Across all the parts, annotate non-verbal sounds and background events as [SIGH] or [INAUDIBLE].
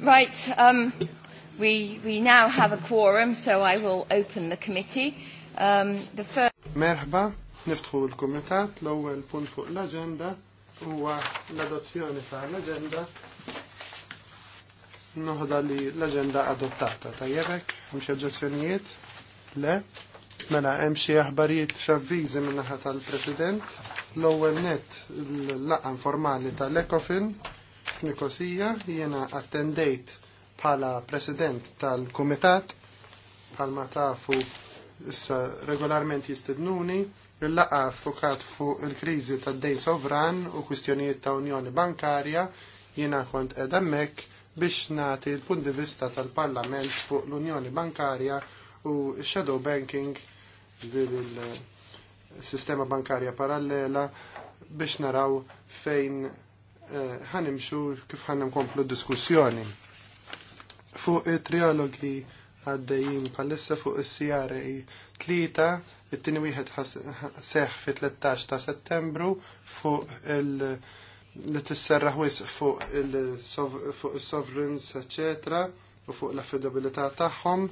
Right, um, we, we now have a quorum, so I will open the committee. Um, the first... Merħba, niftħu l-komitat, l-ewwel punt fuq l-agenda huwa l-adozzjoni ta' l-agenda noħda li l-agenda adottata. ta' jebek, mxie oġġezzjonijiet? Le? Mela mxie xi aħbarijiet x'avviżi min tal-President. L-ewwel net l laqan formali ta' l-ekofin, Nikosija, jiena attendejt bħala president tal-Kumitat bħalma tafu issa regolarment jistednuni il-laqa fukat fuq il-kriżi tad dej sovran u kwistjonijiet ta' Unjoni Bankarja jiena kont qed hemmhekk biex nagħti l-punt di vista tal-Parlament fuq l-Unjoni Bankarja u shadow banking il-sistema bankarja parallela biex naraw fejn Eh, ħanimxu kif ħannem komplu diskussjoni. Fuq it-triologi għaddejjin palissa fuq is-CRA tlieta, it-tieni wieħed seħ fi 13 ta' Settembru fuq il- li tisserraħ wis fuq il-sovereigns, eccetera, u fuq l-affidabilità tagħhom.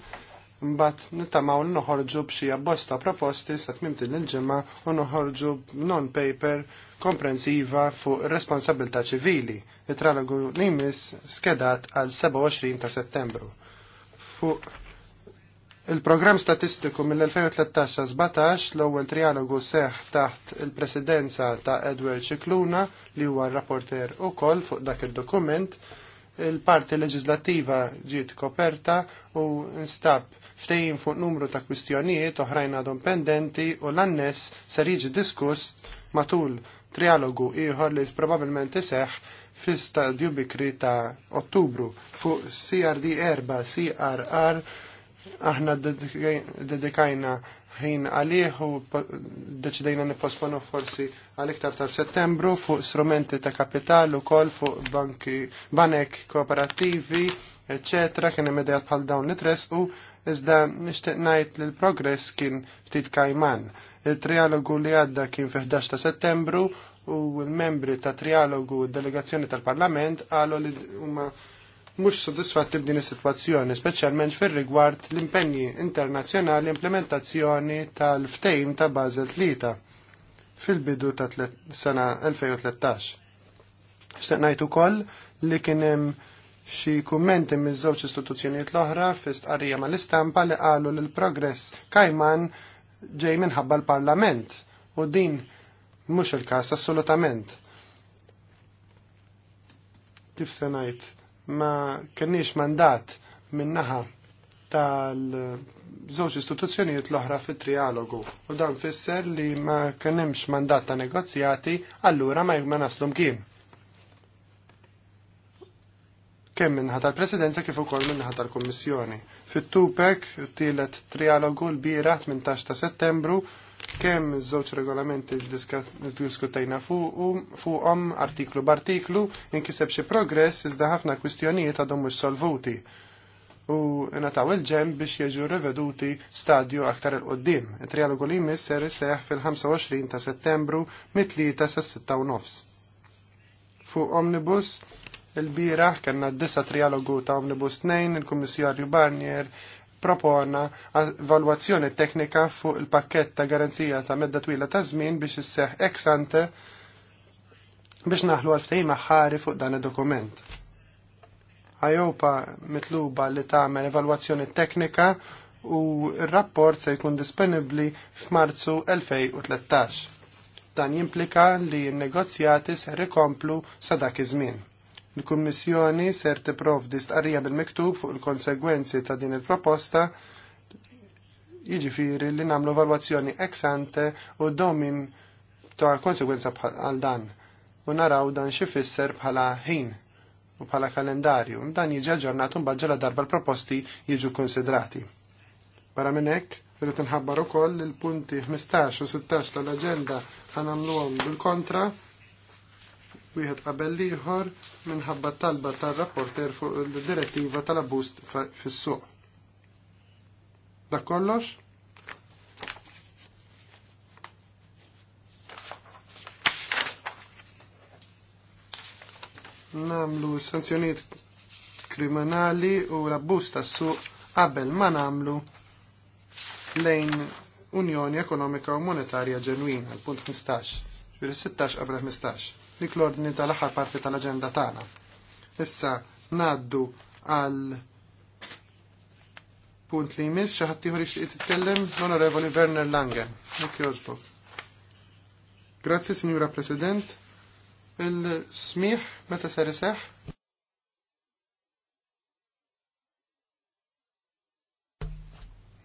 Mbagħad nittamaw li noħorġu b'xi bosta proposti sa tmim din il-ġimgħa u noħorġu non-paper komprensiva fuq responsabilità ċivili, it-tralogu li jmiss skedat għal 27 ta' settembru. Fuq il-programm statistiku mill-2013-17 l-ewwel trialogu seħ taħt il-presidenza ta' Edward Cicluna li huwa rapporter ukoll fuq dak id-dokument, il-parti leġislativa ġiet koperta u instab ftejn fuq numru ta' kwistjonijiet oħrajn għadhom pendenti u l-annes ser jiġi diskuss matul trialogu ieħor li probabbilment iseħħ fi stadju bikri ta' Ottubru fuq CRD erba CRR aħna dedikajna ħin għalih u deċidejna nipposponu forsi għal iktar tal settembru fuq strumenti ta' kapital u kol fuq banki, banek kooperativi, eccetera, kien immedjat bħal dawn nitres u iżda nishtiq najt li l-progress kien ftit kajman. Il-trialogu li għadda kien fi 11 ta' settembru u l-membri ta' trialogu delegazzjoni tal-Parlament għallu li huma mhux soddisfatti b'din is-sitwazzjoni, speċjalment fir-rigward l-impenji internazzjonali implementazzjoni tal-ftejm ta' Basel Tlita fil-bidu ta' sena 2013. Xtaq ngħid ukoll li kien hemm xi kummenti miż żewġ istituzzjonijiet l-oħra fi stqarrija mal-istampa li qalu li l-progress kajman ġej minħabba l-Parlament u din mhux il-każ assolutament. Kif se ngħid, ma kenniex mandat min-naħa tal-żewġ istituzzjonijiet l-oħra fit-trialogu u dan fisser li ma kenimx mandat ta' negozjati allura ma jgħma naslu kien. kemm minnaħa tal-Presidenza kif ukoll minnaħa tal-Kummissjoni. Fit-tupek, tielet trialogu l-bira 18 ta' settembru, kemm żewġ regolamenti diskutajna fuqhom artiklu b'artiklu inkiseb xi progress iżda ħafna kwistjonijiet għadhom mhux solvuti u nataw il-ġem biex jeġu riveduti stadju aktar il-qoddim. Il-trialogu li jmiss ser seħ fil-25 ta' settembru mit-3 sa' 6 nofs. Fuq Omnibus Il-biraħ kena d-disa trialogu ta' Omnibus 2, il-Kummissarju Barnier propona valwazzjoni teknika fuq il-pakket ta' garanzija ta' medda twila ta' żmien biex isseħ ex ante biex naħlu għalftejn ħari fuq dan id-dokument. Ajopa mitluba li tagħmel evalwazzjoni teknika u r-rapport se jkun disponibbli f'Marzu 2013. Dan jimplika li n-negozjati se rikomplu sa dak iż-żmien. Il-Kummissjoni ser tipprovdi stqarrija bil-miktub fuq il-konsegwenzi ta' din il-proposta jiġifieri li nagħmlu valwazzjoni ex ante u domin ta' konsegwenza għal dan u naraw dan xi fisser bħala ħin u bħala kalendarju. Dan jiġi aġġornat u mbagħad darba l-proposti jiġu konsidrati. Barra minn hekk, irid inħabbar ukoll il-punti 15 u 16 tal-aġenda ħanamluhom bil-kontra wieħed qabel ieħor minħabba talba tar-rapporter fuq il-direttiva tal-abbuż fis-suq. Dak kollox? Namlu sanzjoniet kriminali u l-abbuż tas-suq qabel ma namlu lejn Unjoni Ekonomika u Monetarja Ġenwina, l-punt 15, fil-16 qabel 15 li klordni tal-aħħar parti tal-aġenda tagħna. Issa ngħaddu għal punt li jmiss xi ħadd ieħor jixtieq titkellem l-Onorevoli Werner Langen. Nik Grazzi, Sinjura President. Il-smiħ meta ser iseħħ?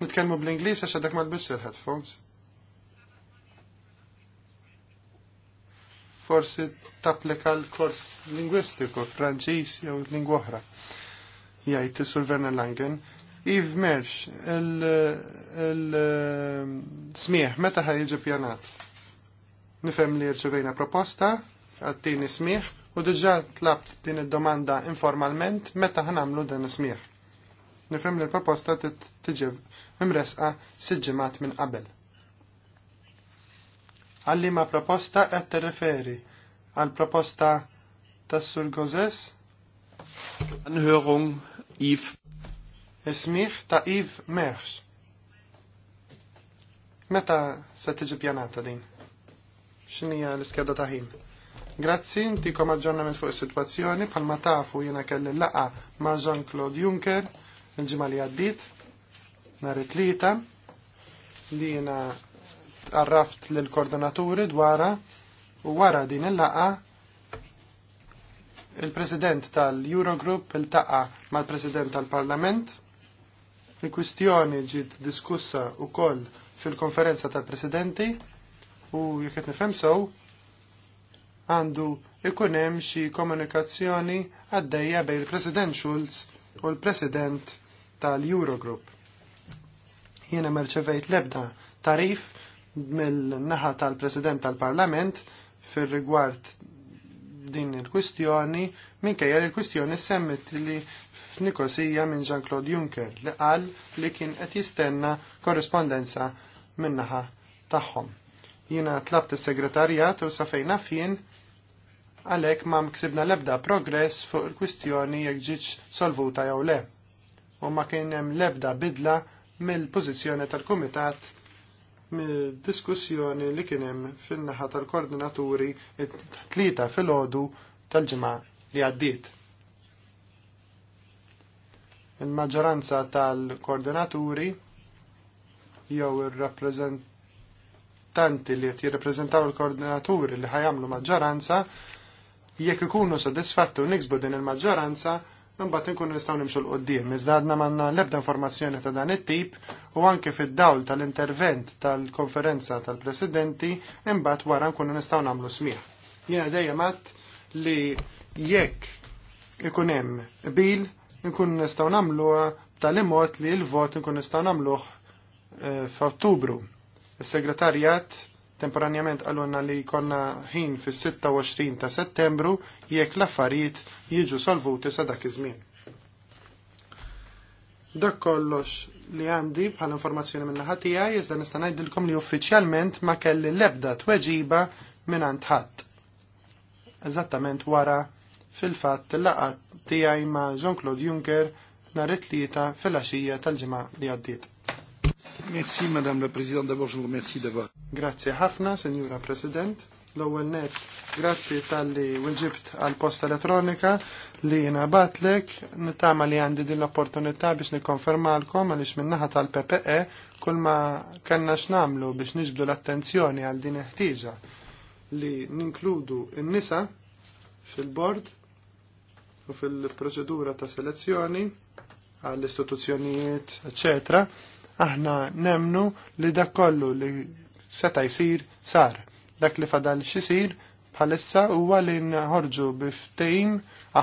Nitkellmu bl-Ingliż għax għadak mal bissu il-headphones. forsi tapplika l-kors lingwistiku, Franċiż jew lingwa oħra. Jgħid is-Sur Werner Langen. Iv Mersh, il-smieħ, meta ħaj jiġi pjanat? Nifhem li rċevejna proposta, għattini smieħ, u diġà tlabt din id-domanda informalment meta ħanamlu dan smieħ. Nifhem li l-proposta t-tġib imresqa siġġimat minn qabel għallima proposta qed tirreferi għal proposta ta' Sur Gozes. Anhörung Yves. ta' Yves Merx. Meta se tiġi pjanata din? X'inhija l-iskeda ta' ħin? Grazzi, ntikom aġġornament fuq is-sitwazzjoni bħalma tafu jiena kelli laqa ma' Jean-Claude Juncker il ġimali għaddit għaddiet it li jiena għarraft l-koordinaturi dwara u wara din il-laqa il-president tal-Eurogroup il-taqa mal-president tal-parlament il-kwistjoni ġiet diskussa u koll fil-konferenza tal-presidenti u jekk qed nifhem sew għandu ikun hemm xi komunikazzjoni għaddejja bejn il-President Schulz u l-President tal-Eurogroup. Jiena merċevejt lebda tarif mill-naħa tal-President tal-Parlament fir-rigward din il-kwistjoni minkejja il-kwistjoni semmet li f'Nikosija minn Jean-Claude Juncker li qal li kien qed jistenna korrespondenza min-naħa tagħhom. Jiena tlabt is-segretarjat u safejna fien għalhekk ma mksibna l-ebda progress fuq il-kwistjoni jekk ġietx solvuta jew le. U ma kien hemm l-ebda bidla mill-pożizzjoni tal-Kumitat mid-diskussjoni li kien hemm fin-naħa tal-koordinaturi tlieta fil-ħodu tal-ġimgħa li għaddiet. Il-maġġoranza tal-koordinaturi jew ir-rappreżentanti li qed jirrappreżentaw il-koordinaturi li ħajamlu maġġoranza jekk ikunu sodisfatti u niksbu din il-maġġoranza mbagħad inkunu nistgħu nimxu l qudiem iżda għadna manna l-ebda informazzjoni ta' dan it-tip u anke fid-dawl tal-intervent tal-konferenza tal-presidenti imbagħad wara nkunu nistgħu nagħmlu smih. Jiena dejjem għad li jekk ikun hemm bil nkunu nistgħu nagħmluha tal-imot li l-vot nkunu nistgħu nagħmluh eh, f'Ottubru. Is-segretarjat temporanjament għalunna li konna ħin fis-26 ta' settembru jekk l-affarijiet jiġu solvuti sa' dak iż-żmien. Dak kollox li għandi bħal informazzjoni minn ħatija tiegħi iżda nista' ngħidilkom li uffiċjalment ma kelli l-ebda tweġiba minn għand ħadd. Eżattament wara fil-fatt laqgħa tiegħi ma' Jean-Claude Juncker nhar it-tlieta fil-għaxija tal-ġimgħa li għaddiet. Merci, Madame la Présidente. D'abord, je d'avoir... Grazie ħafna, Signora President. L-ewwel net, grazzi tal-li għall għal posta elettronika li jena batlek, nittama li għandi din l-opportunità biex nikonfermalkom għaliex minnaħa tal-PPE kull ma kanna x'namlu biex niġbdu l-attenzjoni għal din ħtieġa li ninkludu n-nisa fil-bord u fil-proċedura ta' selezzjoni għall-istituzzjonijiet, eccetera Aħna nemnu li dak kollu li seta' jsir sar. Dak li fadal xisir bħalissa huwa li nħorġu biftejn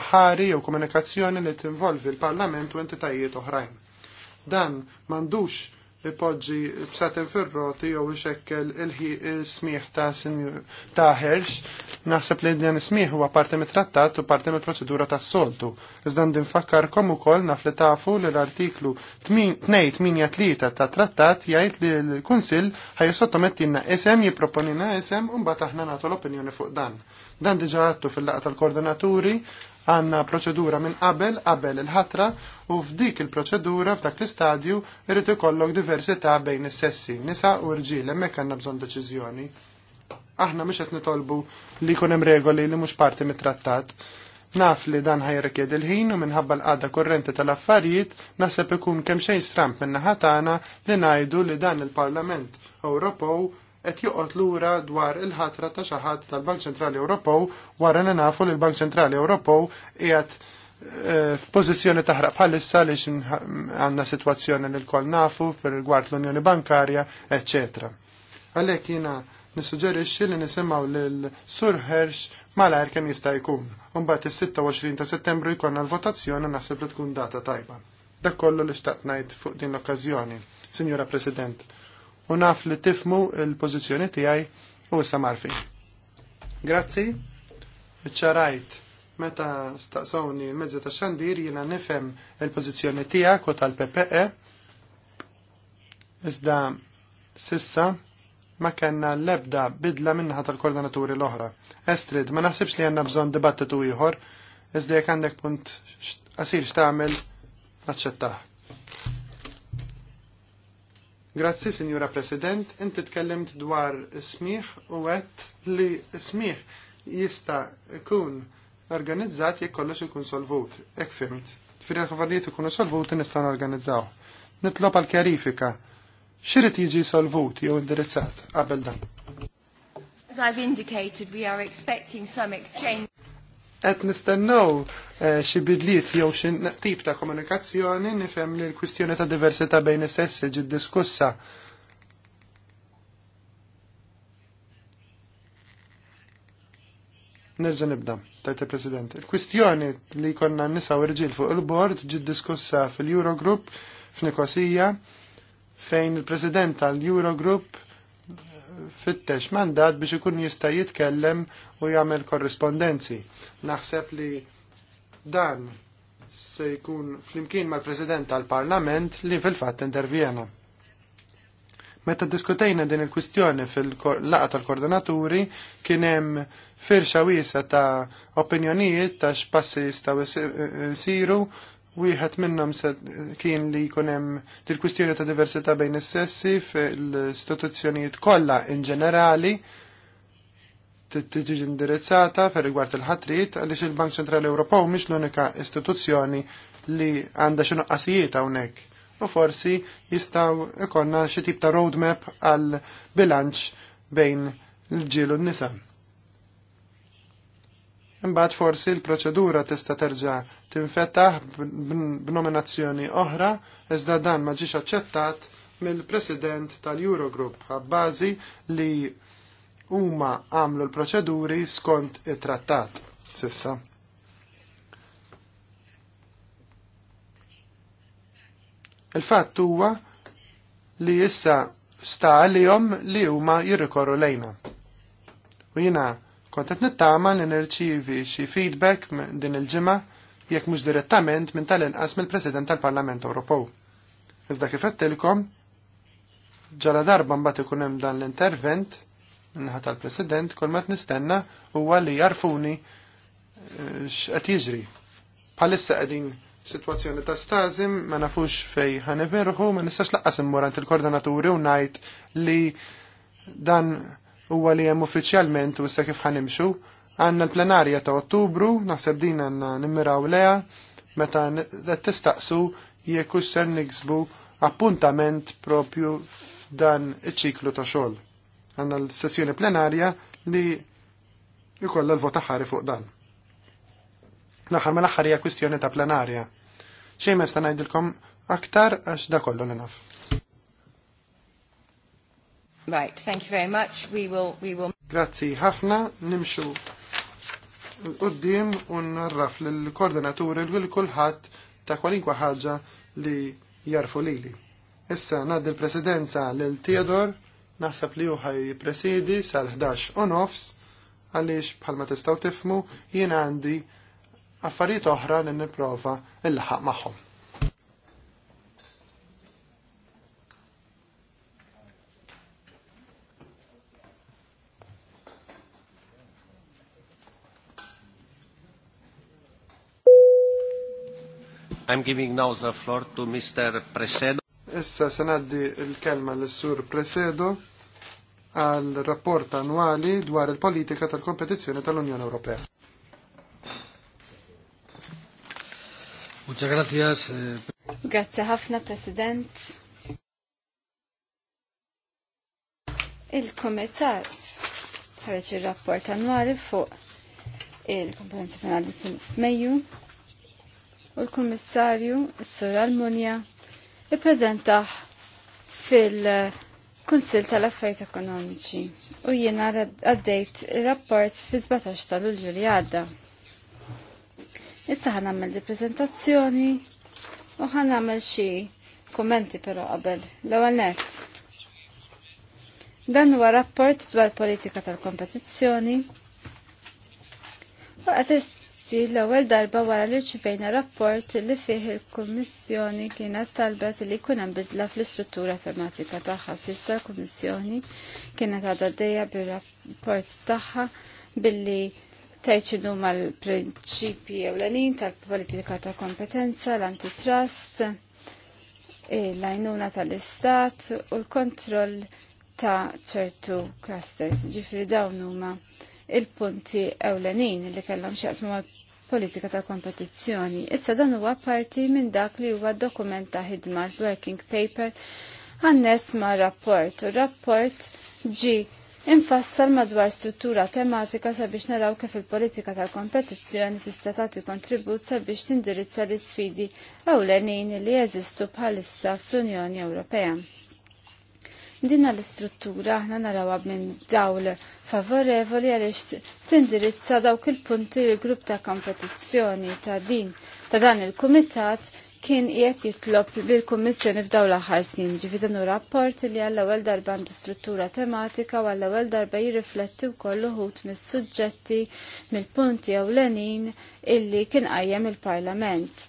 aħari jew komunikazzjoni li tinvolvi l-Parlament u entitajiet oħrajn. Dan m'għandux ipoġġi b'satin fir-roti jew ixekkel il-smieħ ta' ta' ta'ħerx naħseb li dan smieħ huwa parti mit-trattat u parti mill-proċedura tas-soltu. Iżda ndinfakkarkom ukoll naf li tafu li l-artiklu 283 ta' trattat jgħid li l-Kunsill ħajsottomettilna isem jipproponina isem u mbagħad aħna nagħtu l-opinjoni fuq dan. Dan diġa għattu fil-laqgħa tal-koordinaturi Għanna proċedura minn qabel qabel il-ħatra u f'dik il-proċedura f'dak l-istadju irrid ikollok diversità bejn is-sessi, nisa u rġiel hemmhekk għandna bżonn deċiżjoni. Aħna mhux qed nitolbu li jkun hemm regoli li mhux parti mit-trattat. Naf li dan ħajrikjed il-ħin u minħabba l-qadda korrenti tal-affarijiet naħseb ikun kemm xejn stramp minn naħa tagħna li ngħidu li dan il-Parlament Ewropew qed joqgħod lura dwar il-ħatra ta' xi ħadd tal-Bank Ċentrali Ewropew wara li nafu li l-Bank Ċentrali Ewropew qiegħed eh, f'pożizzjoni taħraq bħalissa li għandna sitwazzjoni li l-kol nafu per rigward l-Unjoni Bankarja, eccetera. Għalhekk jiena nissuġġerixxi li nisimgħu lil Sur Hersh malajr kemm jista' jkun. Mbagħad is-26 ta' Settembru jkollna l-votazzjoni naħseb li tkun data tajba. Dak kollu li xtaqt ngħid fuq din l-okkażjoni, Signora President u naf li tifmu il-pozizjoni tiegħi u issa marfi. Grazzi, ċarajt. Meta staqsawni l-mezzi ta' xandir jiena nifhem il-pożizzjoni tiegħek u tal-PPE iżda sissa ma kellna l-ebda bidla minnaħa tal-koordinaturi l-oħra. Estrid, ma naħsibx li għandna bżonn dibattitu ieħor, iżda jekk għandek punt asir x'tagħmel naċċettaħ. Grazzi, Signora President, inti tkellimt dwar smiħ u għet li smiħ jista kun organizzat jek kollox ikun solvut. Ek fimt. Fir il-ħavarliet ikunu solvut nistan organizzaw. Nitlob għal kjarifika. Xirid jiġi solvut jew indirizzat għabel dan? As I've indicated, we are expecting some exchange. Et nistennew Eh, xi bidliet jew xi tip ta' komunikazzjoni nifhem li l-kwistjoni ta' diversità bejn is-sessi ġi diskussa. Nerġa' nibda, tajt il-President. Il-kwistjoni li konna nisa u irġiel fuq il-bord ġi diskussa fil-Eurogroup f'Nikosija fejn il-President tal-Eurogroup eh, fittex mandat biex ikun jista' jitkellem u jagħmel korrispondenzi. Naħseb li Dan se jkun flimkien mal-President tal-Parlament li fil-fatt intervjena. Meta diskutejna din il-kwistjoni fil-laqa tal-koordinaturi kien hemm firxa wiesa ta' opinjonijiet ta' x'passi jistgħu jsiru wieħed minnhom kien li jkun hemm dil-kwistjoni ta' diversità bejn is-sessi fil-istituzzjonijiet kollha in ġenerali tiġi indirizzata per rigward il-ħatrit għaliex il-Bank Ċentrali Ewropew mhix l-unika istituzzjoni li għandha xi noqqasijiet hawnhekk. U forsi jistgħu ikonna xi tip ta' roadmap għal bilanċ bejn l-ġiel u n-nisa. Imbagħad forsi l-proċedura tista' terġa' tinfetaħ b'nominazzjoni oħra iżda dan ma ġiex aċċettat mill-President tal-Eurogroup għabbażi li huma għamlu l-proċeduri skont it-trattat sissa. Il-fatt huwa li issa sta għalihom li huma jirrikorru lejna. U jiena kont qed nittama li nirċievi xi feedback din il-ġimgħa jekk mhux direttament minn tal-inqas mill-President tal-Parlament Ewropew. Iżda kif qedtilkom, ġala darba mbagħad ikun hemm dan l-intervent minnaħat tal-President, kol ma nistenna huwa li jarfuni eh, x'qed jiġri. Bħalissa qegħdin situazzjoni ta' stazim, ma nafux fej ħaneverħu, ma nistax laqqas morant il-koordinaturi u najt li dan huwa li hemm uffiċjalment u s-sa kif ħanimxu. Għanna l-plenarja ta' Ottubru, naħseb din għanna nimmiraw leja, meta tistaqsu jekk ser niksbu appuntament propju dan iċ-ċiklu ta' xogħol għandna l-sessjoni plenarja li jkollha l-vota ħari fuq dan. L-aħħar ma l-aħħar hija kwistjoni ta' plenarja. Xejn ma sta ngħidilkom aktar għax da kollu naf. Right, thank you very much. We will we will Grazzi ħafna, nimxu l-qoddim u narraf l-koordinaturi l-kulħadd ta' kwalinkwa ħaġa li jarfu lili. Issa nad il-presidenza l-Theodor naħseb li juħaj presidi sal-11 u offs għalix bħalma tistaw tifmu jien għandi affarijiet oħra li nipprova il-ħaq magħhom. I'm giving now the floor to Mr. Presedo. Issa se ngħaddi l-kelma lis-Sur Presedo għal rapport annwali dwar il-politika tal-kompetizzjoni tal-Unjoni Ewropea. Eh, Grazie ħafna, President. Il-Komitat ħareġ ir-rapport annwali fuq il-kompetenza penali f'Mejju u l komissarju s-Sur Almonia, ippreżentaħ fil-Kunsil tal-Affarijiet Ekonomiċi u jiena għaddejt ir-rapport fi 17 ta' Lulju li għadda. Issa ħanamel nagħmel di prezentazzjoni u ħanamel xi kummenti però qabel l-ewwel nett. Dan huwa rapport dwar politika tal-kompetizzjoni. Waqt issir l-ewwel darba wara li rċivejna rapport li fih il-Kummissjoni kienet talbet li jkun hemm bidla fl-istruttura tematika tagħha s'issa l-Kummissjoni kienet għadha dejja bir-rapport tagħha billi tgħid mal-prinċipji ewlenin tal-politika ta' kompetenza, l-antitrust, l-għajnuna tal-istat u l-kontroll ta' ċertu clusters. Ġifri dawn huma il-punti ewlenin li kellhom xaqsmu ma' politika ta' kompetizzjoni. Issa dan huwa parti minn dak li huwa dokument ta' ħidma working paper għannes ma' rapport. U rapport ġi infassal madwar struttura tematika sabiex naraw kif il-politika tal-kompetizzjoni tista' tagħti kontribut sabiex tindirizza l isfidi ewlenin li jeżistu bħalissa fl-Unjoni Ewropea. Dinna l-istruttura aħna narawa minn dawl favorevoli għaliex tindirizza dawk il-punti il grupp ta' kompetizzjoni ta' din ta' dan il-kumitat kien jek jitlob bil kummissjoni f'daw l-aħħar snin, ġifieri u rapport li għall ewwel darba għandu struttura tematika u għall ewwel darba jirrifletti wkoll uħud mis-suġġetti mill-punti ewlenin illi kien qajjem il-Parlament.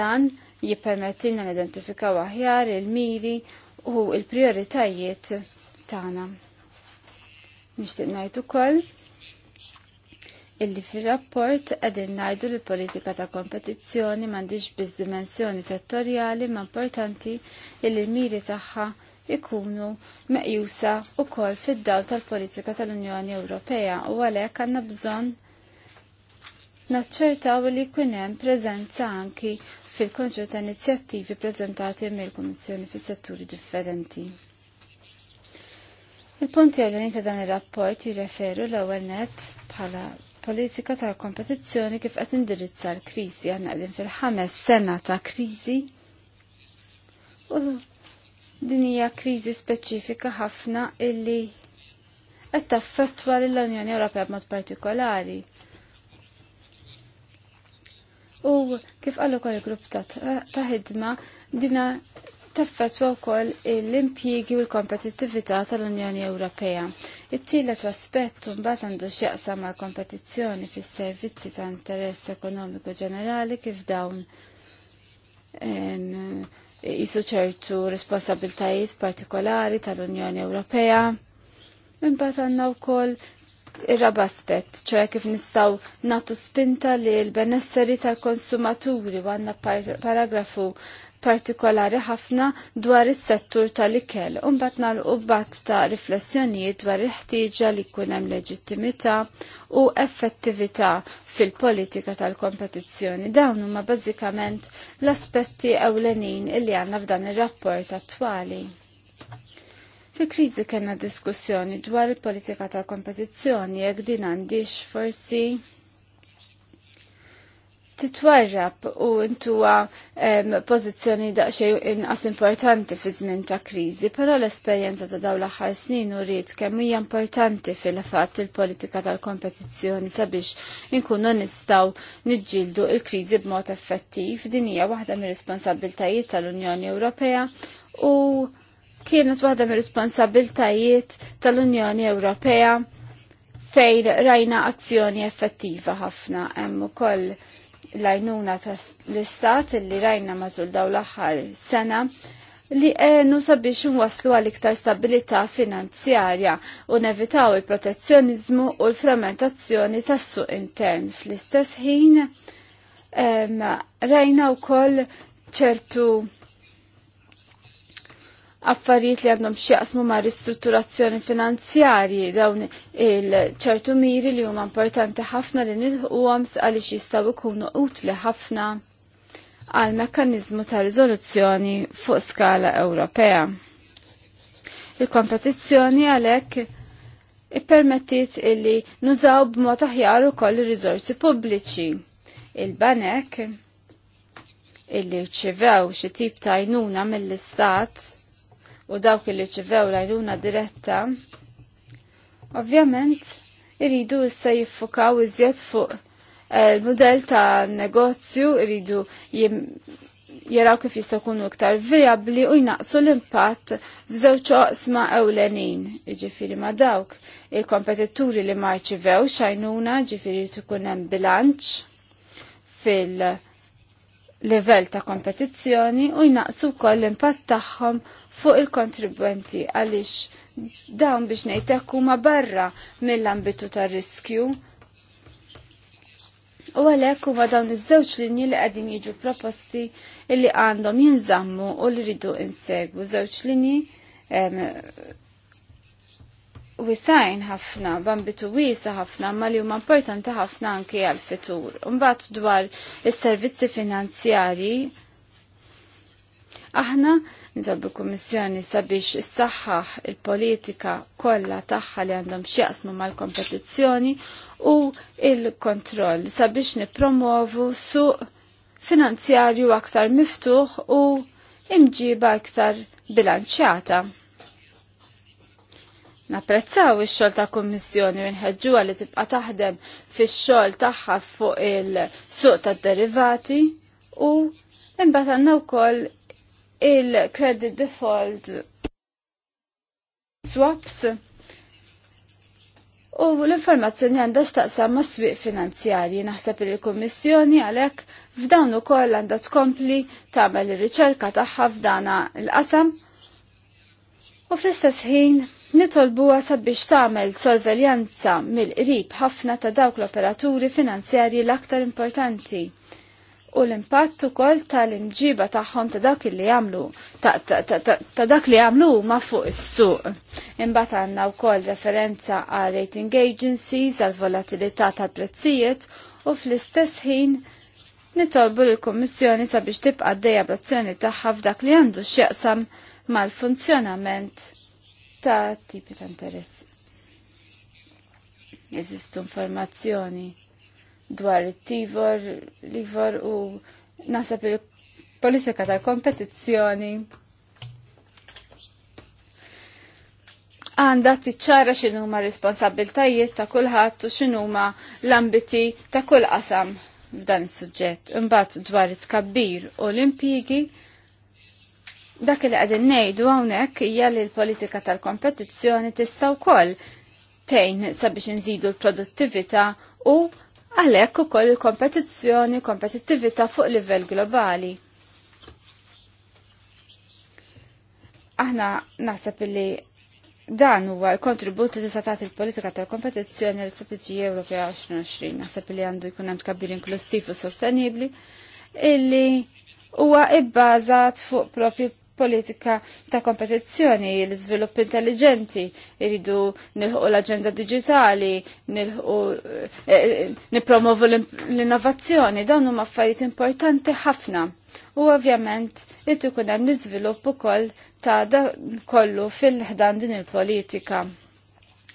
Dan jippermettilna nidentifikaw aħjar il-miri u il-prioritajiet tagħna. Nixtieq ngħid ukoll illi fir rapport qegħdin ngħidu li politika ta' kompetizzjoni m'għandix biss dimensjoni settorjali ma' importanti illi miri tagħha ikunu meqjusa wkoll fid-dawl tal-politika tal-Unjoni Ewropea u għalhekk għandna bżonn naċċertaw li hemm prezenza anki fil-konċer ta' inizjattivi prezentati mill-Kummissjoni fis setturi differenti. Il-punti għallin ta' dan il-rapport jirreferu l ewwel net bħala politika ta' kompetizzjoni kif qed indirizza l-kriżi għandna fil-ħames sena ta' kriżi u din hija kriżi speċifika ħafna illi qed taffettwa lill-Unjoni Ewropea b'mod partikolari U kif għallu kol grupp ta' ħidma, dina u wkoll l-impjiegi u l-kompetittività tal-Unjoni Ewropea. It-tielet aspett mbagħad għandu x'jaqsam mal kompetizzjoni fis-servizzi ta' interess ekonomiku ġenerali kif dawn jisu ċertu responsabiltajiet partikolari tal-Unjoni Ewropea. Imbagħad għandna wkoll ir-raba aspett, ċoħe kif nistaw natu spinta li l-benesseri tal-konsumaturi għanna paragrafu partikolari ħafna dwar is-settur tal-ikel. Umbat nal ubat ta' riflessjonijiet dwar il-ħtieġa li jkun hemm leġittimità u effettività fil-politika tal-kompetizzjoni. Dawn huma bażikament l-aspetti ewlenin li għandna f'dan ir-rapport attwali. Fi kriżi kena diskussjoni dwar il-politika ta' kompetizzjoni jekk din għandix forsi titwarrab u intuwa um, pozizjoni daqxej inqas importanti fi żmien ta' kriżi, però l-esperjenza ta' dawn l-aħħar snin u rrit kemm hija importanti fil-fatt il-politika tal-kompetizzjoni sabiex inkunu nistgħu niġġieldu l-kriżi b'mod effettiv. Din hija waħda mir-responsabbiltajiet tal-Unjoni Ewropea u kienet waħda mir responsabiltajiet tal-Unjoni Ewropea fejn rajna azzjoni effettiva ħafna hemm ukoll l-għajnuna tal-istat li rajna matul daw l-aħħar sena li għenu sabiex nwaslu għal iktar stabilità finanzjarja u nevitaw il-protezzjonizmu u l-frammentazzjoni tas-suq intern. Fl-istess ħin rajna wkoll ċertu affarijiet li għandhom xieqsmu ma' ristrutturazzjoni finanzjarji dawn il-ċertu miri li huma importanti ħafna li nilħuhom għaliex jistgħu jkunu utli ħafna għal mekkaniżmu ta' riżoluzzjoni fuq skala Ewropea. Il-kompetizzjoni għalhekk ippermettit illi nużaw b'mod aħjar ukoll ir-riżorsi pubbliċi. Il-banek illi ċivew xi tip ta' jnuna mill-istat u dawk li ċivew l diretta, ovvjament iridu issa jiffukaw iżjed fuq il-modell eh, ta' negozju, iridu jaraw kif jistakunu iktar viabli u jnaqsu l-impatt f'żewġ oqsma ewlenin, iġifiri ma dawk, il-kompetituri li ma ċivew xajnuna ġifiri tukunem hemm bilanċ fil- livell ta' kompetizzjoni u jnaqsu wkoll l-impatt tagħhom fuq il-kontribwenti għaliex dawn biex ngħidlek huma barra mill-ambitu tar-riskju. U għalhekk huma dawn iż-żewġ linji li qegħdin jiġu proposti li għandhom jinżammu u li rridu insegwu żewġ linji wisajn ħafna, bambitu wisa ħafna, ma li huma importanti ħafna anke għal-fitur. Mbagħad dwar is-servizzi finanzjari, aħna nġabbu kummissjoni sabiex issaħħaħ il-politika kollha tagħha li għandhom x'jaqsmu mal-kompetizzjoni u il-kontroll sabiex nipromovu suq finanzjarju aktar miftuħ u imġiba aktar bilanċjata. Napprezzaw ix-xogħol ta' kummissjoni minħeġġuha li tibqa' taħdem fix-xogħol tagħha fuq il-suq tad-derivati u imbagħad għandna wkoll il-credit default swaps u l-informazzjoni għandha x'taqsam ma' swieq finanzjarji naħseb il kummissjoni għalhekk f'dawn ukoll għandha tkompli tagħmel ir-riċerka tagħha f'dana l-qasam u fl-istess ħin Nitolbuha sabiex tagħmel sorveljanza mill-qrib ħafna ta' dawk l-operaturi finanzjarji l-aktar importanti u l-impatt ukoll tal-imġiba tagħhom ta' dak li jamlu, ta' dak li jamlu ma fuq is-suq. Imbagħad għandna wkoll referenza għal rating agencies għal volatilità tal-prezzijiet u fl-istess ħin nitolbu l-Kommissjoni sabiex tibqa' d-dejja bl-azzjoni tagħha f'dak li għandu x'jaqsam mal-funzjonament ta' tipi ta' interess. Jeżistu informazzjoni dwar it-tivor, livor u nasab il-politika ta' kompetizzjoni. Għanda tiċċara x'inhuma responsabiltajiet ta' kulħadd u x'inhuma l-ambiti ta' kull qasam f'dan is-suġġett. Imbagħad dwar it-tkabbir u l-impjigi Dak li għadin nejdu għawnek hija li l-politika tal-kompetizzjoni tista' wkoll tejn sabiex nżidu l-produttività u għalhekk ukoll il-kompetizzjoni kompetittività fuq livell globali. Aħna naħseb li dan huwa l-kontribut li tista' il politika tal-kompetizzjoni l istrateġija Ewropea 2020. Naħseb li għandu jkun hemm tkabbir inklusiv u sostenibbli illi huwa ibbażat fuq propju politika ta' kompetizzjoni, l-iżvilupp intelligenti, iridu nilħu l-agenda digitali, eh, eh, nipromovu l-innovazzjoni, dawn huma affarijiet importanti ħafna. U ovvjament irid ikun hemm l-iżvilupp ukoll ta' dan kollu fil-ħdan din il-politika.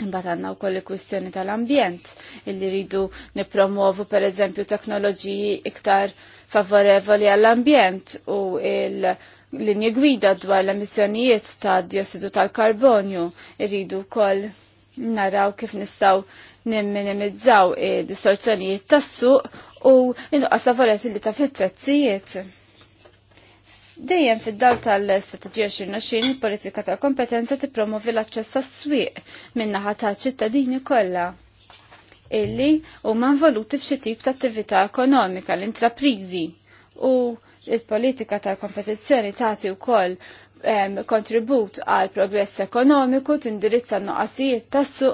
Imbagħad għandna wkoll il-kwistjoni tal-ambjent illi ridu nippromovu pereżempju teknoloġiji iktar favorevoli għall-ambjent u il- linje gwida dwar l-emissjonijiet ta' diossidu tal-karbonju irridu wkoll naraw kif nistgħu nimminimizzaw distorzjonijiet tas-suq u inqas ta' volatilità fil-prezzijiet. Dejjem fid-dal tal-Strategija x'irnaxin il-politika tal-kompetenza tippromovi l-aċċess tas swieq min-naħa tal-ċittadini kollha illi huma involuti f'xi tip ta' attività ekonomika l-intraprizi u il-politika tal-kompetizzjoni tagħti wkoll kontribut għal progress ekonomiku, tindirizza n-noqasijiet tassu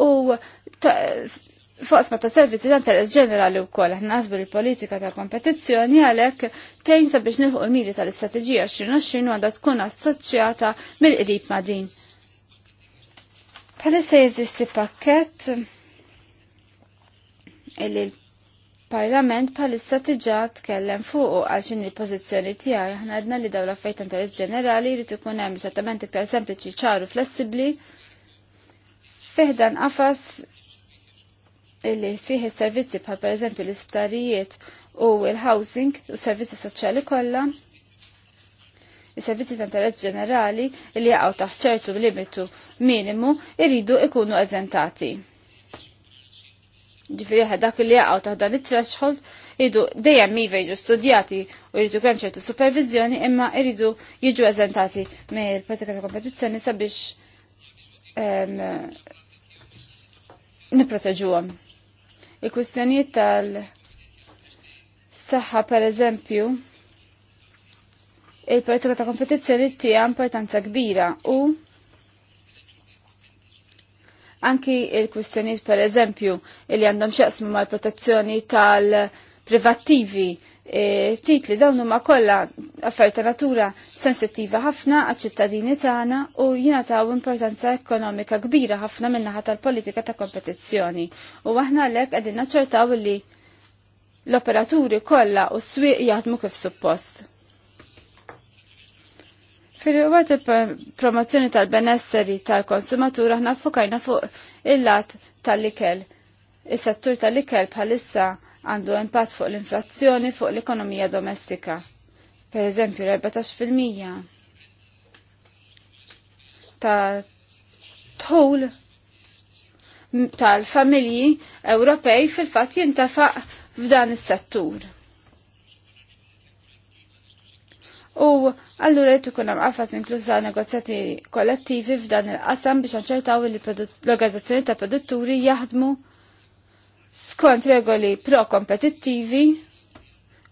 u Fosma ta' servizzi ta' interess ġenerali u koll, ħna nasbu l-politika ta' kompetizzjoni għalek tejn sabiex nilħu l mili tal-istrateġija 2020 għandha tkun assoċjata mill-qrib ma' din. Palissa jeżisti pakket illi parlament palissa tiġa tkellem fuqu għalxin xini l-pozizjoni tijaj, aħna għadna li dawn l-affarijiet ta' interess ġenerali jrid ikun hemm settament iktar sempliċi ċaru flessibbli fiħdan qafas li fih is-servizzi bħal pereżempju l-isptarijiet u l-housing u s-servizzi soċjali kollha is-servizzi ta' interess ġenerali li jaqgħu taħt ċertu limitu minimu jridu ikunu eżentati ġifiri dak li jaqaw ta' dan it-threshold, jridu dejjem mive jiġu studjati u jridu kemm ċertu supervizjoni imma jridu jiġu eżentati mill pratika ta' kompetizzjoni sabiex għom. Il-kwistjonijiet tal-saħħa per eżempju, il-pratika ta' kompetizzjoni tija importanza kbira u Anki il-kwistjoniet per eżempju li għandhom xaqsmu mal-protezzjoni tal-privattivi e, titli dawn huma kollha affarijiet ta' natura sensittiva ħafna għaċ-ċittadini tagħna u jingħataw importanza ekonomika kbira ħafna min-naħa tal-politika ta' kompetizzjoni. U aħna għalhekk qegħdin naċċertaw li l-operaturi kollha u s-swieq jaħdmu kif suppost. Fil-rigward il-promozzjoni tal-benesseri tal-konsumatur aħna fukajna fuq il-lat tal-ikel. Is-settur tal-ikel bħalissa għandu impatt fuq l-inflazzjoni fuq l-ekonomija domestika. Per eżempju, l-14% ta' tħul tal-familji Ewropej fil-fat jintafaq f'dan is-settur. U allura jt ikun hemm qafas inkluża negozjati kollettivi f'dan il-qasam biex naċċertaw li l-organizzazzjoni ta' produtturi jaħdmu skont regoli pro-kompetittivi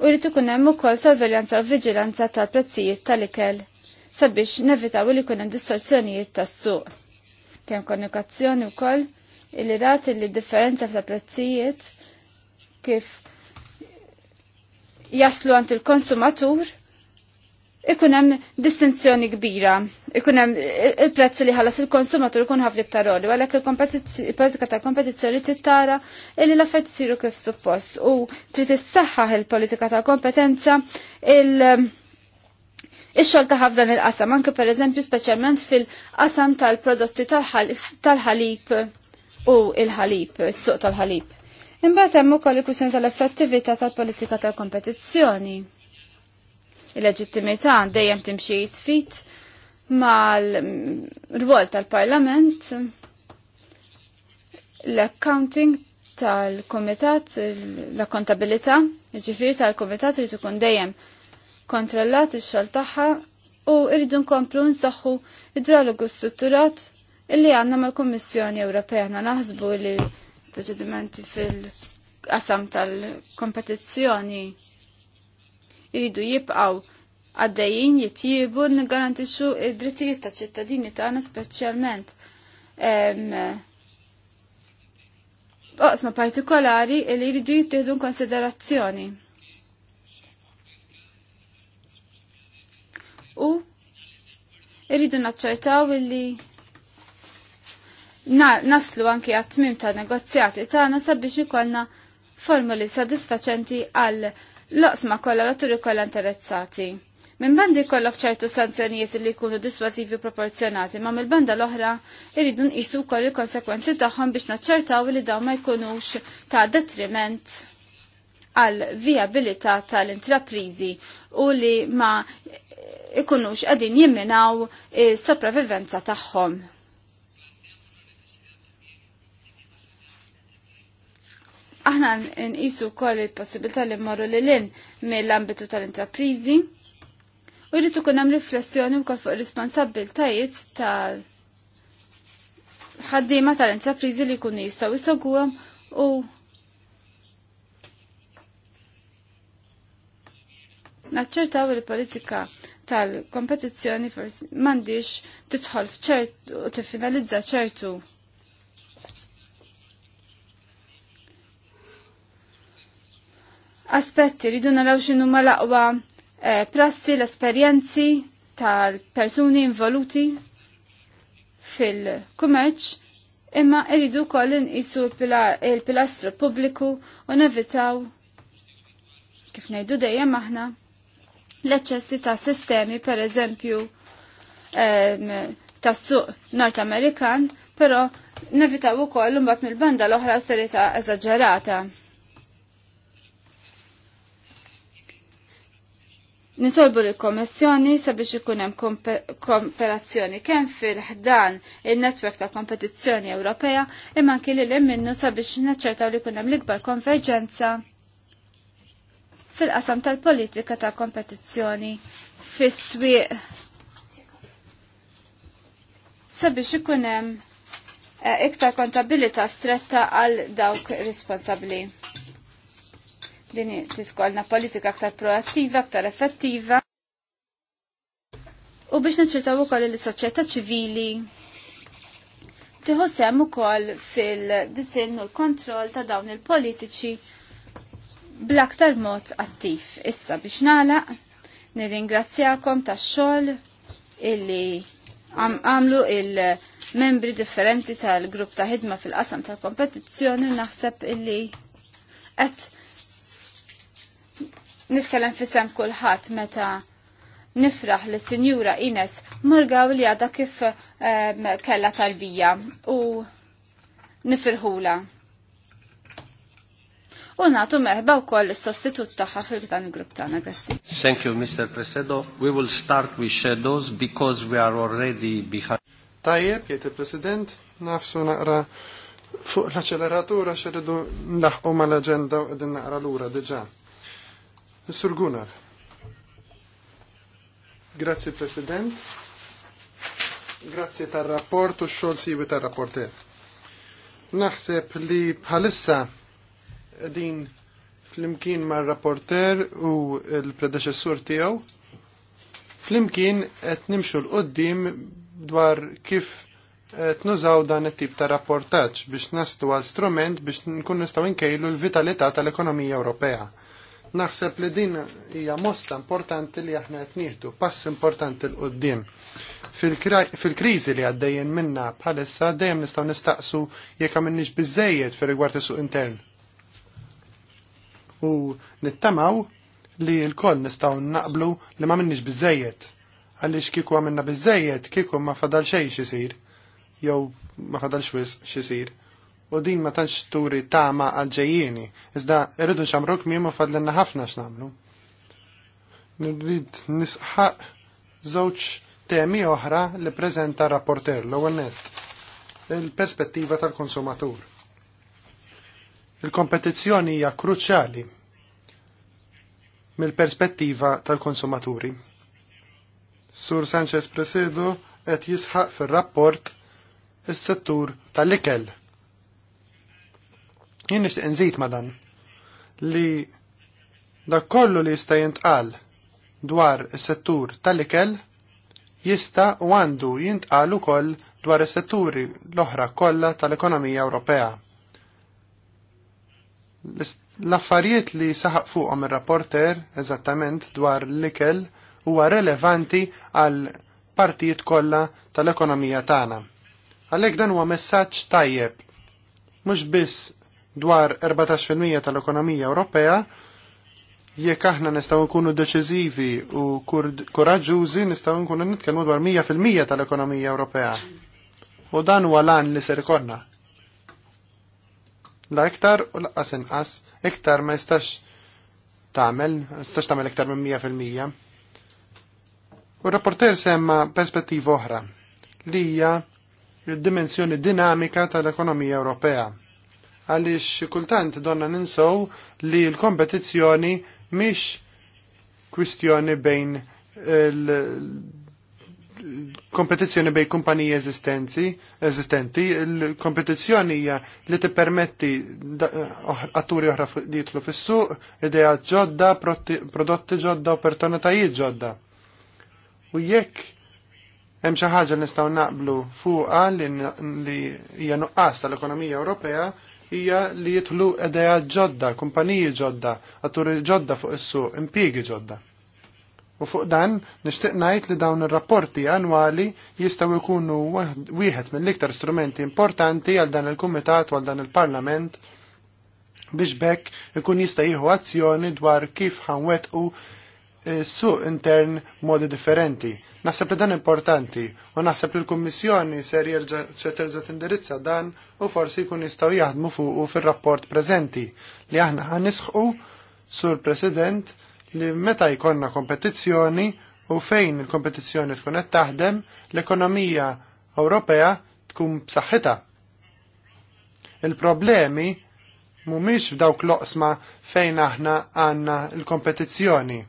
u jrid ikun hemm ukoll sorveljanza u vigilanza tal-prezzijiet tal-ikel sabiex nevitaw li jkun hemm distorzjonijiet tas-suq. Kemm konnukazzjoni wkoll illi rati li differenza ta' prezzijiet kif jaslu għand il-konsumatur ikun hemm distinzjoni kbira, ikun hemm il-prezz li ħallas il-konsumatur ikun ħafna iktar roli, għalhekk il-politika ta' kompetizzjoni tittara illi l-affarijiet isiru kif suppost u trid issaħħaħ il-politika ta' kompetenza il- Ix-xogħol ta' ħafna il-qasam, anke pereżempju speċjalment fil-qasam tal-prodotti tal-ħalib u il-ħalib, is-suq tal-ħalib. Imbagħad hemm ukoll il-kwistjoni tal-effettività tal-politika tal-kompetizzjoni. tal politika tal kompetizzjoni il-leġittimità dejjem timxi jitfit mal-rwol tal-parlament l-accounting tal-komitat, l-akkontabilità, ġifiri tal-komitat rritu kun dejjem kontrollat ix-xogħol tagħha u rridu nkomplu nsaħħu id-dialogu strutturat illi għandna mal-Kummissjoni Ewropea għandna naħsbu li proċedimenti fil-qasam tal-kompetizzjoni Iridu jibqaw għaddejjin jitjibu n-garantixu id-drittijiet ta' ċittadini tagħna speċjalment oqsma partikolari li jridu jittieħdu konsiderazzjoni. U irridu naċċertaw illi naslu anki għat-tmim ta' negozjati ta' sabiex kolna formuli sadisfaċenti għal Loqsma kollha l-atturi kollha interessati. Minn bandi kollok ċertu sanzjonijiet li jkunu diswasivi proporzjonati, ma mill banda l-oħra irridu nqisu wkoll il-konsekwenzi tagħhom biex naċċertaw li dawn ma jkunux ta' detriment għal viabilità tal-intraprizi u li ma jkunux qegħdin jimminaw is sopravivenza tagħhom. Aħna nqisu wkoll il-possibilità li mmorru lil in mill-ambitu tal-intraprizi u jrid ikun hemm riflessjoni wkoll fuq ir-responsabbiltajiet tal- ħaddiema tal-intraprizi li jkunu jistgħu jisogwhom u naċċertaw il-politika tal-kompetizzjoni forsi m'għandix tidħol f'ċertu u tiffinalizza ċertu aspetti rridu naraw xinu ma l-aqwa eh, prassi l-esperjenzi tal-persuni involuti fil-kummerċ imma rridu wkoll inqisu il-pilastru pubbliku u nevitaw kif ngħidu dejjem aħna l-eċċessi ta' sistemi per eżempju ta' suq Nord Amerikan, però nevitaw ukoll mbagħad mill-banda l-oħra serita eżaġġerata. Nitolbu l-Kommissjoni sabiex ikun hemm kooperazzjoni kemm fil-ħdan il-netwerk ta' kompetizzjoni Ewropea imma anke lil minnu sabiex naċċertaw li jkun hemm l-ikbar konverġenza fil-qasam tal-politika ta' kompetizzjoni fis-swieq sabiex ikun hemm eh, iktar kontabilità stretta għal dawk responsabbli. Din tiskolna politika aktar proattiva, aktar effettiva. U biex naċċertaw ukoll li soċjetà ċivili tieħu sehem ukoll fil-disinn u l-kontroll ta' dawn il-politiċi bl-aktar mod attiv. Issa biex nagħlaq nirringrazzjakom tax-xogħol illi għamlu il-membri differenti tal-grupp ta' ħidma fil-qasam tal-kompetizzjoni naħseb illi qed nitkellem sem kulħadd meta nifraħ li sinjura Ines Morgaw li għada kif ehm, kella tarbija u nifirħula. U natu merħba u koll sostitut taħħa fil-dan il-grupp taħna, grazzi. Thank you, Mr. Presedo. We will start with shadows because we are already behind. Tajjeb, jiet il-President, nafsu naqra fuq l-acceleratura xeridu nlaħqu mal-agenda u għedin naqra l-ura Mr. Gunnar. Grazie President. Grazie tar-rapport u xol xogħol siwi tar-rapporter. Naħseb li bħalissa din flimkien ma' rapporter u l-predeċessur tiegħu flimkien qed nimxu l-qoddim dwar kif qed nużaw dan it-tip ta' rapportaġġ biex nastu għal strument biex nkun nistaw nkejlu l-vitalità tal-ekonomija Ewropea Naħseb li din hija mossa importanti li aħna qed nieħdu pass importanti l qudiem Fil-kriżi li għaddejjen minna bħalissa dejjem nistgħu nistaqsu jekk għamilniex biżejjed fir-rigward is-suq intern. U nittamaw li l-koll nistgħu naqblu li ma minniex biżejjed għaliex kieku għamilna biżejjed kieku ma fadal xejn xisir jew ma fadalx wisq xisir u din ma tantx turi tama għalġejjieni, iżda irridu nxamru kmiem u fadlenna ħafna x'namlu. Nirrid nisħaq żewġ temi oħra li preżenta rapporter l-ewwel Il-perspettiva tal-konsumatur. Il-kompetizzjoni hija kruċjali mill-perspettiva tal-konsumaturi. Sur Sanchez Presedo qed jisħaq fir-rapport is-settur tal-ikel Jien nixtieq nżid ma' dan li dak kollu li jista' jintqal dwar is-settur tal-ikel jista' u għandu jintqal ukoll dwar is-setturi l-oħra kollha tal-ekonomija Ewropea. L-affarijiet li saħaq fuqhom ir-rapporter eżattament dwar l-ikel huwa relevanti għal partijiet kollha tal-ekonomija tagħna. Għalhekk dan huwa messaġġ tajjeb mhux biss dwar 14% tal-ekonomija Ewropea, jekk aħna nistgħu nkunu deċiżivi u koraġġużi nistgħu nkunu nitkellmu dwar 100% tal-ekonomija Ewropea. U dan huwa lan li ser ikolna. La iktar u laqas inqas, iktar ma jistax tagħmel, jistax tagħmel iktar minn 100%. U r-rapporter semma perspettiva oħra li hija d-dimensjoni dinamika tal-ekonomija Ewropea għaliex kultant donna ninsow li l-kompetizzjoni mhix kwistjoni bejn il kompetizzjoni bej kumpaniji eżistenti, il-kompetizzjoni hija li permetti atturi oħra ditlu fis-suq, idea ġodda, prodotti ġodda, opportunitajiet ġodda. U jekk hemm xi ħaġa nistgħu naqblu fuqha li hija nuqqas tal-ekonomija Ewropea hija li jitlu edeja ġodda, kumpaniji ġodda, atturi ġodda fuq is-suq, impjiegi ġodda. U fuq dan, nixtieq ngħid li dawn ir-rapporti annwali jistgħu jkunu wieħed mill-iktar strumenti importanti għal dan il-Kumitat u għal dan il-Parlament biex bekk ikun jista' jieħu azzjoni dwar kif ħanwetqu eh, suq intern modi differenti Naħseb li dan importanti u naħseb li l-Kummissjoni ser se terġa' tindirizza dan u forsi jkun jistgħu jaħdmu fuq fir-rapport preżenti li aħna ħanisħu sur President li meta jkollna kompetizzjoni u fejn il-kompetizzjoni tkun qed taħdem l-ekonomija Ewropea tkun b'saħħitha. Il-problemi mumiex f'dawk loqsma fejn aħna għanna l kompetizzjoni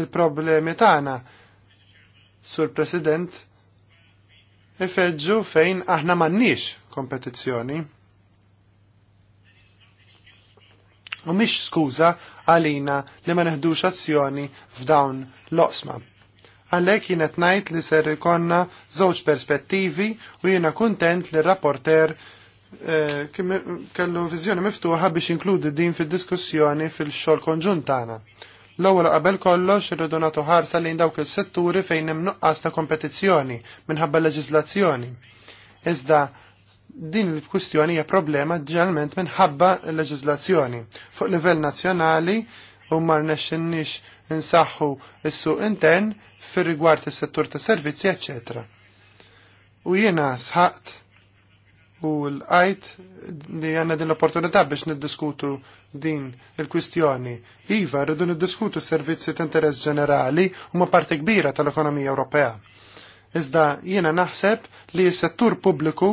Il-problemi tagħna Sur President, ifeġġu fejn aħna m'għandniex kompetizzjoni. U mhix skuża għalina li ma neħdux azzjoni f'dawn l osma Għalhekk jien qed ngħid li ser ikonna żewġ perspettivi u jiena kuntent li r-rapporter eh, kellu viżjoni miftuħa biex inkludi din fid-diskussjoni fil-xogħol konġunt tagħna. L-ewwel qabel kollox irridu nagħtu ħarsa lejn dawk is-setturi fejn hemm nuqqas ta' kompetizzjoni minħabba leġiżlazzjoni. Iżda din il-kwistjoni hija problema ġeneralment minħabba l-leġiżlazzjoni. Fuq livell nazzjonali u ma rnexxinniex insaħħu s-suq intern fir rigward is-settur tas-servizzi, eċċetera. U jiena sħaqt u l-għajt li għanna din l-opportunità biex niddiskutu din il-kwistjoni. Iva, rridu niddiskutu servizzi ta' interess ġenerali u ma' parti kbira tal-ekonomija Ewropea. Iżda jiena naħseb li s-settur pubbliku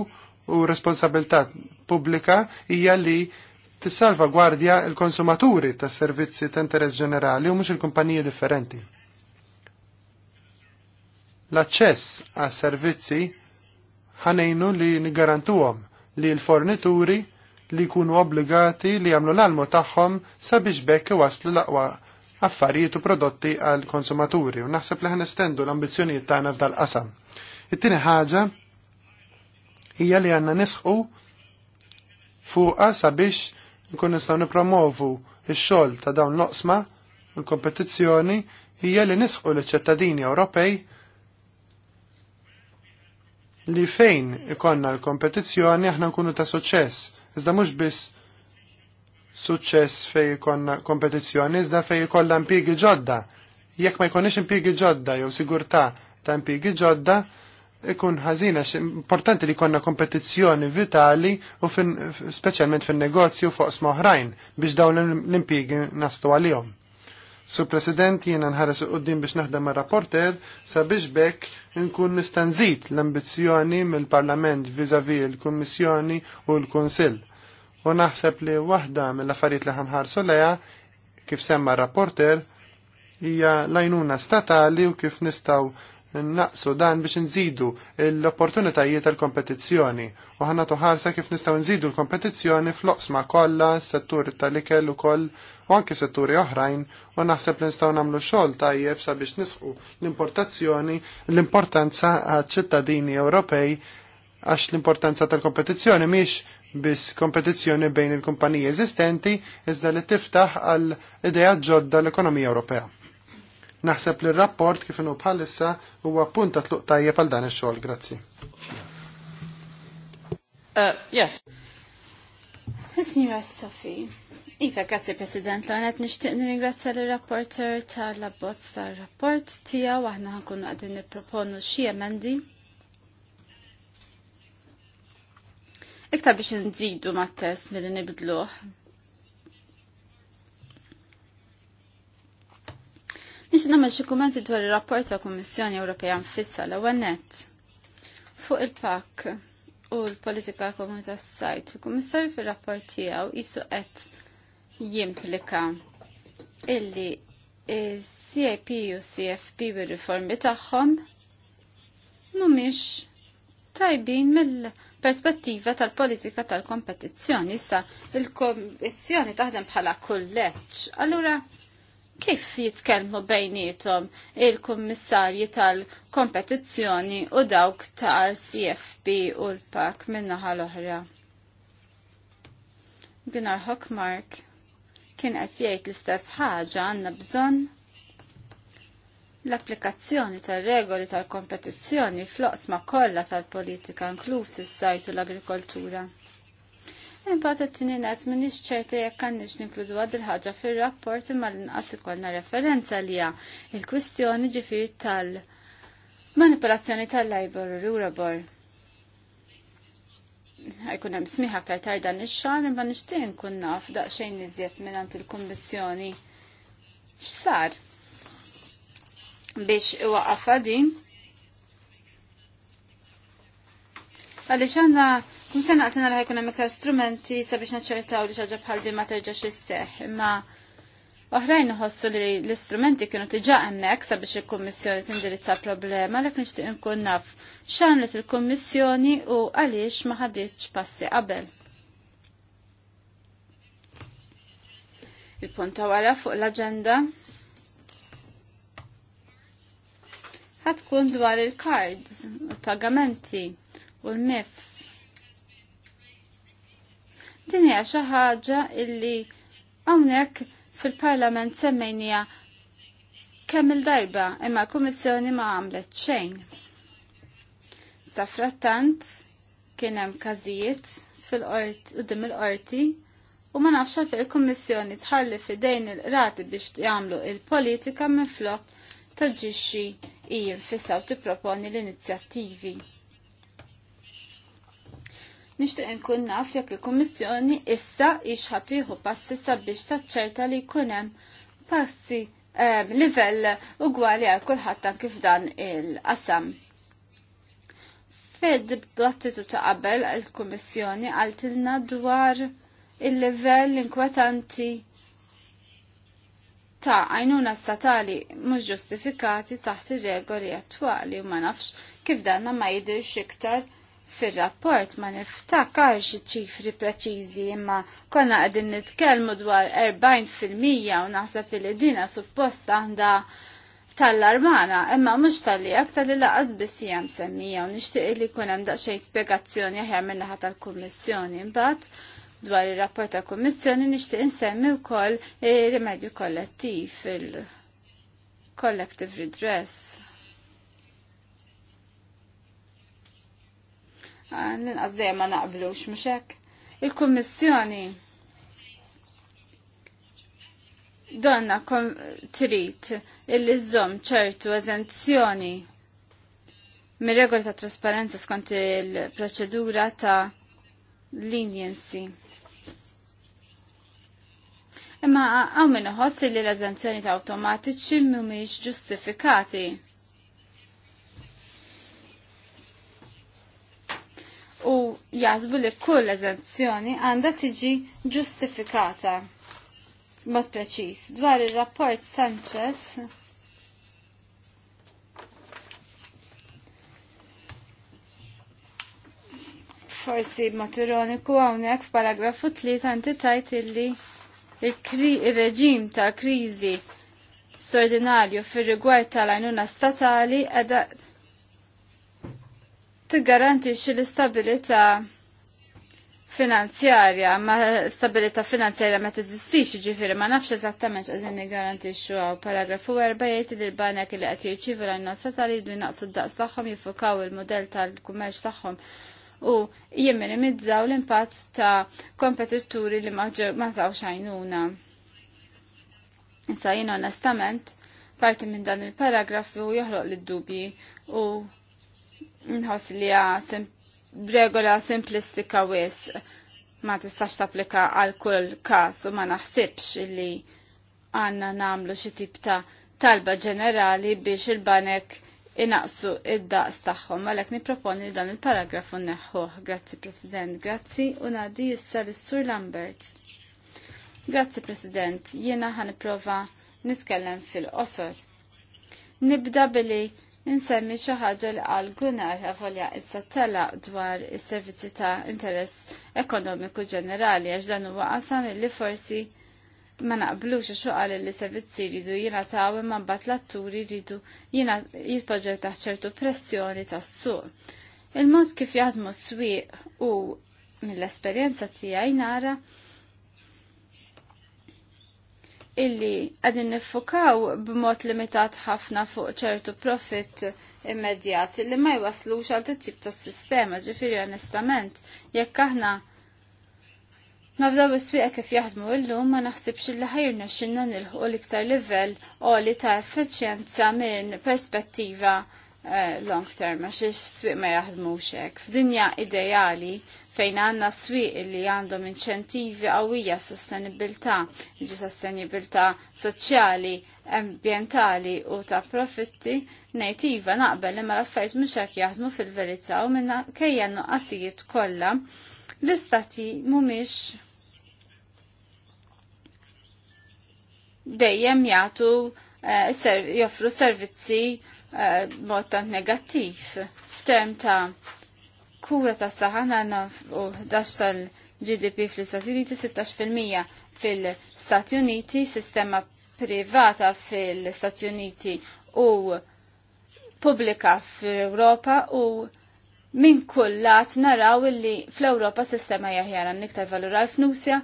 u responsabilità pubblika hija li tissalva gwardja il-konsumaturi ta' servizzi ta' interess ġenerali u mhux il-kumpaniji differenti. L-aċċess għas servizzi ħanejnu li nigarantuhom li l-fornituri li jkunu obbligati li jagħmlu l-almu tagħhom sabiex bekk waslu l-aqwa affarijiet u prodotti għal konsumaturi u naħseb li ħan estendu l-ambizzjonijiet tagħna f'dal qasam. It-tieni ħaġa hija li għandna nisħu fuqa sabiex nkun nistgħu nippromovu ix xogħol ta' dawn l-oqsma u l-kompetizzjoni hija li nisħu l-ċittadini Ewropej li fejn ikonna l-kompetizzjoni aħna nkunu ta' suċċess. Iżda mhux biss suċċess fej ikonna kompetizzjoni, iżda fej ikolla impjiegi ġodda. Jekk ma jkunx impjiegi ġodda jew sigurtà ta' impjiegi ġodda, ikun ħażina importanti li jkollna kompetizzjoni vitali u fin, speċjalment fin-negozju fuq oħrajn biex dawn l-impjiegi nastu għalihom. Su President jiena nħares qudiem biex naħdem ma' rapporter sabiex bekk nkun nista' nżid l-ambizzjoni mill-Parlament viżavi l-Kummissjoni u l-Kunsill. U naħseb li waħda mill-affarijiet li ħanħarsu leja kif semma rapporter hija lajnuna statali u kif nistgħu naqsu dan biex nżidu l-opportunitajiet tal-kompetizzjoni u ħanna toħarsa kif nistaw nżidu l-kompetizzjoni fl-oqsma kollha, settur tal-ikel ukoll u anke setturi oħrajn u naħseb li nistgħu nagħmlu xogħol tajjeb sabiex nisqu l-importazzjoni l-importanza għaċ-ċittadini Ewropej għax l-importanza tal-kompetizzjoni miex biss kompetizzjoni bejn il-kumpaniji eżistenti iżda li tiftaħ għal ideja ġodda l-ekonomija Ewropea. Naħseb li r-rapport kif inhu bħalissa huwa punta tluq tajjeb għal dan ix-xogħol. Grazzi. Uh, [LAUGHS] Signora Sofi, Iva, grazie President, l għanet nishtiq nirringrazzja l-rapporter tal-abbozz tal-rapport tija, waħna għakun għadin proponu xie emendi. Iktar biex nżidu ma' test mill nibdluħ. Nix namel xie kumenti dwar il-rapport ta' Kommissjoni Ewropea nfissa l għannet Fuq il-PAK u l-Politika Komunità Sajt, il-Kummissarju fil-rapport tiegħu jisu qed jimplika illi CIP u CFP u riformi tagħhom mhumiex tajbin mill- perspettiva tal-politika tal-kompetizzjoni. Issa, il-kompetizzjoni taħdem bħala kulleċ. Allura, kif jitkellmu bejnietom il-kummissarji tal-kompetizzjoni u dawk tal-CFP u l-PAK minnaħa l-oħra. Gunnar Hockmark kien qed jgħid l-istess ħaġa għandna bżonn l-applikazzjoni tal-regoli tal-kompetizzjoni fl-oqsma kollha tal-politika inklusi s-sajtu l-agrikoltura. Imbagħad it-tieni net m'iniex ċerta jekk għandniex ninkludu għad il-ħaġa fir-rapport imma l-inqas ikollna referenza lija il-kwistjoni ġifieri tal-manipolazzjoni tal-lajbor u l-urabor. Għajkun hemm smiħa aktar tar dan ix-xahar imma nixtieq nkun naf daqsxejn iżjed mingħand il-kummissjoni x'sar biex iwaqaf din. Għaliex għandna Kun sena għatina l ħajkun hemm strumenti sabiex naċċertaw li xaġa bħal din ma terġax isseħ, imma oħrajn nħossu li l-istrumenti kienu tiġa hemmhekk sabiex il-Kummissjoni tindirizza problema għalhekk nixtieq inkun naf x'għamlet il-Kummissjoni u għaliex ma passi qabel. Il-punt wara fuq l-aġenda ħatkun dwar il-cards, il-pagamenti u l-mifs. Din hija xi ħaġa illi hawnhekk fil-Parlament semmejnija kemm il-darba imma l-Kummissjoni ma għamlet xejn. Sa frattant kien hemm każijiet fil-qorti qudiem il-qorti u ma nafx għalfejn il-Kummissjoni tħalli fidejn il-qrati biex jagħmlu il-politika minflok taġixxi i jinfissaw tipproponi l-inizjattivi. Nixtieq inkun naf jekk il-Kummissjoni issa ix ħatiħu passi sabiex taċċerta li jkun hemm passi livell ugwali għal kulħadd kif dan il-qasam. Fed dibattitu ta' qabel il-Kummissjoni għaltilna dwar il-livell inkwetanti ta' għajnuna statali mhux ġustifikati taħt ir-regoli attwali u ma nafx kif danna ma jidirx iktar fil-rapport ma niftakarx ċifri preċiżi imma konna għedin nitkellmu dwar 40% u naħseb li dina supposta għanda tal-armana imma mux tal-li aktar li laqas biss jam semmija u nishtiq li kun hemm daqsxejn spjegazzjoni aħjar minnaħa tal-Kummissjoni imbat dwar ir-rapport ta' kummissjoni nixtieq insemmi wkoll il rimedju kollettiv il-collective redress Ninqas dejjem ma naqblux mhux hekk. Il-Kummissjoni donna trid illi żomm ċertu eżenzjoni mir-regoli ta' trasparenza skont il-proċedura ta' leniency. Imma għaw minn li l-eżenzjoni ta' automatiċi mhumiex ġustifikati. u jazbu li kull eżenzjoni għandha tiġi ġustifikata. Mod preċis, dwar il-rapport Sanchez forsi maturoniku għawnek f'paragrafu 3 għanti tajt illi il-reġim ta' krizi straordinarju fir rigward tal-għajnuna statali għada tiggarantixxi l-istabilità finanzjarja, ma stabilita finanzjarja ma teżistix, ġifiri, ma nafx eżattament għadin nigarantixxu għaw paragrafu 4 jgħid li l-banek li qed jirċivu l-għajnuna statali jdu naqsu d-daqs tagħhom jiffukaw il-modell tal-kummerċ tagħhom u mizzaw l-impatt ta' kompetitturi li ma tawx għajnuna. Issa jien onestament, parti minn dan il-paragrafu joħloq l-dubji u nħos li regola simplistika wis ma tistax tapplika għal kull kas u ma naħsibx li għanna namlu xi tip ta' talba ġenerali biex il-banek inaqsu id-daqs tagħhom għalhekk nipproponi dan il-paragrafu neħħuh. Grazzi President, grazzi u ngħaddi issa lis-Sur Lambert. Grazzi President, jiena ħaniprova nitkellem fil-qosor. Nibda billi Insemmi xi ħaġa li qal Gunnar avolja issa tella dwar is-servizzi ta' interess ekonomiku ġenerali għax dan huwa qasam li forsi ma naqblux għax għal li servizzi jridu jingħataw ma' mbagħad l-atturi jridu jina taħt ċertu pressjoni tas-suq. Il-mod kif jaħdmu s-swieq u mill-esperjenza tiegħi nara illi għadin nifokaw b'mod limitat ħafna fuq ċertu profit immedjat li ma jwaslux għal tip ta' sistema ġifiri onestament jekk aħna nafdaw is-swieqa kif jaħdmu illum ma naħsibx li ħajrna xinna nilħu l-iktar livell oli ta' effiċjenza minn perspettiva eh, long term għax is-swieq ma jaħdmux hekk. F'dinja ideali fejn għanna swieq li għandhom inċentivi għawija sostenibilità, ġi sostenibilità soċjali, ambientali u ta' profitti, nejtiva naqbel li ma l muxak mhux hekk jaħdmu fil-verità u minna kejja nuqqasijiet kollha l-istati mhumiex dejjem jagħtu eh, joffru servizzi eh, mod tant negattiv f'term ta' kura ta' saħana għanna u 11 tal-GDP fl-Istati Uniti, 16% fil-Stati Uniti, sistema privata fil-Stati Uniti u publika fl-Europa u minn kullat naraw li fl-Europa sistema jahjara niktar valura l-fnusja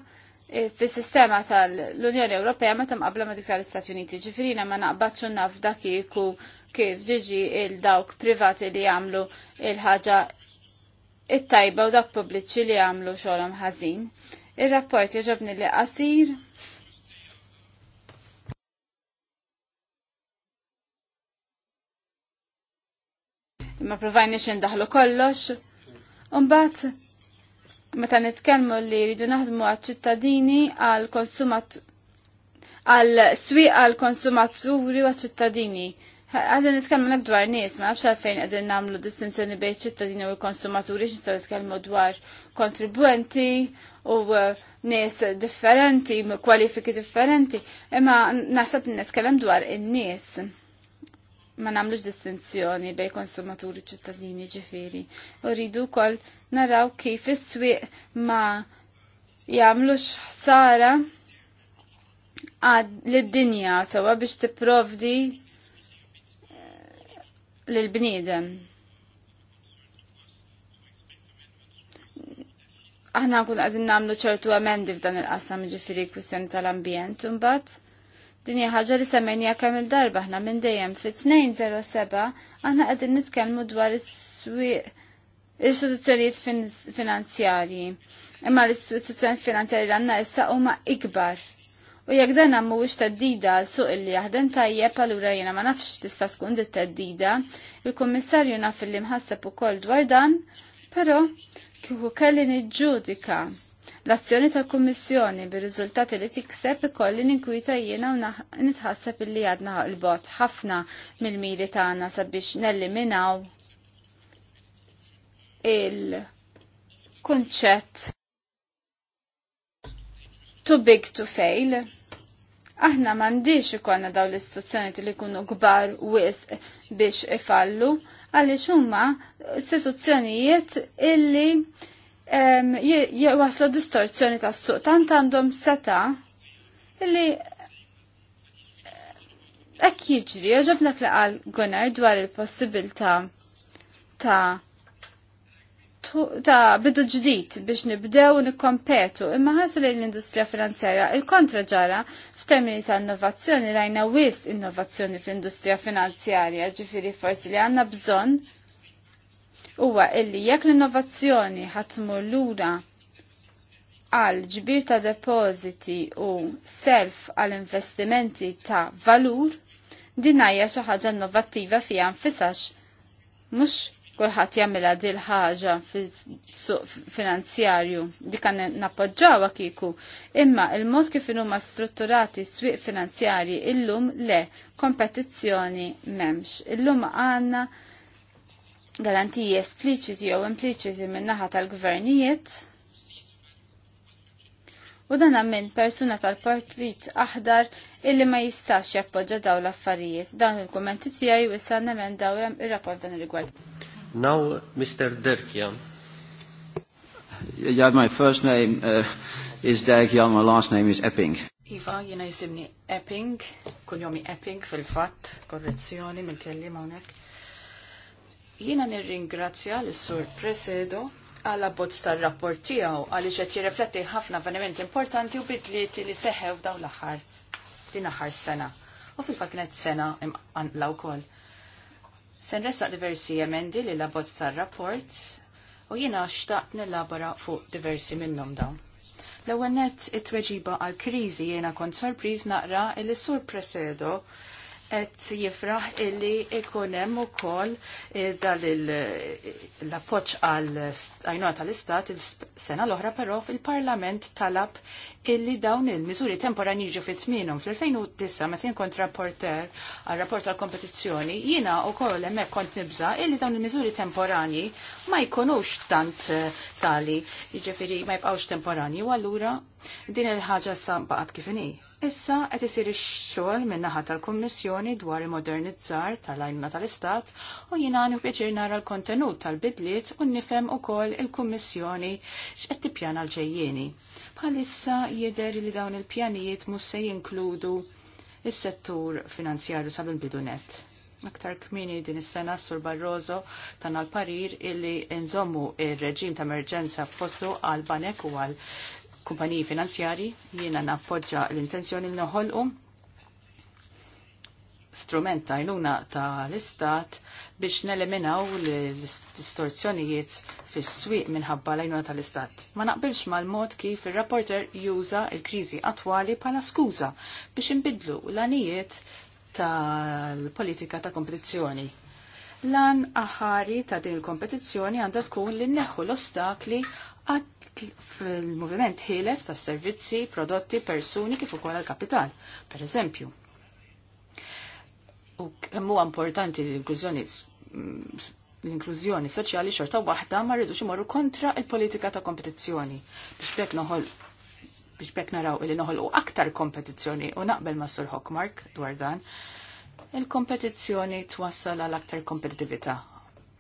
e, fil-sistema tal-Unjoni Ewropea ma tam qabla ma dik l istati Uniti. Ġifirina ma naqbaċu naf dakiku kif ġiġi il-dawk privati li għamlu il-ħagġa it-tajba u dak pubbliċi li għamlu xogħolhom ħażin. Ir-rapport jogħġobni li qasir. Ma xin daħlu kollox. Umbat, meta nitkellmu li rridu naħdmu għal-ċittadini għal-konsumat għal-swiq għal-konsumaturi u għal-ċittadini. għal konsumat għal swi għal konsumaturi u għal ċittadini għal konsumat u għal ċittadini Għadda nitkellmu dwar nies, ma nafx għalfejn qegħdin nagħmlu distinzjoni bejn ċittadini u l-konsumaturi xistaw nitkellmu dwar kontribwenti u uh, nies differenti, kwalifiki differenti, imma naħseb nitkellem dwar in-nies. Ma nagħmlux distinzjoni bejn konsumaturi ċittadini ġifieri. U rridu wkoll naraw kif is swiq ma jagħmlux ħsara lid dinja sewa biex tipprovdi l-bniedem. Aħna kun għadin namlu ċertu emendi f'dan il-qasam ġifiri kwistjoni tal-ambjent, unbat. Din hija ħaġa li semmejnija kemm il-darba aħna minn dejjem fit-207 aħna qegħdin nitkellmu dwar is-swieq l-istituzzjonijiet finanzjarji. Imma l-istituzzjoni finanzjarji l għanna issa huma ikbar U jekk dan mhuwiex teddida suq illi jaħdem tajjeb allura jiena ma nafx tista' tkun dit teddida, il-Kummissarju naf illi mħasseb ukoll dwar dan, però kieku kelli niġġudika l-azzjoni tal-Kummissjoni bir-riżultati li tikseb ikolli ninkwita jiena u nitħasseb illi għadna il-bot ħafna mill-miri tagħna sabiex nelliminaw il-kunċett too big to fail Aħna mandiċ ikonna daw l-istituzzjoni li kunu gbar wisq biex ifallu, għalix huma istituzzjonijiet illi jwaslu distorzjoni ta' suq tant għandhom seta illi ekk jiġri, għagħabnak li għal Gunnar dwar il-possibilta ta' ta' bidu ġdid biex nibdew nikkompetu imma ħarsu lejn l-industrija finanzjarja il-kontra ġara f'termini ta' innovazzjoni rajna wis innovazzjoni fl-industrija finanzjarja ġifiri forsi li għanna bżonn huwa illi jekk l-innovazzjoni ħatmu lura għal ġbir ta' depositi u self għal investimenti ta' valur, dinajja xi ħaġa innovattiva fija nfisax mhux kolħat jammela dil ħaġa finanzjarju di kan nappoġġawa kiku. Imma il-mod kif huma strutturati swieq finanzjarji illum le kompetizzjoni memx. Illum għanna garantiji espliċiti jew impliċiti min-naħa tal-gvernijiet u dan minn persuna tal-partit aħdar illi ma jistax jappoġġa daw l-affarijiet. Dan il-kommenti tiegħi u issa nemmen daw ir-rapport dan ir-rigward. Now, Mr. Derkian. Yeah, my first name uh, is Derkian, my last name is Epping. Iva, jina jisimni Epping, kun jomi Epping fil-fat, korrezzjoni minn kelli mawnek. Jina nirringrazzja l-Sur Presedo għal abbozz tal-rapport tiegħu għaliex qed ħafna avvenimenti importanti u bidliet li seħew dawn l-aħħar din aħħar sena. U fil fat kienet sena imqanqla wkoll. Se resaq diversi emendi li l tal tar-rapport u jiena xtaqt nillabora fuq diversi minnhom dawn. L-ewwel nett it-tweġiba għall kriżi jiena kont sorpriż naqra il-sur presedo et jifraħ illi ikunem u kol eh, dal l-appoċ għal għajnuna tal-istat il-sena l-oħra però fil-parlament talab illi dawn il-mizuri temporani ġu fit tminum fil 2009 ma tien kont rapporter għal rapport għal kompetizzjoni jina u kol emme kont nibza illi dawn il-mizuri temporani ma jkunux tant eh, tali ġifiri ma jibqawx temporani u għallura din il-ħagġa sambaqat kifini Issa qed isir ix-xogħol min-naħa tal-Kummissjoni dwar il-modernizzar tal għajna tal-Istat u jiena għandi pjaċir nara l-kontenut tal-bidliet u nifhem ukoll il-Kummissjoni x'qed tippjana l-ġejjieni. Bħalissa jidher li dawn il-pjanijiet mhux se jinkludu is-settur finanzjarju sab bidu net aktar kmini din is-sena Sur Barroso tan l-parir illi nżommu ir-reġim ta' emerġenza f'postu għal banek u għal kumpaniji finanzjari jiena nappoġġa l-intenzjoni li noħolqu strument tajnuna tal-istat biex neliminaw l-distorzjonijiet fis swieq minħabba l ta' tal-istat. Ma naqbilx mal-mod kif il-rapporter juża il-krizi attwali bħala skuża biex imbidlu l-anijiet tal-politika ta' kompetizzjoni. Lan aħari ta' din il-kompetizzjoni għandha tkun li neħu l-ostakli għat fil-moviment ħieles ta' servizzi, prodotti, persuni kif ukoll għal-kapital, per eżempju. U huwa importanti l-inklużjoni mm, l-inklużjoni soċjali xorta waħda ma rridux imorru kontra il-politika ta' kompetizzjoni biex bekk noħol biex bekk naraw noħol noħolqu aktar kompetizzjoni u naqbel ma' Sur Hockmark dwar dan. Il-kompetizzjoni twassal għal aktar kompetitività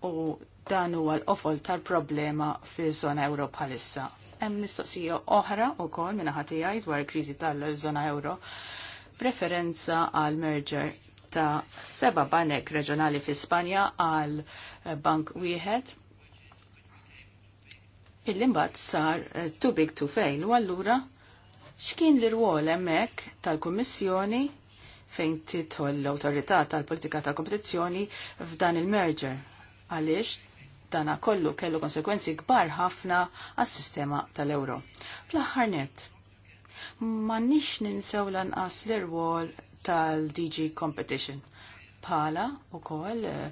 u dan huwa l-qofol tal-problema fi żona Ewro bħalissa. Hemm mistoqsija oħra wkoll minn tiegħi dwar kriżi tal-żona Ewro. Preferenza għal merger ta' seba banek reġjonali fi Spanja għal bank wieħed il-limbat sar eh, too big to fail u allura xkien l irwol hemmhekk tal-Kummissjoni fejn titħol l-awtorità tal-politika ta' kompetizzjoni f'dan il-merger għaliex dana kollu kellu konsekwenzi kbar ħafna għas sistema tal-euro. Fl-aħħar net, ma nix ninsew lanqas l-irwol tal-DG Competition bħala u koll eh,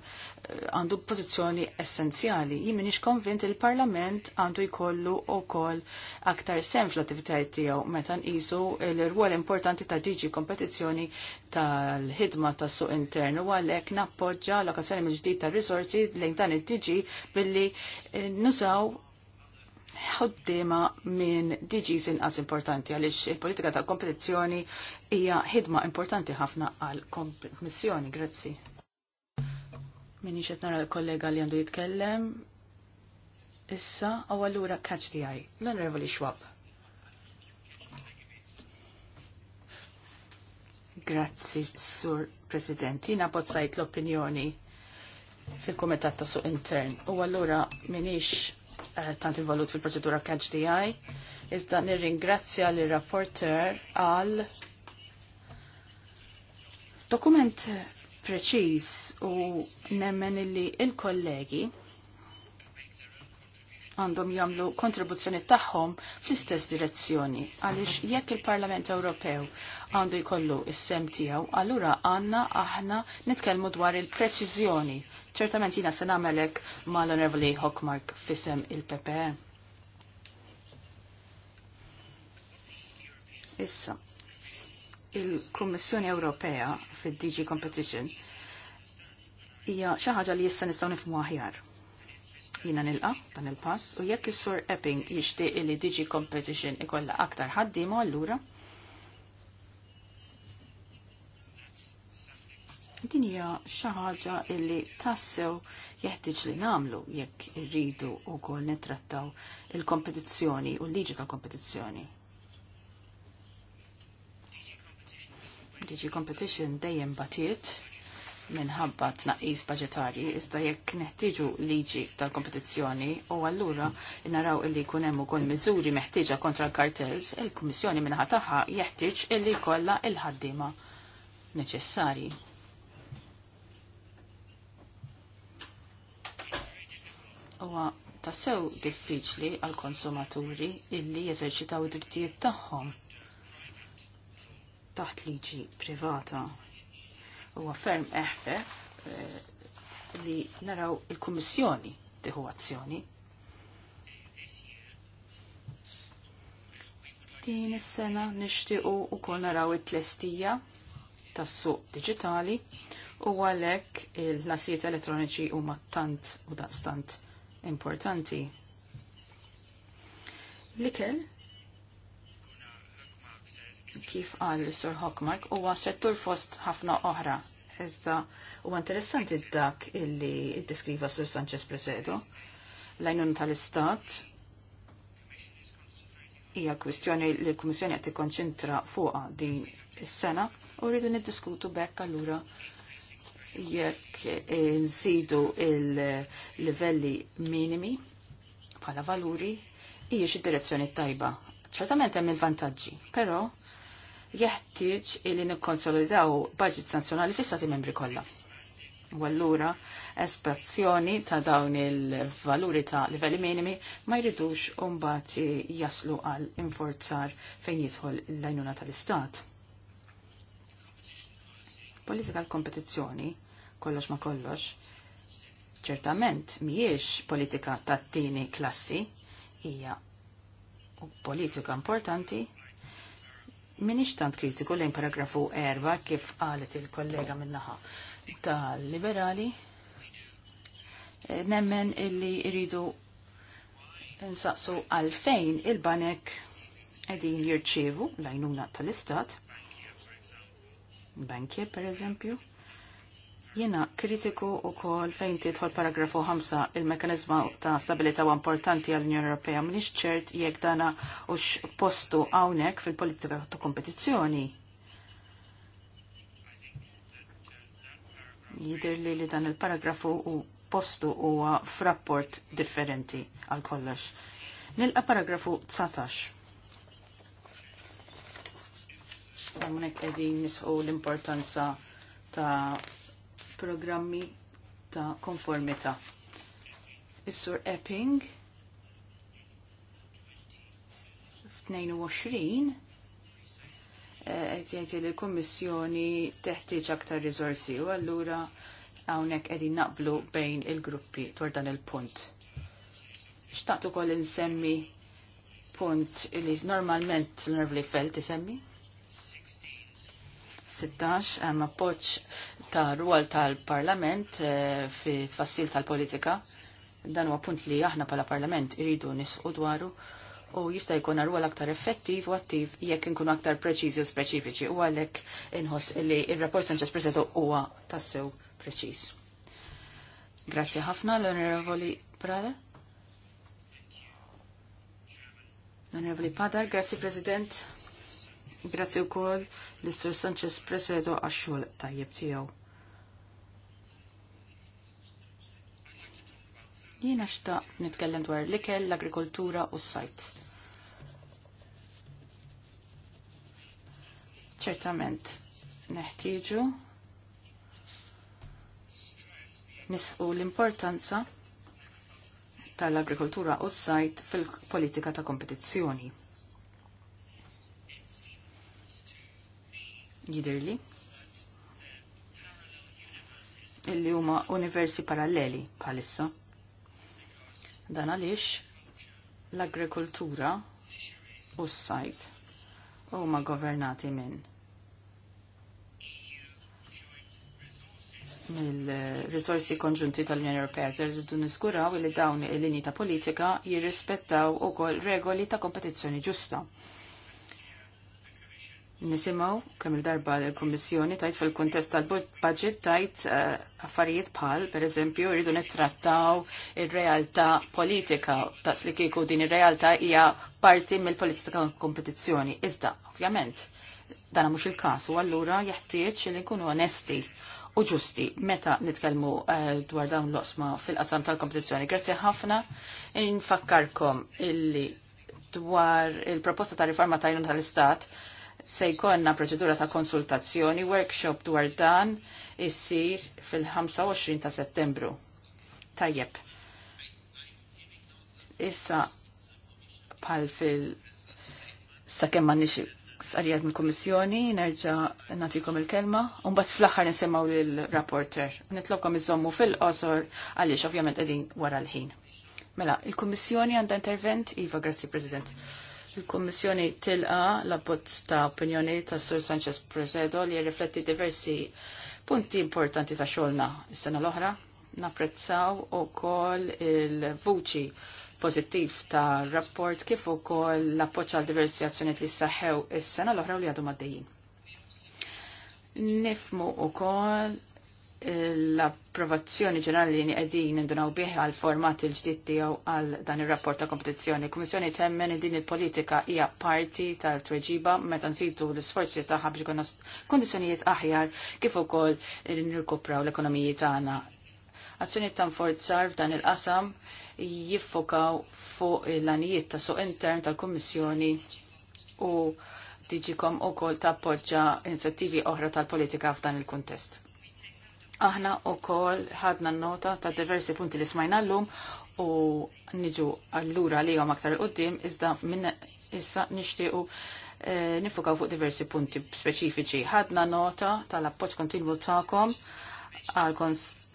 għandu pozizjoni essenzjali. Jimmin ix konvint il-parlament għandu jkollu u koll aktar sem fl-attivitajiet tijaw metan isu l-rwol importanti ta' diġi kompetizjoni tal-ħidma ta' suq internu għalek nappoġġa l-okazzjoni mġdijt ta' risorsi lejn dan id-diġi billi eh, nużaw ħoddima minn DGs inqas importanti għaliex il-politika tal kompetizzjoni hija ħidma importanti ħafna għal kommissjoni grazzi. Min qed nara l-kollega li għandu jitkellem. Issa, u allura catch the eye, l-onorevoli Schwab. Grazzi, Sur President. Jina bozzajt l-opinjoni fil-Komitat ta' Suq Intern. U allura minix Eh, tant involut fil-proċedura catch the eye. Iżda nirringrazzja li rapporter għal dokument preċiż u nemmen illi il-kollegi il kollegi għandhom jagħmlu kontribuzzjoni tagħhom fl-istess direzzjoni għaliex jekk il-Parlament Ewropew għandu jkollu is-sem tiegħu, allura għandna aħna nitkellmu dwar il-preċiżjoni. Ċertament jiena se nagħmelek mal-Onorevoli Hockmark fisem il-PPE. Issa, il-Kummissjoni Ewropea fid-DG Competition hija xi ħaġa li issa nistgħu nifhmu aħjar Jina nilqa dan il-pass u jekk is-Sur Epping jixtieq li diġi Competition ikolla aktar ħaddiema allura. Din hija xi ħaġa li tassew jeħtieġ li nagħmlu jekk irridu wkoll nittrattaw il-kompetizzjoni u l-liġi tal-kompetizzjoni. Digi Competition dejjem batiet minħabba tnaqqis budgetari, iżda jekk neħtieġu liġi tal-kompetizzjoni u allura naraw illi jkun hemm ukoll miżuri meħtieġa kontra l-kartels, il-Kummissjoni minħa tagħha jeħtieġ illi jkollha il-ħaddiema neċessarji. Huwa tassew diffiċli għall konsumaturi illi jeżerċitaw id-drittijiet tagħhom taħt liġi privata Huwa ferm eħfef eh, li naraw il-Kummissjoni tieħu azzjoni. Din is-sena nixtiequ ukoll naraw it-tlestija tas-suq diġitali u għalhekk il-nasijiet elettroniċi huma tant u daqstant importanti. L-ikel kif qal Sir Hockmark huwa settur fost ħafna oħra. Iżda huwa interessanti dak illi id-deskriva sur Sanchez Presedo. L-għajnuna tal-Istat hija kwistjoni li l-Kummissjoni qed tikkonċentra fuqha din is-sena u rridu niddiskutu bekk allura jekk eh, nżidu il-livelli minimi bħala valuri hija xi direzzjoni tajba. Ċertament hemm il-vantaġġi, però jeħtieġ illi nikkonsolidaw budget sanzjonali fis-stati membri kollha. U allura espazzjoni ta' dawn il-valuri ta' livelli minimi ma jridux umbat jaslu għal inforzar fejn jidħol l-għajnuna tal-istat. Politika l-kompetizzjoni, kollox ma kollox, ċertament miex politika ta' tini klassi, hija politika importanti minix tant kritiku lejn paragrafu 4 kif qalet il-kollega minnaħa tal-liberali eh, nemmen illi iridu nsaqsu għalfejn il-banek edin jirċevu lajnuna tal-istat bankje per eżempju Jena kritiku u kol fejn tidħol paragrafu 5 il-mekanizma ta' stabilita u importanti għall-Unjoni Ewropea mniex ċert jekk dana u postu hawnhekk fil-politika ta' kompetizzjoni. Jider li li dan il-paragrafu u postu huwa frapport differenti għal kollox. Nilqa paragrafu 19. Għamnek edin nisħu l-importanza ta' programmi ta' konformità. Is-Sur Epping f'22 eh, qed jgħidli li l-Kummissjoni teħtieġ aktar riżorsi u allura hawnhekk qegħdin naqblu bejn il-gruppi dwar dan il-punt. Xtaqt ukoll insemmi punt li normalment l-nerv li felt isemmi. 16 hemm appoġġ ta' rwol tal-Parlament eh, fi tfassil tal-politika. Dan huwa punt li aħna pala Parlament iridu nisqu dwaru u jista' jkun rwol aktar effettiv u attiv jekk inkunu aktar preċiżi u speċifiċi u għalhekk inħoss li r rapport Sanchez Preseto huwa tassew preċiż. Grazzi ħafna l-Onorevoli Prada. Onorevoli Padar, grazzi President. Grazzi u koll l-Sur Sanchez Presedo xogħol tajjeb tijaw. Jina xta nitkellem dwar l-ikel, l-agrikoltura u s-sajt. ċertament neħtieġu nisqu l-importanza tal-agrikoltura u s-sajt fil-politika ta' kompetizzjoni. Jidirli illi huma universi paralleli bħalissa. Pa Dan għaliex l-agrikoltura u s-sajt huma governati minn mill-risorsi konġunti tal-Unjoni Ewropea rridu niskuraw li dawn il-linji ta' politika jirrispettaw ukoll regoli ta' kompetizzjoni ġusta nisimaw kemm il-darba l-Kommissjoni tajt fil-kontest tal-budget tajt eh, affarijiet bħal, per eżempju, rridu nittrattaw il-realtà politika, taqs li kieku din il-realtà hija parti mill-politika kompetizzjoni. Iżda, ovvjament, dana mhux il-kasu, allura jeħtieġ li nkunu onesti u ġusti meta nitkellmu eh, dwar dawn l-osma fil-qasam tal-kompetizzjoni. Grazzi ħafna, infakkarkom illi dwar il-proposta ta' riforma tajnuna tal-Istat se jkollna proċedura ta' konsultazzjoni, workshop dwar dan issir fil-25 ta' settembru. Tajjeb. Issa bħal fil sa' kemm nixi sarijad mill kummissjoni nerġa' natikom il-kelma, un bat fl-axar nisimaw l-rapporter. Nitlobkom iżommu fil-qosor għaliex ovvjament qegħdin wara l-ħin. Mela, il-Kummissjoni għandha intervent? Iva, grazzi, President. Il-Kommissjoni tilqa la bozz ta' opinjoni ta' Sur Sanchez Presedo li rifletti diversi punti importanti ta' xolna is-sena l-oħra. Napprezzaw u kol il-vuċi pozittiv ta' rapport kif ukoll l-appoċ għal diversi azzjonijiet li saħħew is-sena l-oħra u li għadu maddejjin. Nifmu ukoll l-approvazzjoni ġenerali li qegħdin indunaw bih għal format il-ġdid tiegħu għal dan ir-rapport ta' kompetizzjoni. Kummissjoni temmen din il-politika hija parti tal-tweġiba meta nsidu l-isforzi tagħha biex ikun kondizzjonijiet aħjar kif ukoll nirkupraw l-ekonomiji tagħna. Azzjoni ta' nforzar f'dan il-qasam jiffokaw fuq l-anijiet ta' suq intern tal-Kummissjoni u diġikom u kol ta' appoġġa inizjattivi oħra tal-politika f'dan il-kontest. Aħna u kol ħadna nota ta' diversi punti li smajna l-lum u niġu allura li għom aktar l-qoddim, iżda minn issa nishtiqu e, nifukaw fuq diversi punti speċifiċi. ħadna nota tal-appoċ kontinwu ta'kom għal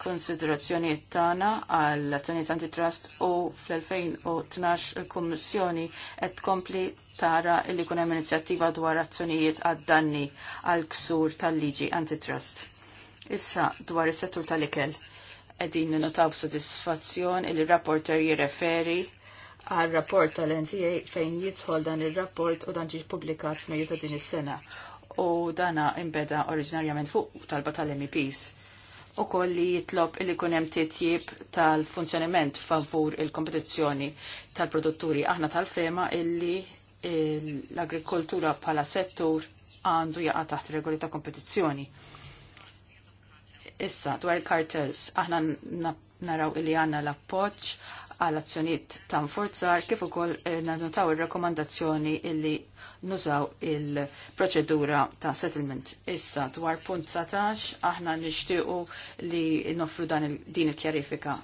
konsiderazzjoni tana għal azzjoniet antitrust u fl-2012 il-Kommissjoni qed kompli tara li kunem inizjattiva dwar azzjonijiet għad-danni għal ksur tal-liġi antitrust Issa dwar is-settur tal-ikel qegħdin ninnotaw b'sodisfazzjon il rapporter jirreferi għal rapport tal-NCA fejn jidħol dan ir-rapport u dan ġie pubblikat f'Mejju ta' din is-sena u dana imbeda oriġinarjament fuq talba tal-MEPs u koll li jitlob il kunem titjib tal-funzjonament favur il-kompetizzjoni tal-produtturi. Aħna tal-fema illi l-agrikoltura pala settur għandu jaqa taħt regoli ta' kompetizzjoni. Issa, dwar il-kartels, aħna naraw naraw li għanna l-appoċ għal azzjoniet ta' forzar kif ukoll nannotaw eh, ir-rakkomandazzjoni illi nużaw il-proċedura ta' settlement. Issa dwar punt satax, aħna nixtiequ li nofru dan il din il-kjarifika.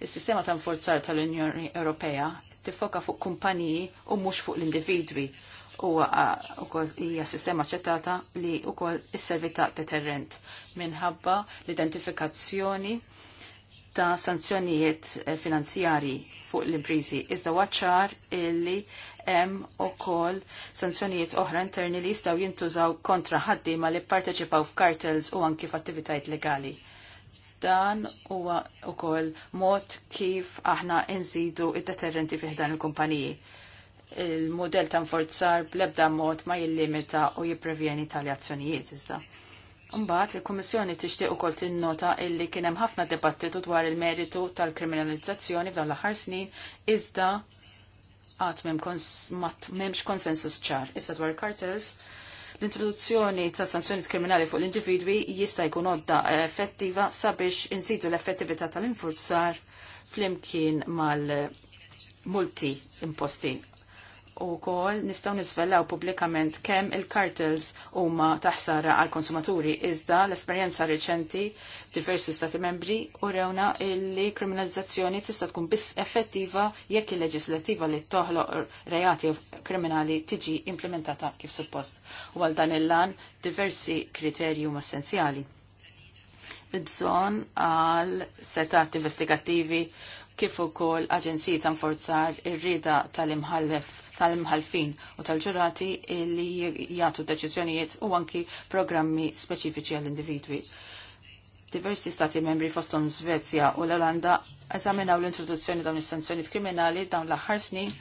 Is-sistema il ta' forzar tal-Unjoni Ewropea tifoka fuq kumpaniji u mhux fuq l-individwi u eh, hija sistema ċettata li wkoll is-servita deterrent minħabba l-identifikazzjoni ta' sanzjonijiet eh, finanzjari fuq l-imprizi. Iżda waċċar illi hemm ukoll sanzjonijiet oħra interni li jistgħu jintużaw kontra ħaddiema li pparteċipaw f'kartels u anki f'attivitajiet legali. Dan huwa ukoll mod kif aħna nżidu id-deterrenti fih dan il-kumpaniji. Il-modell ta' nforzar bl-ebda mod ma jillimita u jipprevjeni tali azzjonijiet iżda. Mbagħad il-Kummissjoni tixtieq ukoll tinnota illi kien hemm ħafna dibattitu dwar il-meritu tal-kriminalizzazzjoni f'dan l-aħħar snin iżda qatt m'hemmx konsensus ċar. Issa dwar cartels l-introduzzjoni ta' sanzjoni kriminali fuq l-individwi jista' jkun odda effettiva sabiex insidu l-effettività tal-infurzar flimkien mal multi imposti u kol nistaw nizvellaw publikament kemm il-kartels huma taħsara għal konsumaturi iżda l-esperjenza reċenti diversi stati membri u rewna illi kriminalizzazzjoni tista' tkun biss effettiva jekk il-leġislativa li toħloq reati kriminali tiġi implementata kif suppost. U għal dan il-lan diversi kriterji huma essenzjali. Id-bżonn għal setat investigattivi kif ukoll aġenziji ta' nforzar ir-rida tal-imħallef tal-imħalfin u tal-ġurati li jagħtu deċiżjonijiet u anki programmi speċifiċi għall-individwi. Diversi stati membri fostom Svezja u l-Olanda eżaminaw l-introduzzjoni dawn is-sanzjonijiet kriminali dawn l-aħħar snin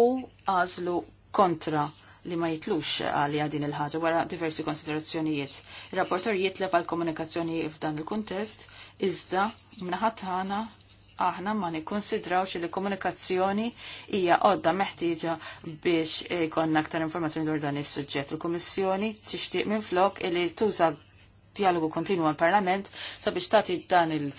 u għażlu kontra li ma jitlux għalija din il-ħagġa wara diversi konsiderazzjonijiet. il rapportor jitleb għal komunikazzjoni f'dan il-kuntest, iżda minnaħat ħana aħna ma nikkonsidrawx li komunikazzjoni hija għodda meħtieġa biex ikonna eh, aktar informazzjoni dwar dan is-suġġett. Il-Kummissjoni tixtieq minn flok li tuża dialogu kontinu għal-Parlament sabiex tagħti dan il-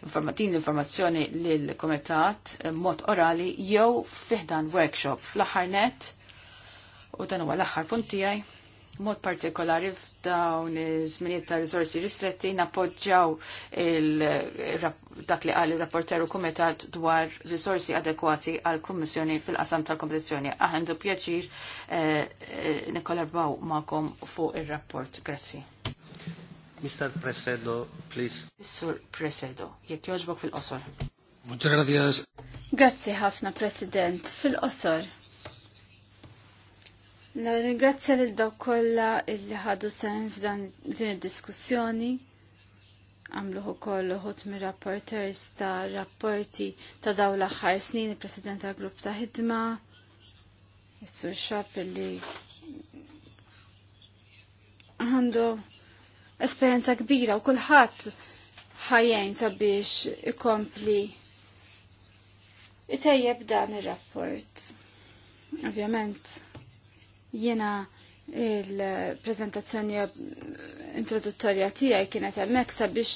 din l-informazzjoni lill-Kumitat eh, mod orali jew fiħdan workshop fl-aħħar net u dan huwa l-aħħar punt tiegħi mod partikolari f'dawn iż-żminijiet ta' riżorsi ristretti nappoġġjaw dak li qal ir-rapporteru kumitat dwar Risorsi adekwati għal kummissjoni fil-qasam tal-kompetizzjoni. Aħendu pjaċir eh, eh nikkollabaw magħkom fuq ir-rapport. Grazzi. Mr. Presedo, please. Sur Presedo, jekk jogħġbok fil-qosor. Muchas gracias. Grazzi ħafna, President, fil-qosor. Ringrazzja lil dawk kollha illi ħadu sehem f'dan din id-diskussjoni. Għamluh ukoll uħud mir rapporters ta' rapporti ta' daw l-aħħar snin, il-President tal grupp ta' ħidma, is-Sur Xab illi għandu esperjenza kbira u kulħadd ħajjen sabiex ikompli itejjeb dan ir-rapport. Ovvjament, Jena il-prezentazzjoni introduttorja tiegħi kienet hemmhekk sabiex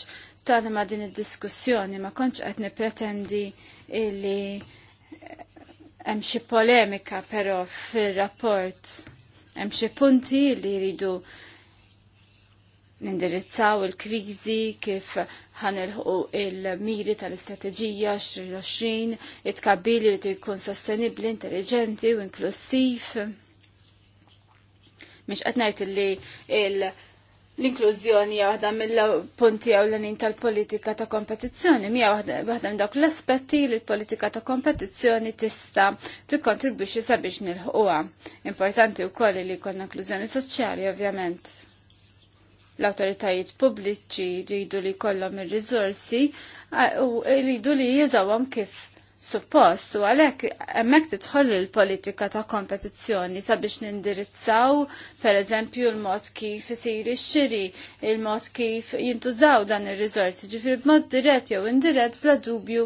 tagħna ma' din id-diskussjoni ma kontx qed nippretendi illi hemm xi polemika però fir-rapport hemm xi punti li jridu nindirizzaw il-kriżi kif ħanilħu il-miri tal-istrateġija 2020, it kabili li jkun sostenibli, intelligenti u inklusiv. Mhix qed ngħid li l-inklużjoni hija waħda mill-punti ewlenin tal-politika ta' kompetizzjoni, mija waħda minn dawk l-aspetti li l-politika ta' kompetizzjoni tista' tikkontribwixxi sabiex nilħquha. Importanti wkoll li jkollna inklużjoni soċjali ovvjament l-autoritajiet pubbliċi rridu li kollhom ir-riżorsi u rridu li jeżawhom kif suppost u għalhekk hemmhekk tidħol il-politika ta' kompetizzjoni sabiex nindirizzaw pereżempju l-mod kif isir ix-xiri, il-mod kif jintużaw dan ir-riżorsi, ġifier b'mod dirett jew indirett bla dubju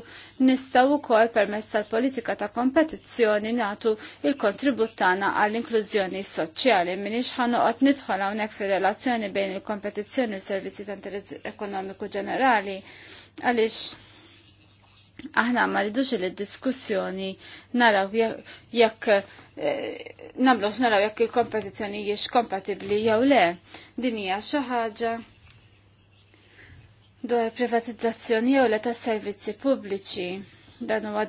nistgħu wkoll permezz tal-politika ta' kompetizzjoni nagħtu il-kontribut tagħna għall-inklużjoni soċjali minix ħanoqgħod nidħol hawnhekk fir-relazzjoni bejn il-kompetizzjoni u s-servizzi ta' interess ekonomiku ġenerali għaliex aħna ma rridux li diskussjoni naraw jekk eh, nagħmlux naraw jekk il-kompetizzjoni jiex kompatibbli jew le. Din hija xi ħaġa dwar privatizzazzjoni jew le tas-servizzi pubbliċi. Dan huwa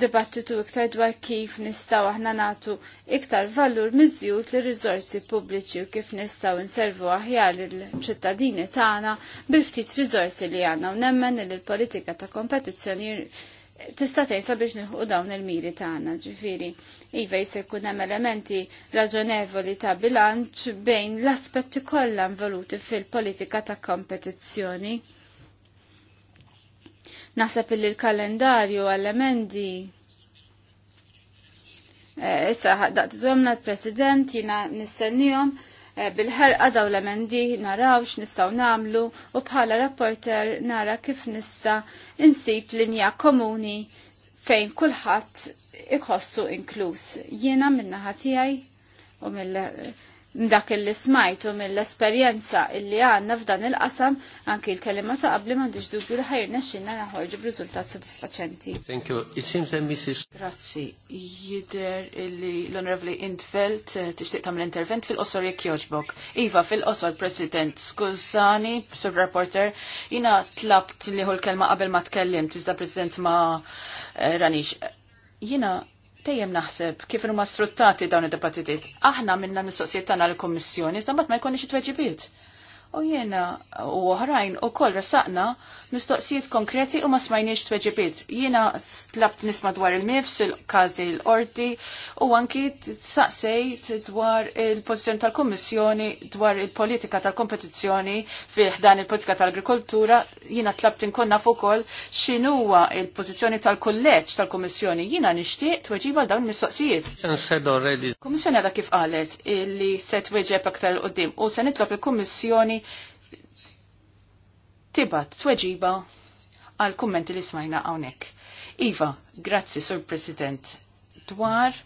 dibattitu iktar dwar kif nistgħu aħna nagħtu iktar valur miżjud li riżorsi pubbliċi u kif nistgħu inservu aħjar il-ċittadini tagħna bil-ftit riżorsi li għandna u nemmen li l-politika ta' kompetizzjoni tista' tgħidha biex nilħu dawn il-miri tagħna, ġifieri. Iva jista' jkun hemm elementi raġonevoli ta' bilanċ bejn l-aspetti kollha involuti fil-politika ta' kompetizzjoni. Naħseb il l-kalendarju għall-emendi eh, issa ħaddaqt żomna l-President jina nistennijom eh, bil-ħerqa daw l-emendi naraw x'nistgħu nagħmlu u bħala rapporter nara kif nista' insib linja komuni fejn kulħadd ikossu inkluż. Jiena naħa tiegħi u mill dak il smajtu mill-esperjenza illi għanna f'dan il-qasam anki l-kelima ta' qabli m'għandix dubju li ħajrna xinna naħorġu b'rizultat sodisfaċenti. Thank you. It seems that Mrs. Grazzi. Jider illi l-Onorevoli Intfeld eh, tixtieq tagħmel intervent fil-qosor jekk jogħġbok. Iva fil-qosor President, skużani, sub Reporter, jina tlabt liħu l-kelma qabel ma tkellimt, iżda President ma eh, ranix. Jina dejjem naħseb kif huma sfruttati dawn id-dibattitiet. Aħna minna nistoqsijiet tagħna l-Kummissjoni, iżda mbagħad ma jkunx it-tweġibiet u jena u oħrajn u koll rasaqna mistoqsijiet konkreti u ma smajniex tweġibiet. Jena tlabt nisma dwar il-mifs, il-kazi l-orti u anki saqsejt dwar il-pozizjoni tal-Kommissjoni dwar il-politika tal-kompetizzjoni fiħdan dan il-politika tal-agrikoltura. Jena tlabt inkonna fu koll xinuwa il-pozizjoni tal kolleċ tal-Kommissjoni. Jena nishtiq tweġiba dawn mistoqsijiet. Kommissjoni għada kif qalet illi se weġeb aktar l-qoddim u se nitlob il-Kommissjoni tibat tweġiba għal kummenti li smajna hawnhekk. Iva, grazzi Sur President. Dwar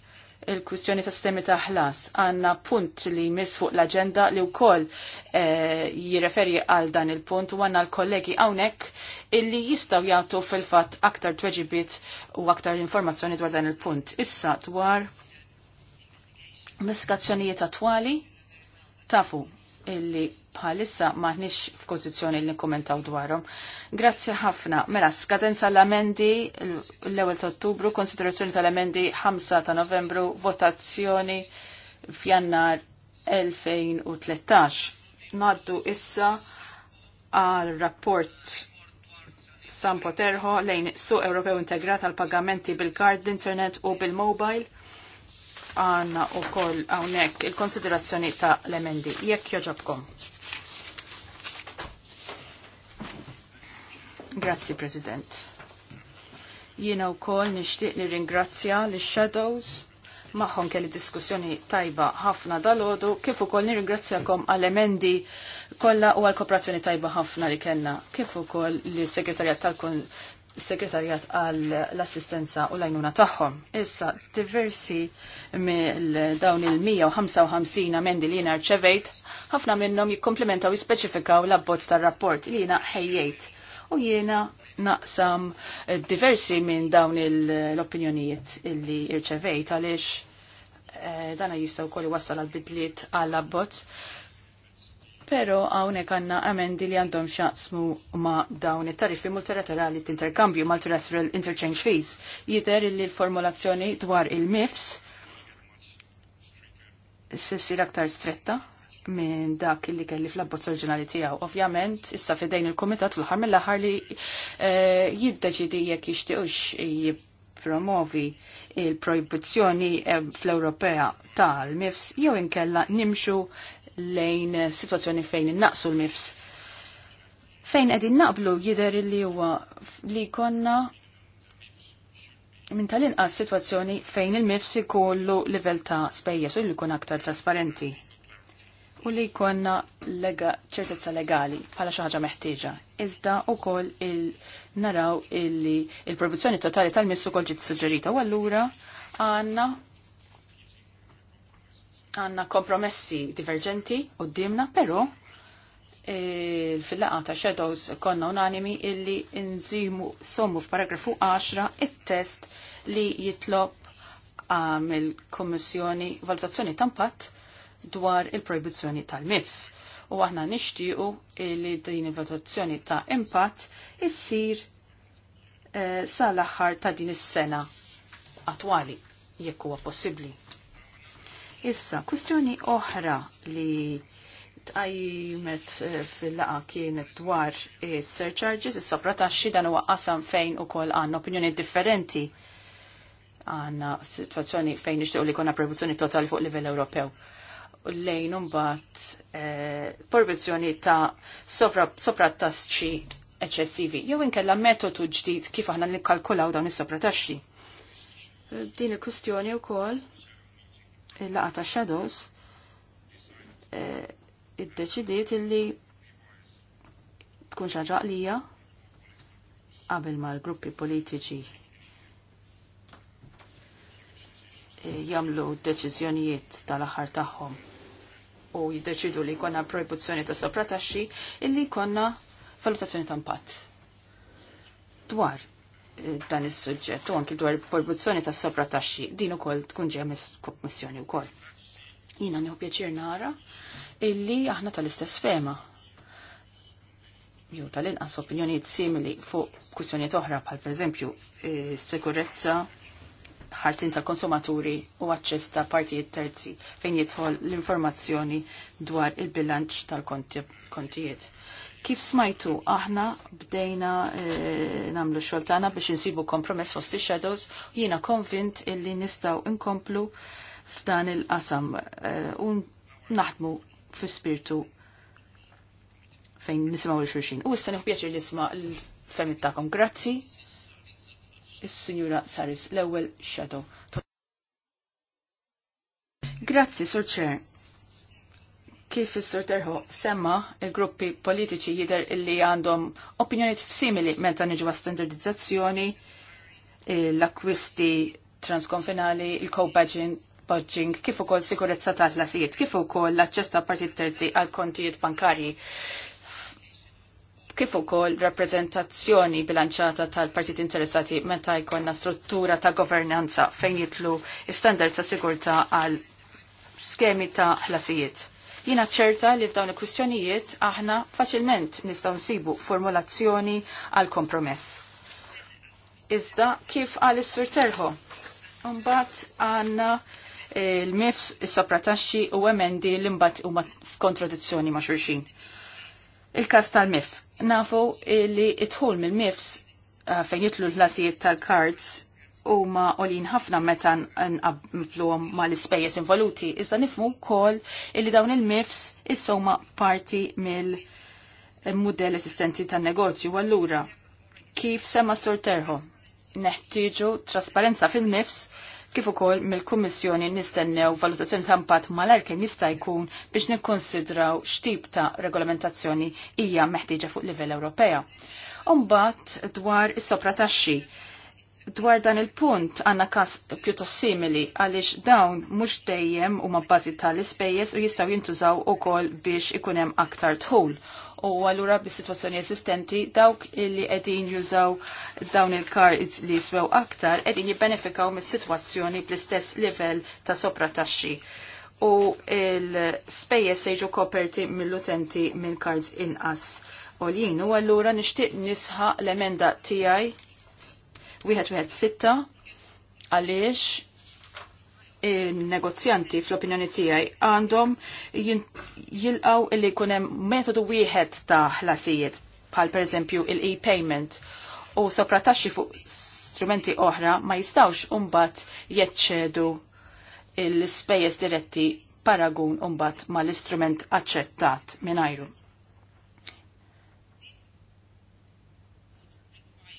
il kustjoni ta' stemmi ta' ħlas għanna punt li jmiss fuq l-agenda li wkoll e, jirreferi għal dan il-punt u għanna l-kollegi hawnhekk illi jistgħu jagħtu fil-fatt aktar tweġibiet u aktar informazzjoni dwar dan il-punt. Issa dwar miskazzjonijiet attwali tafu illi bħalissa maħnix f'pożizzjoni li nikkommentaw dwarhom. Grazzi ħafna. Mela, skadenza l-amendi l-ewwel ta' Ottubru, konsiderazzjoni tal-amendi 5 ta' Novembru, votazzjoni f'Jannar 2013. Naddu issa għal rapport San Poterho lejn suq Ewropew integrat għal pagamenti bil-kard, internet u bil-mobile għanna u koll għawnek il-konsiderazzjoni ta' l-emendi. Jekk joġobkom. Grazzi, President. Jiena u kol nishtiq nir-ingrazzja li shadows maħħon kelli diskussjoni tajba ħafna dal-ħodu, kif ukoll nirringrazzjakom għall-emendi kollha u għall-kooperazzjoni tajba ħafna li kellna, kif ukoll li segretarjat tal-kun segretarjat għall assistenza u lajnuna tagħhom. Issa diversi mill dawn il-155 amendi li jina rċevejt, ħafna minnhom jikkomplementaw jispeċifikaw l-abbozz tar-rapport li jiena ħejjejt u jiena naqsam diversi minn dawn l-opinjonijiet illi irċevejt għaliex eh, dana jistaw kolli wassal għal-bidliet għall-abbozz. Pero għawne kanna amendi li għandhom xaqsmu ma dawn it-tariffi multilaterali t-interkambju, multilateral interchange fees. Jider li l-formulazzjoni dwar il-MIFS s l aktar stretta minn dak li kelli fl-abbozz oriġinali tiegħu. Ovvjament, issa fidejn il-kumitat l-ħar mill-aħħar li eh, jiddeċidi jekk ixtiqux jippromovi il-projbizzjoni eh, fl-Ewropea tal-MIFS jew inkella nimxu lejn situazzjoni fejn innaqsu l-MIFS. Fejn qegħdin naqblu jidher li huwa li konna minn tal-inqas situazzjoni fejn il-MIFS ikollu livell ta' spejjeż u li kun aktar trasparenti u li jkollna lega, ċertezza legali bħala xi ħaġa meħtieġa. Iżda wkoll il naraw illi il-produzzjoni totali tal-missu kol ġiet suġġerita u allura għandna għandna kompromessi diverġenti qudiemna, però e, fil-laqa ta' Shadows konna unanimi illi nżimu sommu f'paragrafu 10 it-test li jitlob għam il-Kommissjoni valutazzjoni tampat dwar il-proibizzjoni tal-MIFS. U aħna nixtiequ li din il votazzjoni ta' impatt issir eh, l aħħar ta' din is-sena attwali jekk huwa possibbli. Issa, kwistjoni oħra li tqajmet eh, fil-laqa kienet dwar surcharges, is-sopra taxxi dan huwa qasam fejn ukoll għandna opinjoni differenti għanna sitwazzjoni fejn nixtiequ li jkollna proibizzjoni totali fuq livell Ewropew lejn mbagħad eh, porvizjoni ta' sovrattaxxi eċċessivi jew inkella metodu ġdid kif aħna nikkalkulaw dawn is tasċi. Din il u wkoll il-laqa ta' shadows eh, id-deċidiet illi tkun xaġa qlija qabel ma l-gruppi politiċi eh, jamlu deċiżjonijiet tal-aħħar tagħhom u jiddeċidu li jkollna proibuzzjoni ta' soprataxxi illi jkollna valutazzjoni ta' impatt. Dwar eh, dan is-suġġett u anki dwar proibuzzjoni ta' soprataxxi din ukoll tkun ġejja kommissjoni wkoll. Jiena nieħu pjaċir nara illi aħna tal-istess fema jew tal-inqas opinjonijiet simili fuq kwistjonijiet oħra bħal pereżempju s-sikurezza, eh, ħarsin tal-konsumaturi u aċċess ta' partijiet terzi fejn jidħol l-informazzjoni dwar il-bilanċ tal-kontijiet. Kif smajtu, aħna bdejna e, namlu xoltana biex insibu kompromess fost shadows u jiena konvint illi nistaw inkomplu f'dan il-qasam e, u naħdmu fi spirtu fejn nisimaw il-xurxin. U s-sani pjaċir nisma l femittakom Grazzi is-Sinjura Saris, l-ewwel Shadow. Grazzi, Sur Chair. Kif is-Sur Terho semma il-gruppi politiċi jider illi għandhom opinjonijiet simili meta niġu standardizzazzjoni, l-akwisti transkonfinali, il-co-badging, budging, kif ukoll sikurezza tal-ħlasijiet, kif ukoll l-aċċess ta' partit terzi għal kontijiet bankarji kif ukoll rappreżentazzjoni bilanċata tal-partit interessati meta jkollna struttura ta' governanza fejn jitlu standards ta' sigurtà għal skemi ta' ħlasijiet. Jina ċerta li f'dawn il-kwistjonijiet aħna faċilment nistgħu nsibu formulazzjoni għal kompromess. Iżda kif għal is-sur terħo? Mbagħad għandna eh, l mifs is soprataxxi u emendi l imbagħad huma f'kontradizzjoni ma' xurxin. Il-kas tal-mif nafu li itħol mill-mifs uh, fejn jitlu l-ħlasijiet tal-kards u ma olin ħafna meta nqablu ma l-ispejjeż involuti, iżda nifmu wkoll illi dawn il-mifs issa parti mill-mudell esistenti tan-negozju allura kif sema Sur Terħo. Neħtieġu trasparenza fil-mifs kif ukoll mill-Kummissjoni nistennew valutazzjoni ta' impatt malar kemm jista' jkun biex nikkonsidraw x'tip ta' regolamentazzjoni hija meħtieġa fuq livell Ewropea. Umbagħad dwar is-sopra taxxi. Dwar dan il-punt għanna kas pjuttost simili għaliex dawn mhux dejjem huma bbażi tal-ispejjeż u jistgħu jintużaw ukoll biex ikun hemm aktar tħul u għallura bis-situazzjoni esistenti dawk illi qegħdin jużaw dawn il-cards li jiswew aktar qegħdin jibbenefikaw mis-sitwazzjoni bl-istess livell ta' sopra taxxi u l spejje seġu koperti mill-utenti minn cards inqas. Olin, u allura nixtieq nisħaq l-emenda tijaj wieħed wieħed 6 għaliex negozjanti fl-opinjoni tiegħi għandhom jilqaw il jkun hemm metodu wieħed ta' ħlasijiet bħal pereżempju il-e-payment u sopra taxxi fuq strumenti oħra ma jistawx umbat jeċċedu l-ispejjeż diretti paragun umbat ma l-istrument aċċettat minajru.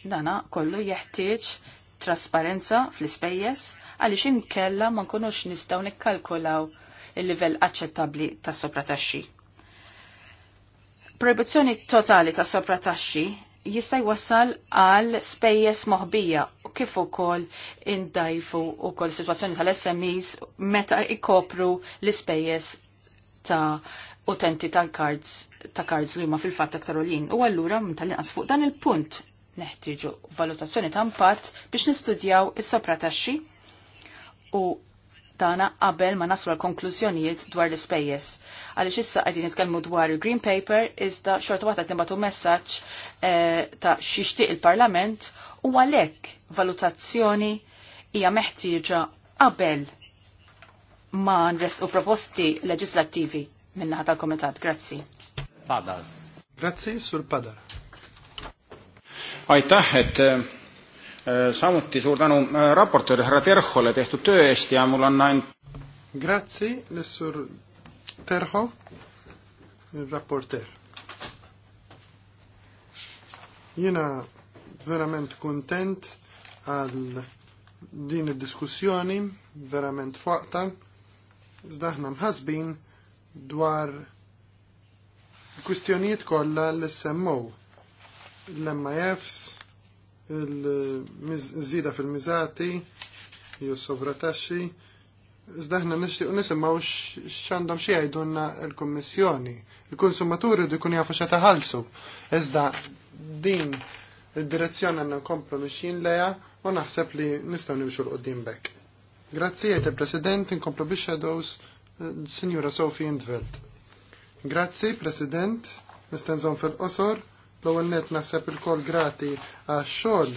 Dana kollu jeħtieġ trasparenza fl-ispejjeż għaliex inkella ma nkunux nistgħu nikkalkulaw il-livell aċċettabbli ta' soprataxxi. Proibizzjoni totali ta' soprataxxi jista' jwassal għal spejjeż moħbija u kif ukoll indajfu wkoll sitwazzjoni tal-SMEs meta ikopru l-ispejjeż ta' utenti tal-cards ta' cards li huma fil-fatt aktar U allura tal inqas fuq dan il-punt neħtieġu valutazzjoni ta' impatt biex nistudjaw is-sopra taxxi u tagħna qabel ma naslu l-konklużjonijiet dwar l-ispejjeż. Għaliex issa qegħdin nitkellmu dwar il-Green Paper iżda xorta waħda nibatu messaġġ eh, ta' xixtieq il-Parlament u għalhekk valutazzjoni hija meħtieġa qabel ma nresqu proposti leġislattivi minnaħa tal-Komitat. Grazzi. Padar. Grazzi, Sur Padar aitäh, et äh, äh, samuti suur tänu äh, raportööri härra Terhole tehtud töö eest ja mul on ainult. Grazie, l Terho, rapporter. Jena verament kontent għal din id-diskussjoni, verament faqta, zdaħna mħasbin dwar kwistjonijiet kolla l semmow l-MIFs, il-żida fil-mizati, ju sovrataxxi, iżda ħna nixtieq nisimgħu x'għandhom xi għajdunna l-Kummissjoni. Il-konsumaturi jdu jkun jafu xeta ħalsu. Iżda din id-direzzjoni għandna nkomplu mixjin leja u naħseb li nistgħu nimxu l-qoddim bekk. Grazzi għajt il-President inkomplu biex shadows eh, Signora Sophie Indveld. Grazzi, President, nistenżon fil-qosor L-ewwel net naħseb il-kol grati għax-xogħol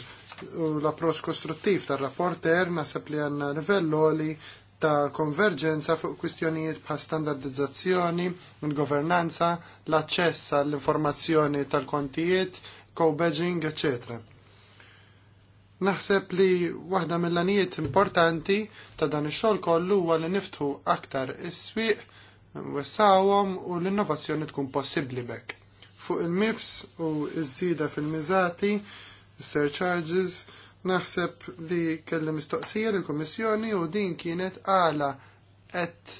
u l-approċċ kostruttiv tar-rapporter naħseb li għandna livell oli ta' konverġenza fuq kwistjonijiet bħal standardizzazzjoni, il-governanza, l-aċċess għall-informazzjoni tal-kontijiet, co-badging, etc. Naħseb li waħda mill-anijiet importanti ta' dan ix-xogħol kollu huwa li niftħu aktar is-swieq, wessawhom u l-innovazzjoni tkun possibbli bekk. Fuq il-MIFS u iż-żida fil-miżati, surcharges, naħseb li kelli mistoqsija l-Komissjoni u din kienet għala qed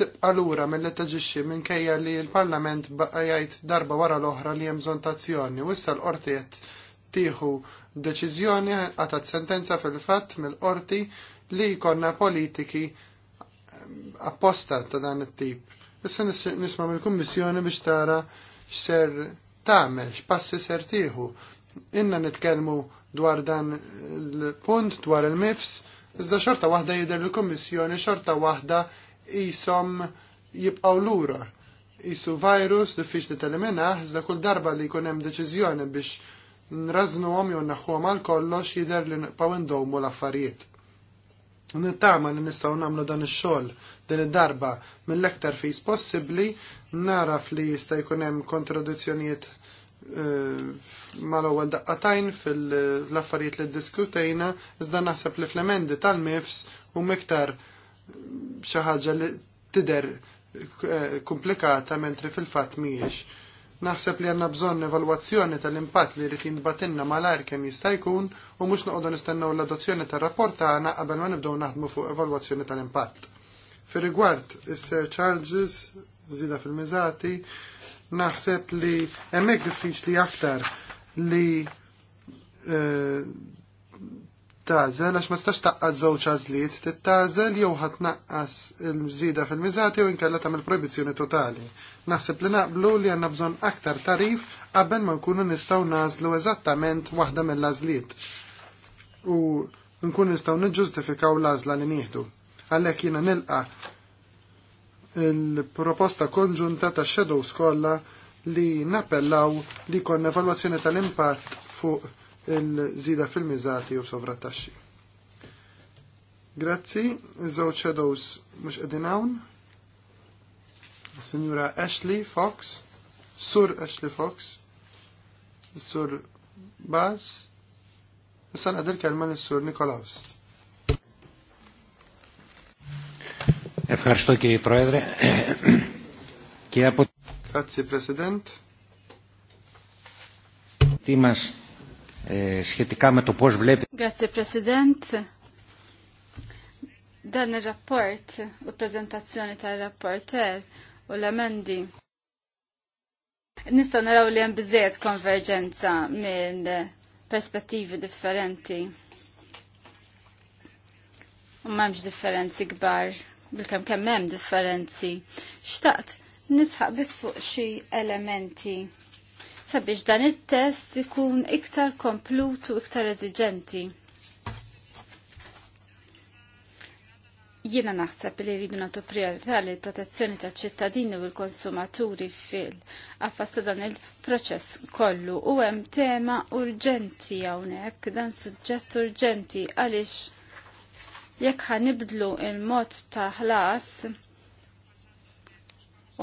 tibqa' lura mill taġixxi minkejja li l-Parlament baqa' jgħid darba wara l-oħra li hemm bżonn tazzjoni u issa l-qorti qed tieħu deċiżjoni għatat sentenza fil-fatt mill-qorti li jkollna politiki apposta ta' dan it-tip. Issa nisma' mill-Kummissjoni biex tara x'ser tamel, x'passi ser tieħu. Inna nitkellmu dwar dan il-punt dwar il-MIFS, iżda xorta waħda jidher il-Kummissjoni xorta waħda jibqaw jibqgħu lura. Isu virus diffiċli teliminaħ, iżda kull darba li jkun hemm deċiżjoni biex għom jew naħħuhom għal kollox jidher li nqpaw l-affarijiet. Nittama li nistaw namlu dan ix-xogħol din id-darba mill-aktar fejs possibbli naraf li jista' jkun hemm kontradizzjonijiet eh, mal-ewwel daqqatajn fil-affarijiet li ddiskutejna, iżda naħseb li fl-emendi tal-mifs u miktar eh, xi ħaġa li tider eh, komplikata mentri fil-fatt mhijiex Naħseb li għanna bżonn evalwazzjoni tal-impatt li rrid jinbatinna malajr kemm jista' jkun u mhux noqogħdu nistennaw l-adozzjoni tar-rapport tagħna qabel ma nibdew naħdmu fuq evalwazzjoni tal-impatt. Fi rigward is-surcharges zida fil-miżati, naħseb li hemmhekk diffiċli aktar li eh, tittażel għax ma stax taqqa żewġ għażliet, tittazel jew ħadd naqqas il mżida fil-miżati jew inkella tagħmel proibizjoni totali. Naħseb li naqblu li għandna bżonn aktar tarif qabel ma nkunu nistgħu nażlu eżattament waħda mill-għażliet. U nkunu nistgħu niġġustifikaw l-għażla li nieħdu. Għalhekk jiena nilqa' il-proposta konġunta ta' Shadows kollha li nappellaw li kon evalwazzjoni tal-impatt fuq il-żida fil mizati u sovrattaxxi. Grazzi, iż-żewġ shadows mhux qegħdin hawn. Signora Ashley Fox, Sur Ashley Fox, Sur Bars, issa naqdil kelma lis-Sur Nikolaus. Ευχαριστώ κύριε Πρόεδρε. Grazie President. Timas. Grazie President. Dan il-rapport u prezentazzjoni tal-rapporter u l-amendi. Nista' naraw li hemm biżejjed konverġenza minn perspettivi differenti. U m'hemmx differenzi kbar bil kemm hemm differenzi. Xtaqt nisħaq biss fuq xi elementi sabiex dan it-test ikun iktar komplut u iktar eżiġenti. Jiena naħseb li rridu nagħtu priorità li l-protezzjoni taċ ċittadini u l-konsumaturi fil-affas ta' dan il-proċess kollu u hemm tema urġenti hawnhekk, dan suġġett urġenti għaliex jekk ħanibdlu il-mod ta' ħlas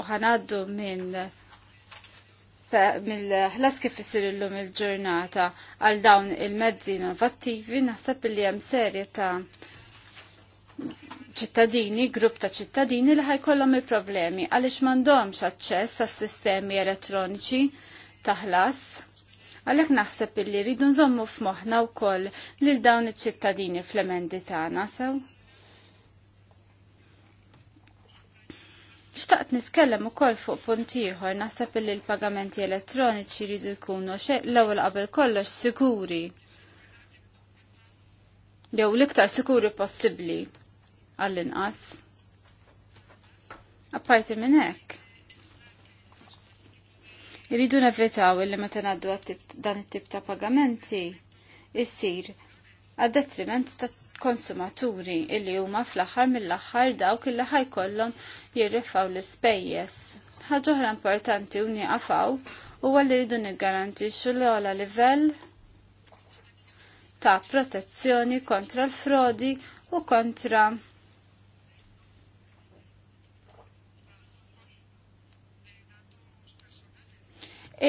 u ħanaddu minn mill-ħlas kif isir illum il-ġurnata għal dawn il-mezzi innovattivi naħseb li hemm serje ta' ċittadini, grupp ta' ċittadini li ħajkollhom il-problemi għaliex m'għandhomx aċċess għas sistemi elettroniċi ta' ħlas. Għalhekk naħseb illi rridu nżommu f'moħħna wkoll lil dawn iċ-ċittadini fl-emendi tagħna sew. So. Xtaqt niskellem ukoll fuq punt ieħor naħseb li l-pagamenti elettroniċi jridu jkunu l-ewwel qabel kollox sikuri. Jew l-iktar sikuri possibbli għall-inqas. Apparti minn hekk. Iridu nevitaw li meta ngħaddu dan it-tip ta' pagamenti issir għad-detriment ta' konsumaturi illi huma fl-aħħar mill-aħħar dawk illi ħajkollhom jirrifaw l-ispejjeż. Ħaġa oħra importanti u nieqafaw huwa li rridu niggarantixxu l-ogħla livell ta' protezzjoni kontra l-frodi u kontra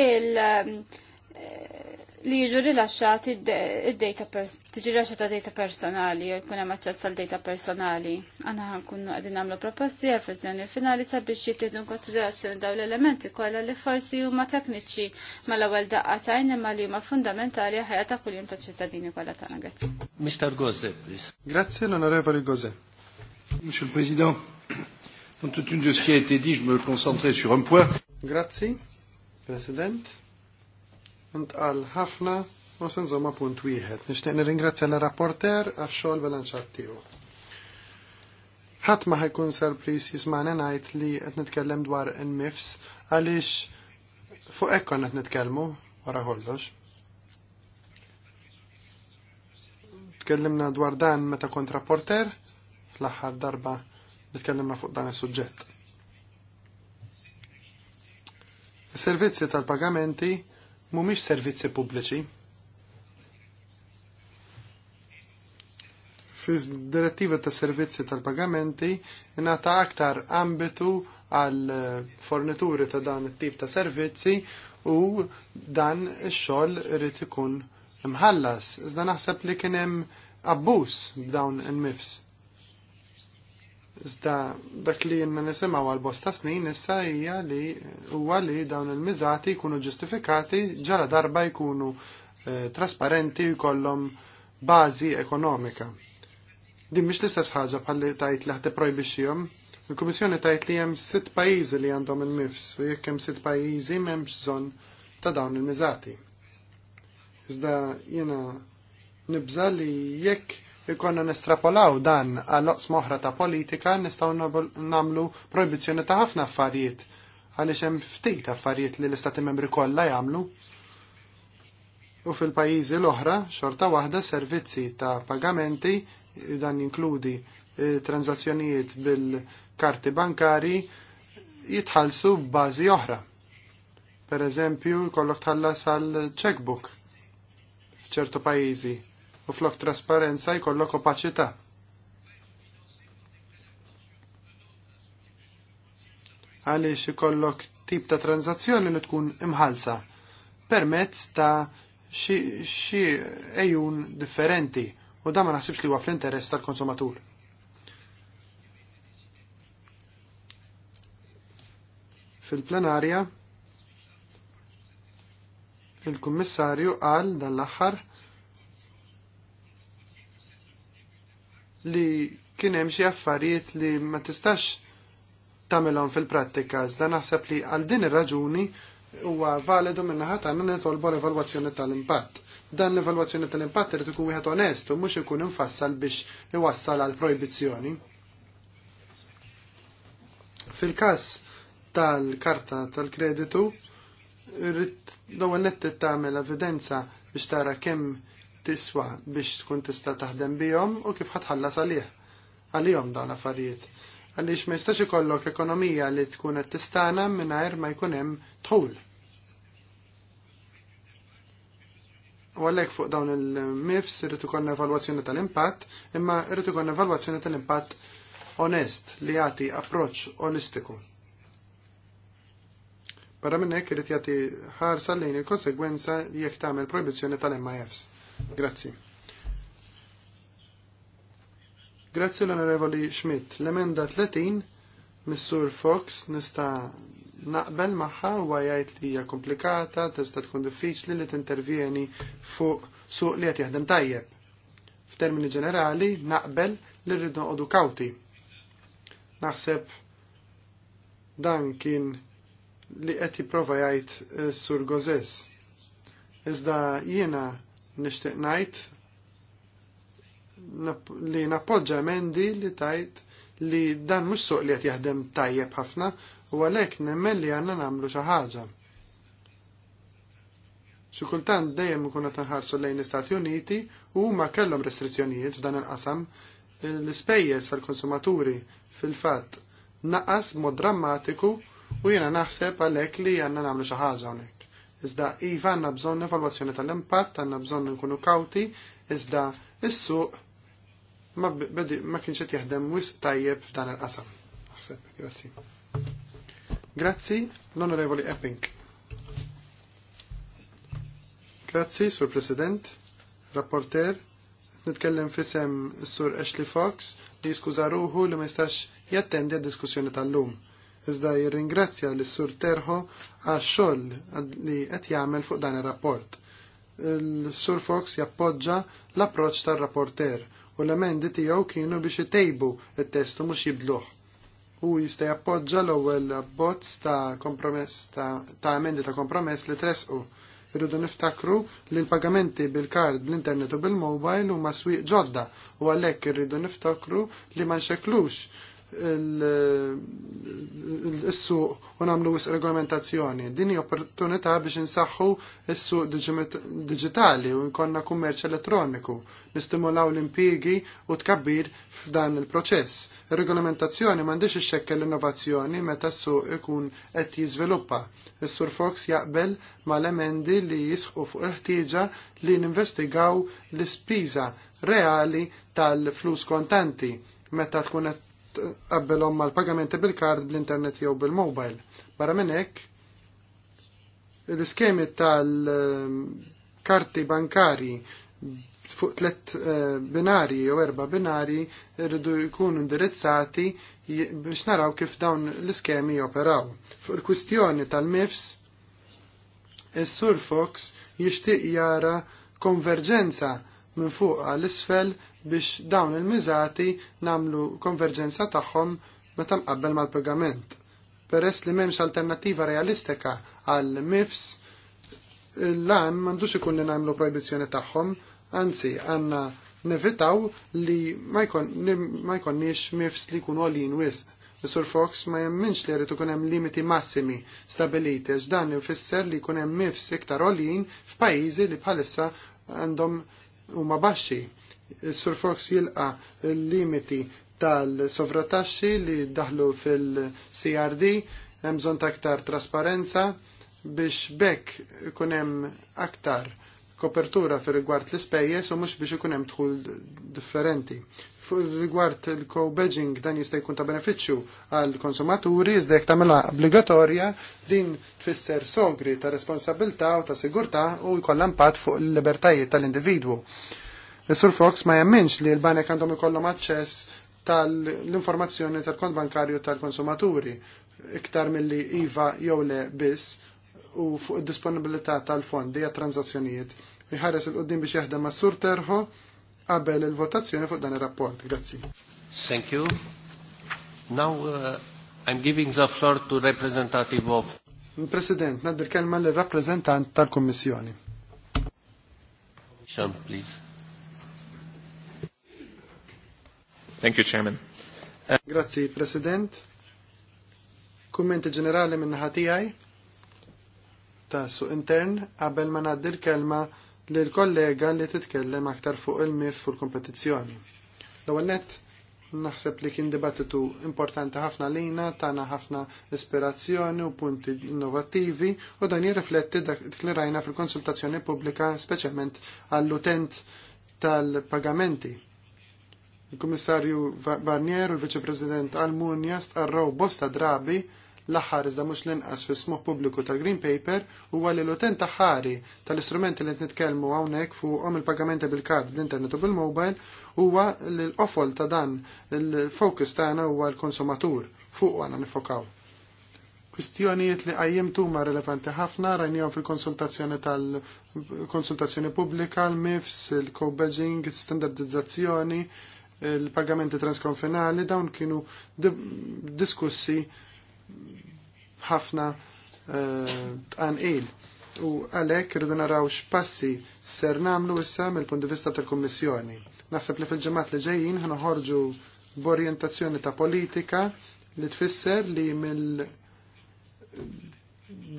il eh, li jiġu rilaxxati id-data tiġi rilaxxata data personali jew jkun hemm aċċess għal data personali. Aħna ħankunu qegħdin nagħmlu proposti għal verżjoni finali sabiex jittieħdu konsiderazzjoni dawn l-elementi kollha li forsi huma tekniċi mal-ewwel daqqa tajn imma li huma fundamentali ħajja ta' kuljum taċ-ċittadini kollha tagħna grazzi. Mr. Gose, please. Grazzi, l-Onorevoli Gose. Monsieur le Président, compte tenu de ce qui a été dit, je me concentrerai sur un point. Grazie, Président ntqal ħafna u s-nżomma punt wieħed. Nixtieq nirringrazzja l-rapporter għax-xogħol bilanċat tiegħu. Ħadd ma ħajkun surprise jismani ngħid li qed nitkellem dwar in-mifs għaliex fuq hekk konna qed nitkellmu wara kollox. Tkellimna dwar dan meta kont rapporter l-aħħar darba nitkellimna fuq dan is-suġġett. Is-servizzi tal-pagamenti mhumiex servizzi pubbliċi. fiż direttiva ta' servizzi tal-pagamenti ingħata aktar ambitu għal fornituri ta' dan it-tip ta' servizzi u dan ix-xogħol irid ikun imħallas. Iżda naħseb li kien hemm abbuż b'dawn il-mifs. Iżda dak li jenna nisimaw għal bosta snin issa hija li huwa li dawn il-miżati jkunu ġustifikati ġara darba jkunu eh, trasparenti jkollhom bażi ekonomika. Din mhix l-istess ħaġa bħalli tajt li ħte projbixxihom. Il-Kummissjoni tajt li hemm sitt pajjiżi li għandhom il-MIFS u jekk hemm sitt pajjiżi m'hemmx bżonn ta' dawn il-miżati. Iżda jiena nibża li jekk jikonna nestrapolaw dan għal loqs moħra ta' politika nistaw namlu proibizjoni ta' ħafna affarijiet għaliex hemm ftit affarijiet li l-istati membri kollha jagħmlu. U fil-pajjiżi l-oħra xorta waħda servizzi ta' pagamenti dan jinkludi eh, tranzazzjonijiet bil-karti bankari jitħallsu b'bażi oħra. Per eżempju, kollok tħallas għal checkbook f'ċertu pajjiżi u flok trasparenza jkollok opaċità. Għaliex ikollok tip ta' tranzazzjoni li tkun imħalsa permezz ta' xi ejjun differenti u da ma naħsibx li huwa fl-interess tal-konsumatur. Fil-plenarja, il-kummissarju qal dan l-aħħar li kien hemm xi affarijiet li ma tistax tagħmelhom fil-prattika iżda naħseb li għal din ir-raġuni huwa validu minnaħat għandna nitolbu l-evalwazzjoni tal-impatt. Dan l-evalwazzjoni tal-impatt irid ikun wieħed onest u mhux ikun infassal biex iwassal għal projbizzjoni. Fil-każ tal-karta tal-kreditu, l-ewwel nett tagħmel evidenza biex tara kemm tiswa biex tkun tista' taħdem bihom u kif ħatħallas għalih għalihom dawn l-affarijiet. Għaliex ma jistax ikollok ekonomija li tkun qed tistana mingħajr ma jkun hemm tħul. U għalhekk fuq dawn il-MIFS irid ikollna evalwazzjoni tal-impatt, imma irid ikollna evalwazzjoni tal-impatt onest li jagħti approċċ olistiku. Barra minnek irid jagħti ħarsa lejn il-konsegwenza jekk tagħmel proibizzjoni tal-MIFs. Grazzi. Grazzi l-Onorevoli Schmidt. L-emenda 30, Missur Fox, nista' naqbel maħħa u jgħid li hija komplikata, tista' tkun diffiċli li t-intervjeni fuq suq li qed jaħdem tajjeb. F'termini ġenerali, naqbel li rridu noqogħdu kawti. Naħseb dan kien li qed jipprova jgħid eh, Sur Gozes. Iżda jiena nixtieq ngħid li nappoġġa emendi li tajt li dan mhux suq li qed jaħdem tajjeb ħafna u għalhekk nemmen li għandna nagħmlu xi ħaġa. Xi kultant dejjem ikunu tanħarsu lejn l-Istati Uniti u huma kellhom restrizzjonijiet f'dan il-qasam l-ispejjeż għall-konsumaturi fil-fatt naqas mod drammatiku u jiena naħseb għalhekk li għandna nagħmlu xi ħaġa hawnhekk. Iżda iva għandna bżonn evalwazzjoni tal-impatt, għandna bżonn nkunu kawti, iżda is ma, ma kienx qed jaħdem wisq tajjeb f'dan il-qasam. grazzi. Grazzi, l-Onorevoli Epping. Grazzi, Sur President, Rapporter, nitkellem fisem Sur Ashley Fox li skuża ruħu li ma jistax jattendi għad-diskussjoni tal-lum iżda jirringrazzja l sur Terħo għax xogħol li qed jagħmel fuq dan ir-rapport. Il-Sur Fox jappoġġa l-approċċ tar-rapporter u l-emendi tiegħu kienu biex itejbu it-testu mhux jibdluh. u jista' jappoġġa l-ewwel abbozz ta' kompromess ta', ta emendi ta' kompromess li tresqu. Irridu niftakru li l-pagamenti bil-kard, bl-internet u bil-mobile huma swieq ġodda u għalhekk irridu niftakru li ma nxeklux il-suq u namlu wis regolamentazzjoni. Din hija opportunità biex insaħħu is-suq digitali u nkonna kummerċ elettroniku, nistimulaw l-impjiegi u tkabbir f'dan il-proċess. Ir-regolamentazzjoni m'għandix ixxekkel l-innovazzjoni meta s-suq ikun qed jiżviluppa. Is-Sur Fox jaqbel mal-emendi li jisħu fuq il-ħtieġa li ninvestigaw l-ispiża reali tal-flus kontanti meta tkun qed tqabbelhom mal-pagamenti bil-kard bl-internet jew bil-mobile. Barra minn hekk l-iskemi tal-karti bankari fuq tlet eh, binari jew erba binari rridu jkunu indirizzati biex naraw kif dawn l-iskemi joperaw. Fuq il-kwistjoni tal-MIFS, is surfox jixtieq jara konverġenza minn fuq għall isfel biex dawn il-miżati namlu konverġenza tagħhom meta mqabbel mal-pagament. Peress li m'hemmx alternattiva realistika għal MIFS, l-għan m'għandux ikun li nagħmlu proibizjoni tagħhom, anzi għandna nevitaw li ma jkonniex MIFS li jkunu għolin wisq. Mr. Fox ma jemminx li jrid ikun hemm limiti massimi stabiliti għax dan ifisser li jkun hemm MIFS iktar għolin f'pajjiżi li bħalissa għandhom huma baxxi Sur Fox jilqa il limiti tal-sovrataxxi li daħlu fil-CRD, hemm bżonn ta' aktar trasparenza biex bekk ikun hemm aktar kopertura fir rigward l-ispejjeż u mhux biex ikun hemm dħul differenti. Rigward il-co-badging dan jista' jkun ta' benefiċċju għall konsumaturi iżda jekk tagħmilha obbligatorja din tfisser sogri ta' responsabilità u ta' sigurtà u jkollha impatt fuq il libertajiet tal-individwu. Is-Sur Fox ma jemminx li l-banek għandhom ikollhom aċċess tal-informazzjoni tal-kont bankarju tal-konsumaturi iktar milli IVA jew le biss u fuq id-disponibilità tal-fondi għat tranzazzjonijiet. Iħares il-qoddim biex jaħdem ma' Sur Terho qabel il-votazzjoni fuq dan ir-rapport. Grazzi. Thank you. Now uh, I'm giving the floor to representative of President, naddir kelma l-rappresentant tal-Kommissjoni. Sean, please. Thank you, Chairman. Grazzi, President. Kummenti ġenerali minn ħatijaj ta' suq intern qabel ma ngħaddi l-kelma lil kollega li titkellem aktar fuq il-mif fuq il kompetizzjoni L-ewwel nett naħseb li kien dibattitu importanti ħafna lina, tana ħafna ispirazzjoni u punti innovativi u dan jirrifletti dak li rajna fil-konsultazzjoni pubblika speċjalment għall-utent tal-pagamenti Il-Kummissarju Barnier u l-Viċe-President Almunja stqarraw bosta drabi l-aħħar iżda mhux l-inqas fis smuħ pubbliku tal-Green Paper huwa li l-utent ħari tal-istrumenti li t-nitkelmu nitkellmu hawnhekk fuqhom il-pagamenti bil-kart bl-internet u bil-mobile huwa għalli l offol ta' dan il-fokus tagħna huwa l-konsumatur fuq għana nifokaw. Kwistjonijiet li qajjimtu huma rilevanti ħafna rajnijhom fil-konsultazzjoni tal-konsultazzjoni pubblika, l-MIFS, il-co-badging, standardizzazzjoni, il-pagamenti transkonfinali dawn kienu diskussi ħafna eh, tqanqil. U għalek rridu naraw x'passi ser namlu issa mill-punt di vista tal-Kummissjoni. Naħseb li fil-ġemat li ġejjin ħanoħorġu b'orjentazzjoni ta' politika li tfisser li mill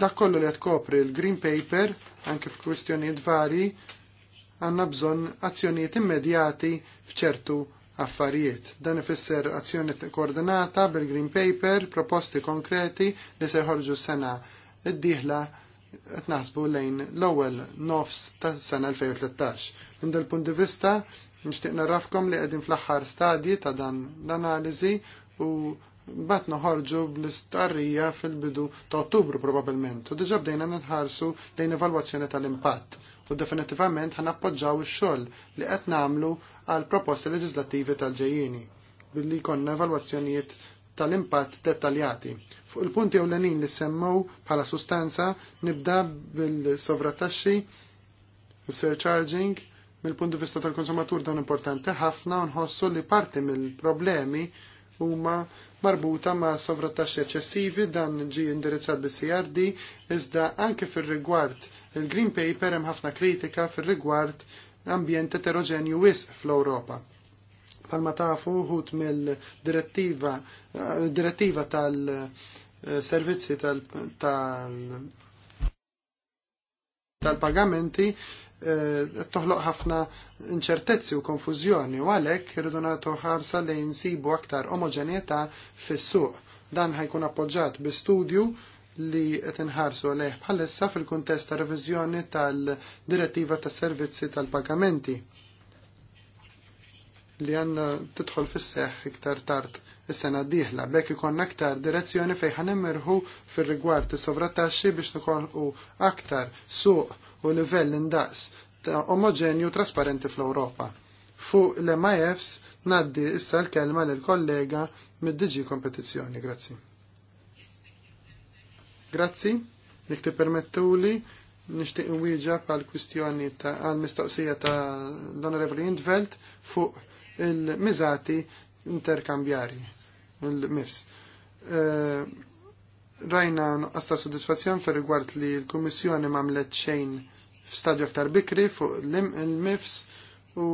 dak kollu li tkopri l-Green Paper anke f'kwistjonijiet vari għandna bżonn azzjonijiet immedjati f'ċertu affarijiet. Dan ifisser azzjoni koordinata bil-Green Paper, proposti konkreti li se jħorġu sena d-dieħla qed naħsbu lejn l-ewwel nofs ta' sena 2013. Minn dal punt di vista nixtieq narrafkom li qegħdin fl-aħħar stadji ta' dan l-analiżi u bat noħorġu bl-istarrija fil-bidu ta' Ottubru probabilment. u diġà bdejna nħarsu lejn evalwazzjoni tal-impatt u definitivament ħan appoġġaw ix-xogħol li qed nagħmlu għal proposti leġislattivi tal-ġejjieni billi jkollna evalwazzjonijiet tal-impatt dettaljati. Fuq il-punti ewlenin li semmew bħala sustanza nibda bil-sovrattaxxi, surcharging, mill-punt di vista tal-konsumatur dan importanti ħafna nħossu li parti mill-problemi huma marbuta ma' sovrattaxxi eċċessivi dan ġi indirizzat bis-CRD iżda anke fir-rigward il-Green Paper hemm ħafna kritika fir-rigward ambjent eterogenju wisq fl-Ewropa. Palma tafu uħut mill-direttiva eh, direttiva tal-servizzi eh, tal-pagamenti tal, tal, tal pagamenti Eh, toħloq ħafna inċertezzi u konfużjoni u għalhekk irridu nagħtu ħarsa li nsibu aktar omoġenjetà fis-suq. Dan ħajkun appoġġat bi studju li qed inħarsu għalih bħalissa fil-kuntest ta' reviżjoni tal-Direttiva tas Servizzi tal-Pagamenti li għandna tidħol fis-seħħ iktar tard is-sena d-dieħla bekk ikonna aktar direzzjoni fejn ħanemmerħu fir-rigward is-sovrattaxxi biex nikolqu aktar suq u livell indaqs ta' omogenju trasparenti fl-Ewropa. Fuq l-MIFs naddi issa l-kelma l-kollega mid-DG Kompetizzjoni. Grazzi. Grazzi, li ti permettuli nishtiq nwieġa għal kwistjoni ta' għal mistoqsija ta' l-Onorevoli Indveld fuq il-mizati interkambjari, il-MIFs. Uh, eh, rajna nuqqas ta' soddisfazzjon fir rigward li l-Kummissjoni m'għamlet xejn f'stadju aktar bikri fuq l-MIFS u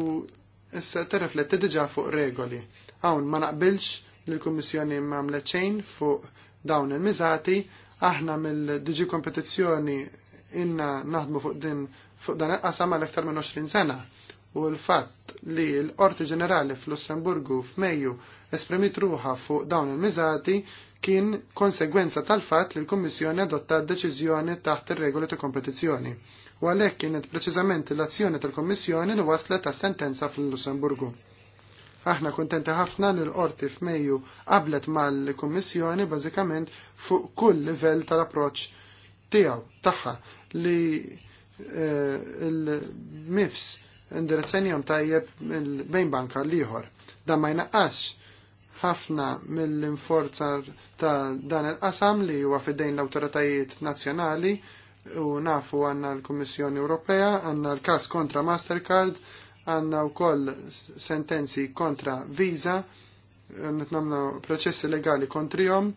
issa terrefletti diġà fuq regoli. Hawn ma naqbilx li l-Kummissjoni m'għamlet xejn fuq dawn il-miżati, aħna mill diġi kompetizzjoni inna naħdmu fuq din fuq dan il-qasam għal aktar minn 20 sena u l-fatt li l-Qorti Ġenerali fl-Lussemburgu f'Mejju esprimit ruħa fuq dawn il-miżati kien konsegwenza tal-fatt li l-Kommissjoni d deċiżjoni taħt ir-regoli ta' kompetizzjoni u għalhekk kienet preċiżament l-azzjoni tal-Kommissjoni li waslet ta' sentenza fil-Lussemburgu. Aħna kuntenti ħafna li l-qorti f'Mejju qablet mal-Kummissjoni bażikament fuq kull livell tal-approċċ tiegħu tagħha li eh, l-MIFS indirizzanjom tajjeb bejn banka l-ieħor. Dan ma jnaqqasx ħafna mill-inforzar ta' dan il-qasam li huwa fidejn l-awtoritajiet nazzjonali u nafu għanna l-Kummissjoni Ewropea, għanna l-kas kontra Mastercard, għanna u koll sentenzi kontra Visa, nitnamna proċessi legali kontrijom,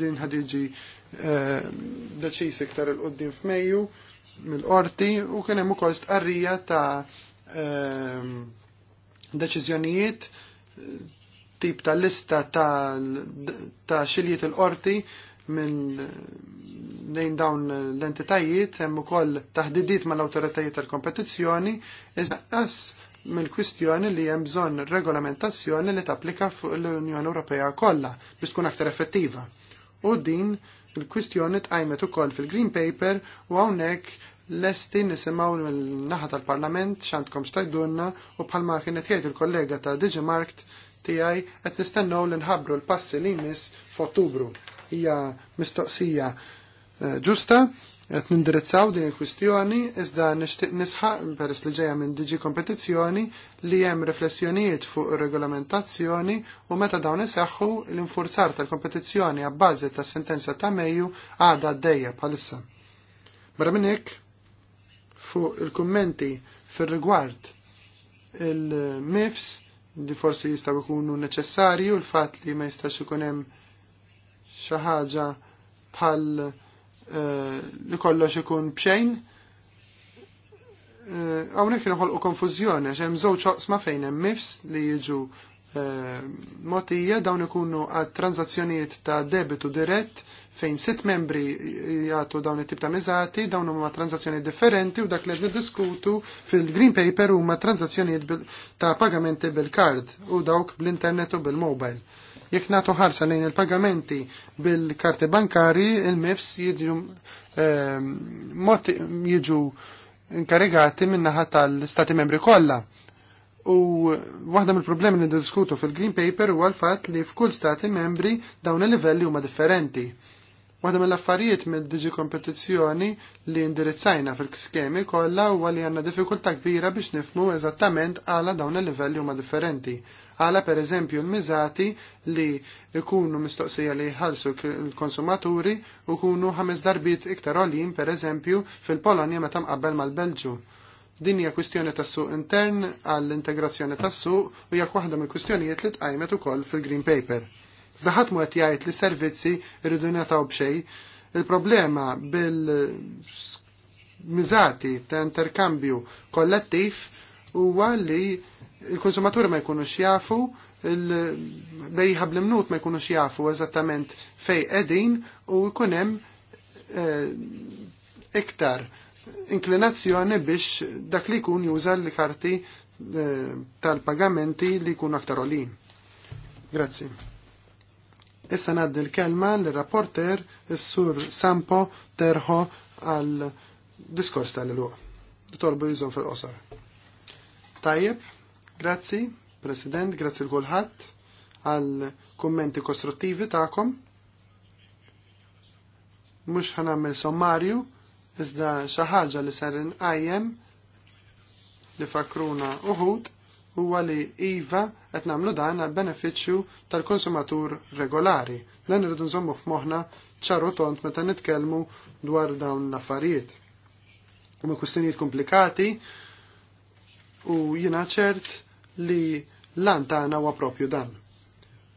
din ħadiġi eh, deċis iktar il-qoddim f'Mejju mill-qorti u kien hemm ukoll stqarrija ta' eh, deċiżjonijiet tip ta' lista ta', ta xiljiet il-qorti minn lejn dawn l-entitajiet hemm ukoll taħdidiet mal-awtoritajiet tal-kompetizzjoni iżnaqqas mill-kwistjoni li hemm bżonn regolamentazzjoni li tapplika fuq l-Unjoni Ewropea kollha biex tkun aktar effettiva. U din il-kwistjoni tqajmet ukoll fil-Green Paper u hawnhekk lesti nisimaw mill-naħa tal-Parlament x'għandkom xtajdunna u bħalma kienet jgħid il-kollega ta' Digimarkt Markt tiegħi qed nistennew li nħabbru l-passi li jmiss f'Ottubru. Hija mistoqsija eh, ġusta qed nindirizzaw din il-kwistjoni iżda nixtieq nisħaq peress li ġejja minn diġi kompetizzjoni li hemm riflessjonijiet fuq regolamentazzjoni u meta dawn iseħħu l-infurzar tal-kompetizzjoni għabbażi tas sentenza ta' Mejju għadha għaddejja bħalissa. Barra minn hekk fuq il-kummenti fir-rigward il-MIFS li forsi jistaw ikunu neċessarju l-fat li ma jistax ikun hemm xi ħaġa bħal eh, li kollox ikun bxejn. Hawnhekk eh, inħolqu konfużjoni konfuzjoni, hemm żewġ oqsma fejn hemm mifs li jiġu eh, motija dawn ikunu għat tranzazzjonijiet ta' debitu dirett fejn sitt membri jagħtu dawn it-tip ta' miżati, dawn huma transazzjoni differenti u dak li diskutu niddiskutu fil-Green Paper huma transazzjonijiet ta' pagamenti bil-kard u dawk bl-internet u bil-mobile. Jekk nagħtu ħarsa lejn il-pagamenti bil-karti bankari, il-MIFS jidju ehm, jiġu inkarigati min-naħa tal-Stati membri kollha. U waħda mill-problemi li diskutu fil-Green Paper huwa l-fatt li f'kull stati membri dawn il-livelli huma differenti. Waħda mill-affarijiet mill diġi kompetizzjoni li indirizzajna fil kiskemi kollha huwa li għandna diffikultà kbira biex nifmu eżattament għala dawn il-livelli huma differenti. Għala per eżempju l-miżati li ikunu mistoqsija li jħallsu l-konsumaturi u kunu ħames darbit iktar olin per eżempju fil-Polonja meta mqabbel mal-Belġu din hija kwistjoni tas-suq intern għall-integrazzjoni tas-suq u hija waħda mill-kwistjonijiet li tqajmet ukoll fil-Green Paper. Zdaħat mu għet jgħid li servizzi rridu nataw b'xej. Il-problema bil-miżati ta' interkambju kollettiv huwa li il-konsumaturi ma jkunux jafu, il-bejħa bl-imnut ma jkunux jafu eżattament fej edin u jkunem eh, iktar inklinazzjoni biex dak li kun juża li karti eh, tal-pagamenti li kun aktar olin. Grazie. Issa naddi l-kelma l-rapporter s-sur Sampo Terho għal diskors tal-luq. Torbu jizom fil-qosor. Tajjeb, grazzi, President, grazzi l-kulħat għal kummenti kostruttivi ta'kom. Mux ħanammel sommarju, iżda xaħġa li ser nqajjem li fakruna uħud huwa li iva qed nagħmlu dan għal benefiċċju tal-konsumatur regolari. Dan irridu nżommu f'moħħna ċaru tont meta nitkellmu dwar dawn l-affarijiet. Huma kwistjonijiet komplikati u jiena ċert li lan tagħna huwa propju dan.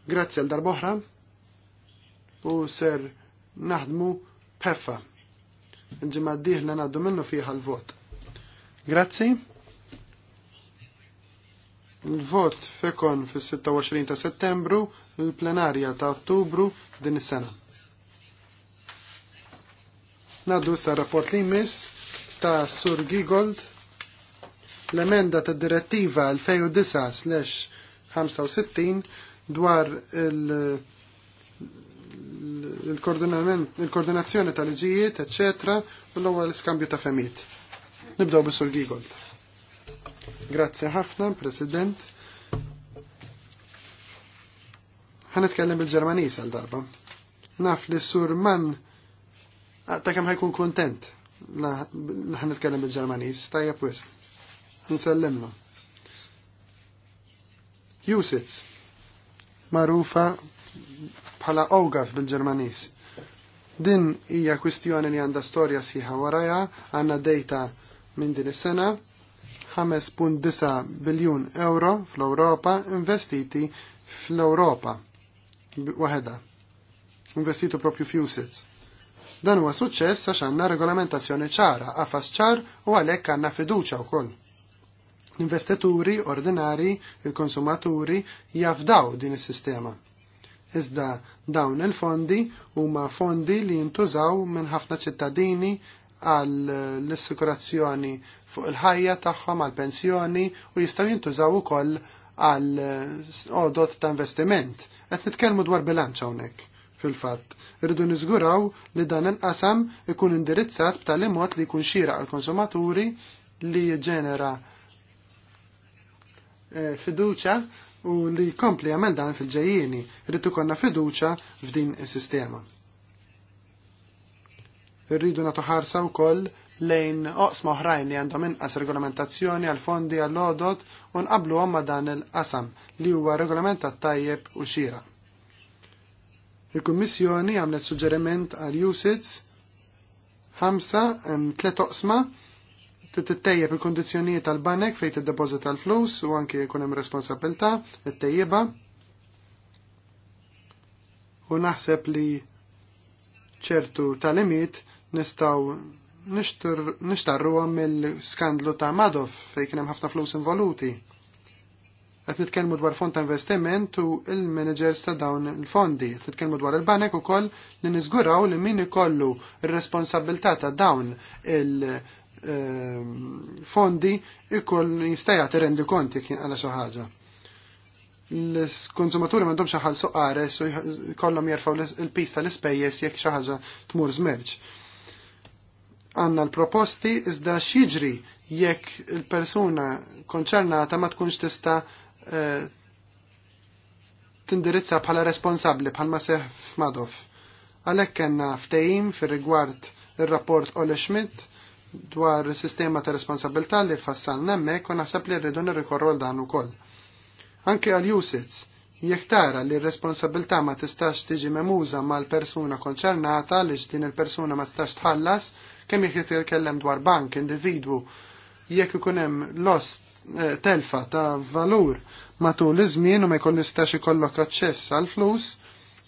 Grazzi għal darboħra u ser naħdmu peffa. Ġimma d-dieħla naddu minnu fiħa l-vot. Grazzi il vot fekon fis-26 ta' settembru, il plenarja ta' ottubru din is-sena. Naddu issa rapport li jmiss ta' Sur Gigold l-emenda ta' direttiva 2009-65 dwar il-koordinazzjoni tal-ġijiet, eccetera, u l-ewwel skambju ta' femijiet. Nibdew bis-Sur Gigold. Grazzi ħafna, President. itkellem bil-Ġermanis għal darba. Naf li sur man ah, ta' kam ħajkun kontent itkellem bil-Ġermanis, tajja pwis. Nsellimlu. Jusit, marufa bħala Ogaf bil-Ġermanis. Din hija kwistjoni li għandha storja sħiħa warajja, għandna dejta minn din is-sena, 5.9 biljun euro fl-Europa investiti fl-Europa waħda. Investitu propju f'usits. Dan huwa suċċess għax għandna regolamentazzjoni ċara, għafas ċar u għalhekk għandna fiduċja wkoll. Investituri ordinari, il-konsumaturi jafdaw din is-sistema. Iżda dawn il-fondi huma fondi li jintużaw minn ħafna ċittadini għall-assikurazzjoni fuq il-ħajja tagħhom għall pensjoni u jistgħu jintużaw ukoll għal eh, odot ta' investiment. Qed nitkellmu dwar bilanċ hawnhekk fil-fatt. Irridu niżguraw li dan inqasam ikun indirizzat b'tali mod li jkun xira għal konsumaturi li jġenera eh, fiduċa u li jkompli jagħmel dan fil-ġejjieni. Irridu konna fiduċa f'din is-sistema. Irridu nagħtu ħarsa wkoll lejn oqsma oħrajn li għandhom inqas regolamentazzjoni għal fondi għall lodot u nqablu għamma dan il-qasam li huwa regolamentat tajjeb u xira. Il-Kummissjoni għamlet suġġeriment għal usits ħamsa tliet oqsma tittejjeb il-kondizzjonijiet tal-banek fejn deposit tal flus u anke jkun hemm responsabilità it u naħseb li ċertu tal tal-imit nistaw għam il skandlu ta' Madov fejn kienem hemm ħafna flus involuti. Qed nitkellmu dwar fond ta' investiment u il-managers ta' dawn il-fondi. Qed nitkelmu dwar il-banek ukoll li niżguraw li min ikollu r responsabilta ta' dawn il-fondi ehm, ikoll jista' jagħti rendi konti kien għala xi ħaġa l-konsumaturi mandom xaħal suqqares u kollom jarfaw il-pista l spejjes jekk xaħġa tmur zmerġ għanna l-proposti iżda xieġri jekk il-persuna konċernata ma tkunx tista eh, tindirizza bħala responsabli bħalma seħ f'Madov. Għalhekk kellna ftejim fir-rigward ir-rapport Ole Schmidt dwar sistema ta' responsabilità li fassal hemmhekk u naħseb li rridu nirrikorru dan ukoll. Anke għal usage jekk tara li r-responsabilità ma tistax tiġi memuża mal-persuna konċernata li din il-persuna ma tistax tħallas, Kemm jekk jitkellem dwar bank, individwu, jekk ikun hemm loss eh, telfa ta' valur matul iż-żmien u ma jkollistax ikollok aċċess għall flus,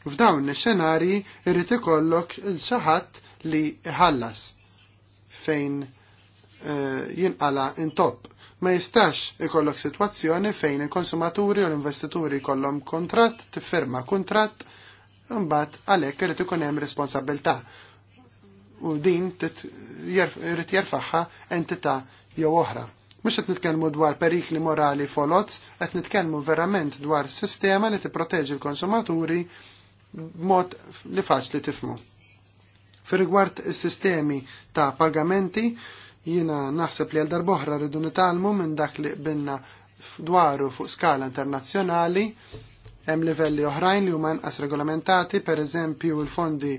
f'dawn ix-xenarji irid ikollok xi ħadd li ħallas fejn eh, jinqala intopp. Ma jistax ikollok sitwazzjoni fejn il-konsumaturi u l-investituri kollhom kontratt, tifferma kuntratt mbagħad għalhekk irid ikun hemm responsabilità u din rrit jarfaxa entità jew oħra. Mux qed nitkellmu dwar perikli morali folots, qed nitkellmu verament dwar sistema li t-proteġi l-konsumaturi b'mod li faċli tifmu. Fir-rigward sistemi ta' pagamenti, jina naħseb li għaldar boħra rridu nitalmu minn dak li binna dwaru fuq skala internazzjonali, hemm livelli oħrajn li huma as regolamentati, per eżempju l-fondi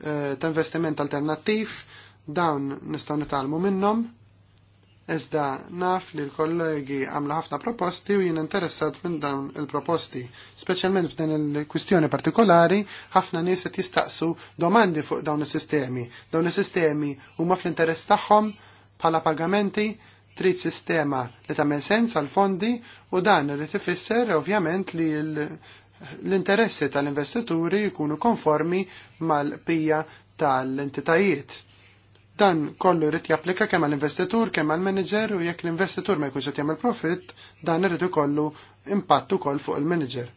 Eh, ta' investiment alternattiv, dawn nistgħu nitalmu minnhom. Iżda naf li l-kollegi għamlu ħafna proposti u jien interessat minn dawn il-proposti. Speċjalment f'dan il-kwistjoni partikolari, ħafna nies qed jistaqsu domandi fuq dawn is-sistemi. Dawn is-sistemi huma fl-interess tagħhom bħala pagamenti trid sistema li tagħmel sens għal fondi u dan irid ifisser ovvjament li l-interessi tal-investituri jkunu konformi mal-pija tal-entitajiet. Dan kollu rrit japplika kemm għall-investitur, kemm għall-manager u jekk l-investitur ma jkunx qed jagħmel profitt, dan irrid ikollu impatt ukoll fuq il-manager.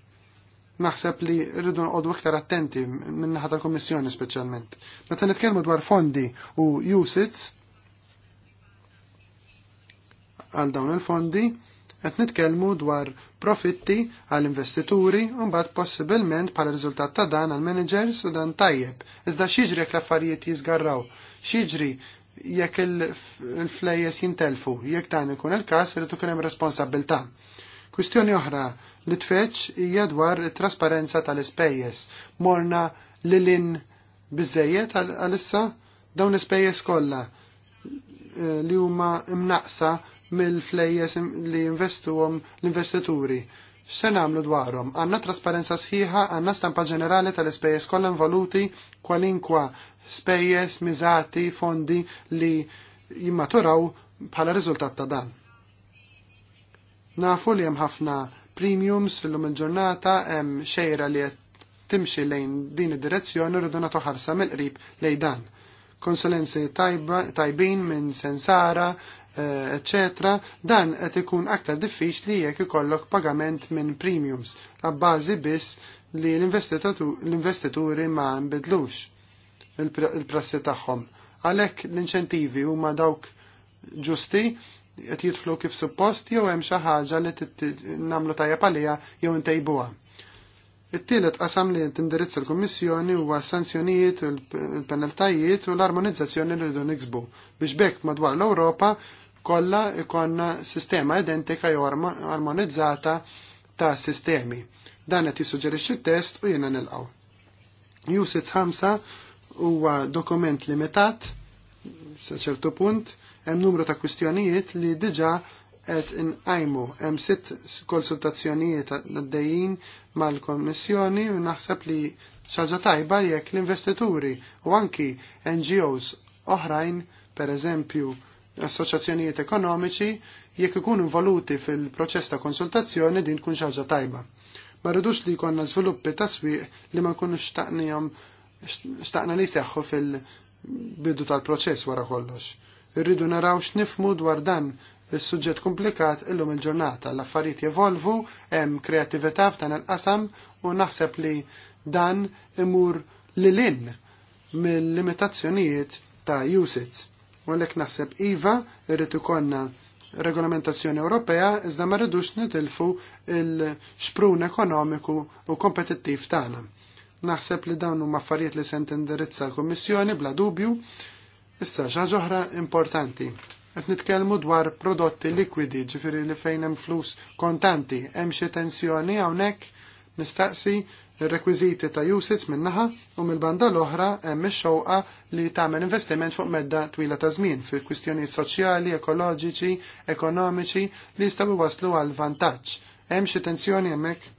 Naħseb li rridu nqogħdu iktar attenti minn naħa tal-Kummissjoni speċjalment. Meta nitkellmu dwar fondi u usits għal dawn il-fondi, Qed nitkellmu dwar profitti għall investituri u mbagħad possibilment bħala riżultat ta' dan għal managers u dan tajjeb. Iżda x'jiġri jekk l-affarijiet jiżgarraw? xiġri jekk il-flejjes jintelfu? Jekk dan ikun il-każ irid ikun hemm responsabilità. Kwistjoni oħra li tfeċ hija dwar trasparenza tal-ispejjeż. Morna lilin biżejjed għalissa dawn l-ispejjeż kollha eh, li huma imnaqsa mill-flejjes li investuhom l-investituri. Se nagħmlu dwarhom? Għandna trasparenza sħiħa, għandna stampa ġenerali tal-ispejjeż kollha valuti kwalinkwa spejjeż, miżati, fondi li jimmaturaw bħala riżultat ta' dan. Nafu li hemm ħafna premiums l lum il-ġurnata, hemm xejra li qed timxi lejn din id-direzzjoni rridu nagħtu ħarsa mill-qrib lejn dan konsulenzi tajbin minn Sensara, Eh, eccetera, dan qed ikun aktar diffiċli jekk ikollok pagament minn premiums għabbażi biss li l-investituri ma nbidlux il-prassi tagħhom. Għalhekk l-inċentivi huma dawk ġusti qed jidħlu kif suppost jew hemm xi ħaġa li nagħmlu tajjeb għaliha jew ntejbuha. It-tielet qasam li tindirizz il-Kummissjoni huwa s sanzjonijiet, il-penaltajiet u l-armonizzazzjoni li rridu niksbu biex bekk madwar l-Ewropa kollha ikonna sistema identika jew armonizzata ta' sistemi. Dan qed jissuġġerixxi t-test u jiena nilqgħu. Usage 5 huwa dokument limitat sa ċertu punt hemm numru ta' kwistjonijiet li diġà qed inqajmu hemm sitt konsultazzjonijiet għaddejjin mal-Kommissjoni u naħseb li xaġa tajba jekk l-investituri u anki NGOs oħrajn, per eżempju assoċjazzjonijiet ekonomiċi jekk ikunu involuti fil-proċess ta' konsultazzjoni din tkun xaġa tajba. Ma rridux li jkollna żviluppi ta' swieq li ma nkunux xtaqna staqna li seħħu fil-bidu tal-proċess wara kollox. Irridu naraw x'nifmu dwar dan is-suġġett komplikat illum il-ġurnata. L-affarijiet jevolvu, hemm kreattività f'dan il-qasam u naħseb li dan imur lilin mill-limitazzjonijiet ta' usage U għalhekk naħseb iva irrid ikollna regolamentazzjoni Ewropea iżda ma rridux nitilfu l-xprun ekonomiku u kompetittiv tagħna. Naħseb li dawn huma affarijiet li se tindirizza l-Kummissjoni bla dubju. Issa xi ħaġa importanti. Qed nitkellmu dwar prodotti likwidi, ġifieri li fejn hemm flus kontanti, hemm xi tensjoni hawnhekk nistaqsi ir-rekwiżiti ta' usage minnaħa u mill-banda l-oħra hemm ix-xewqa li tagħmel investiment fuq medda twila ta' żmien fil kwistjonijiet soċjali, ekoloġiċi, ekonomiċi li jistgħu waslu għal vantaġġ. Hemm xi tensjoni hemmhekk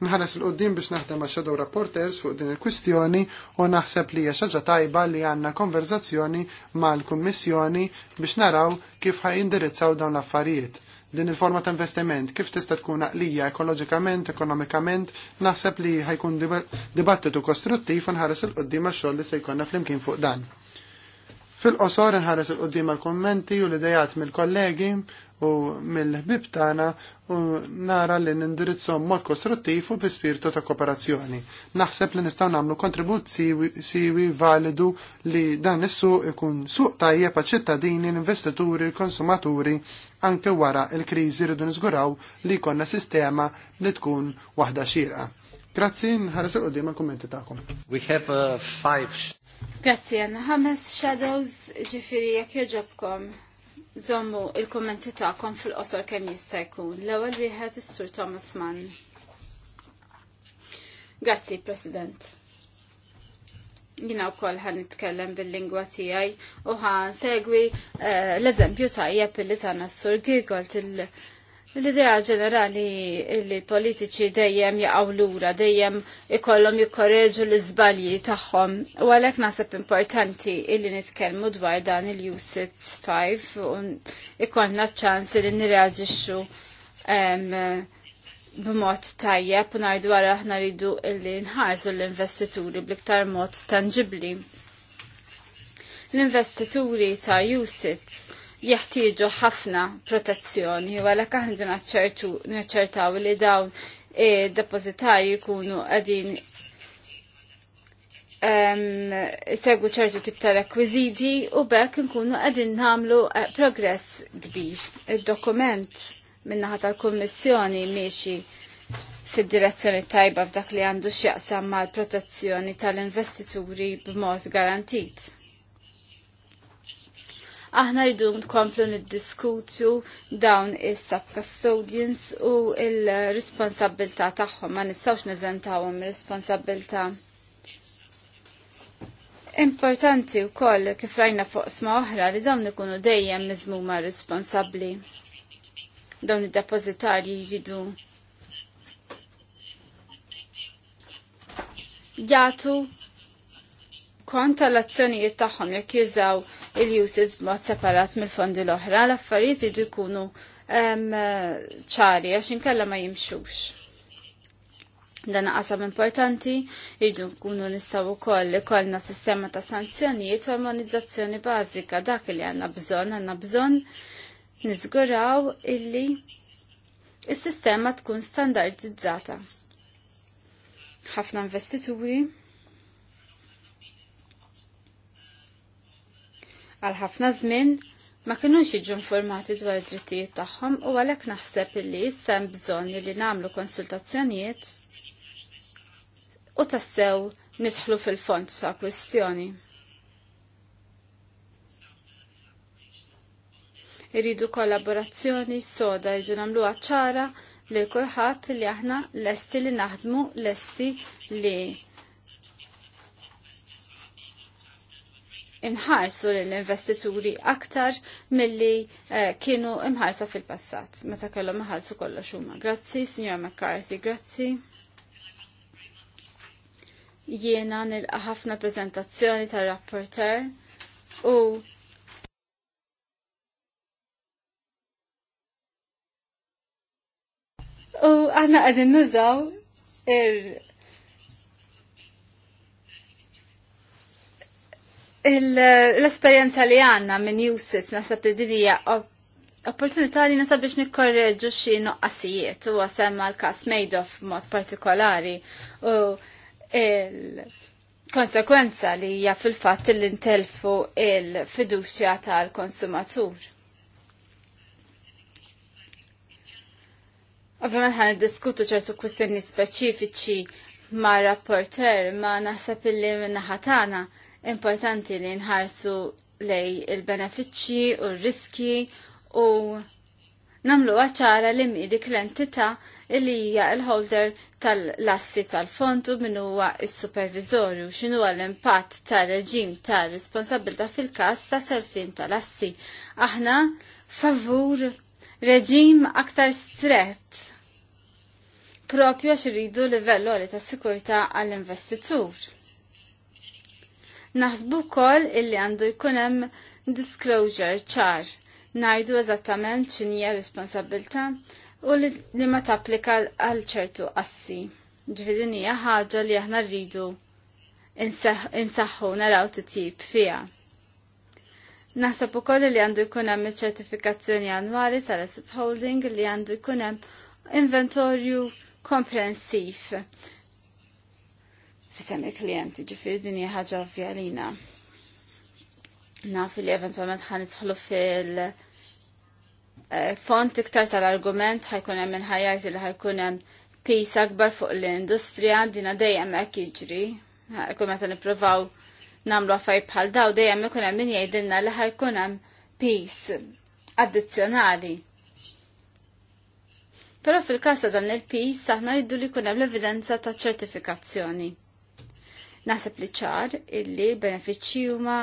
Nħares l qudiem biex naħdem ma' Shadow Reporters fuq din il-kwistjoni u naħseb li hija xaġa tajba li għandna konverzazzjoni mal-Kummissjoni biex naraw kif ħajindirizzaw dawn l-affarijiet din il-forma ta' investiment kif tista' tkun aqlija ekoloġikament, ekonomikament, naħseb li ħajkun dibattitu kostruttiv u nħares il-qoddim għax-xogħol li se jkollna flimkien fuq dan. Fil-qosor nħares il-qoddim għal-kommenti u l-idejat mill-kollegi u mill-ħbib tagħna u nara li nindirizzhom mod kostruttiv u bi ta' kooperazzjoni. Naħseb li nistgħu nagħmlu kontribut siwi validu li dan is-suq ikun suq tajjeb għaċ-ċittadini, l-investituri, l-konsumaturi anke wara l-kriżi rridu niżguraw li jkollna sistema li tkun waħda xierqa. Grazzi, nħares il-qoddim għal-kommenti tagħkom. We have uh, five Grazzi għanna ħames shadows ġifiri jek joġobkom zommu il-kommenti ta'kom fil-qosor kem jista' jkun. L-ewwel wieħed is-Sur Thomas Mann. Grazzi, President. Jina u koll ħan nitkellem bil-lingwa tijaj u ħan segwi eh, l-eżempju tajjeb li tana s-sur Gigol til- L-idea ġenerali li politiċi dejjem jaqgħu lura, dejjem ikollhom jikkoreġu l-iżbalji tagħhom. U għalhekk naħseb importanti illi nitkellmu dwar dan il-USIT 5 u ikollna ċans li nirreaġixxu b'mod tajjeb u ngħidu wara aħna rridu illi nħarsu l-investituri bl-iktar mod tangibbli. L-investituri ta' USITs jeħtieġu ħafna protezzjoni u għalhekk naċċertu naċċertaw li dawn e, id jikunu jkunu qegħdin segwu ċertu tip ta' rekwiziti u bekk nkunu qegħdin nagħmlu e, progress kbir. il dokument minnaħa tal-Kummissjoni miexi fid-direzzjoni tajba f'dak li għandu x'jaqsam mal-protezzjoni tal-investituri b'mod garantit. Aħna rridu nkomplu niddiskutju dawn is-sub custodians u il-responsabilità tagħhom ma nistgħux neżentawhom responsabilità. Importanti wkoll kif rajna fuq sma oħra li dawn ikunu dejjem miżmuma responsabbli. Dawn id-depozitarji jridu jagħtu kont tal-azzjonijiet tagħhom jekk jużaw il-usage b'mod separat mill-fondi l-oħra, l-affarijiet jiġu jkunu ċari għax inkella ma jimxux. Dan qasam importanti jridu nkunu nistgħu wkoll ikollna sistema ta' sanzjonijiet u armonizzazzjoni bażika dak li għandna bżonn għandna bżonn niżguraw illi s sistema tkun standardizzata. Ħafna investituri għal ħafna żmien ma kinux jiġu informati dwar id-drittijiet tagħhom u għalhekk naħseb illi issa hemm bżonn li nagħmlu konsultazzjonijiet u tassew nidħlu fil-fond sa' kwistjoni. Iridu kollaborazzjoni soda jridu nagħmlu ċara li kulħadd li aħna lesti li naħdmu lesti li inħarsu l-investituri aktar milli eh, kienu imħarsa fil-passat. Meta kellhom iħallsu kollox huma. Grazzi, Signor McCarthy, grazzi. Jiena nilqa' ħafna preżentazzjoni tar-rapporter u U għanna għadin nużaw L-esperienza li għanna minn Jusit nasab li dirija opportunità li nasab biex nikkorreġu xi noqqasijiet u semma l-kas Madoff mod partikolari u il-konsekwenza li hija fil-fatt li ntelfu il-fiduċja tal-konsumatur. Ovvijament ħan diskutu ċertu kwistjoni speċifiċi ma' rapporter ma' naħseb illi minna ħatana. tagħna importanti li nħarsu lej il-benefiċċji u r-riski u namlu għaċara li mi dik l-entità li hija l-holder tal-assi tal-fond u minn huwa s-supervizorju x'inhu l-impatt tar-reġim tar-responsabilità fil-każ ta' selfin tal-assi. Aħna favur reġim aktar strett propju għax iridu livellu ta' sikurtà għall-investitur. Naħsbu kol illi għandu jkun hemm disclosure ċar najdu eżattament x'inija responsabilta u li, li ma tapplika għal ċertu qassi. Ġifieri hija ħaġa li aħna rridu insaħħu naraw titjib fiha. Naħseb ukoll li għandu jkun hemm iċ-ċertifikazzjoni annwali tal-asset holding li għandu jkun hemm inventorju komprensiv fisem il-klient, ġifir din ħaġa ovvja lina. Naf li eventualment ħan fil- eh, font iktar tal-argument ħajkun hemm minħajjajt li ħajkun hemm pis akbar fuq l-industrija dina dejjem hekk jiġri. Ikun meta nippruvaw nagħmlu affarijiet bħal daw dejjem ikun hemm min jgħidilna li ħajkun hemm pis addizzjonali. Però fil-każ ta' dan il-pis aħna rridu li jkun hemm l-evidenza ta' ċertifikazzjoni. Naħseb li ċar illi benefiċċji huma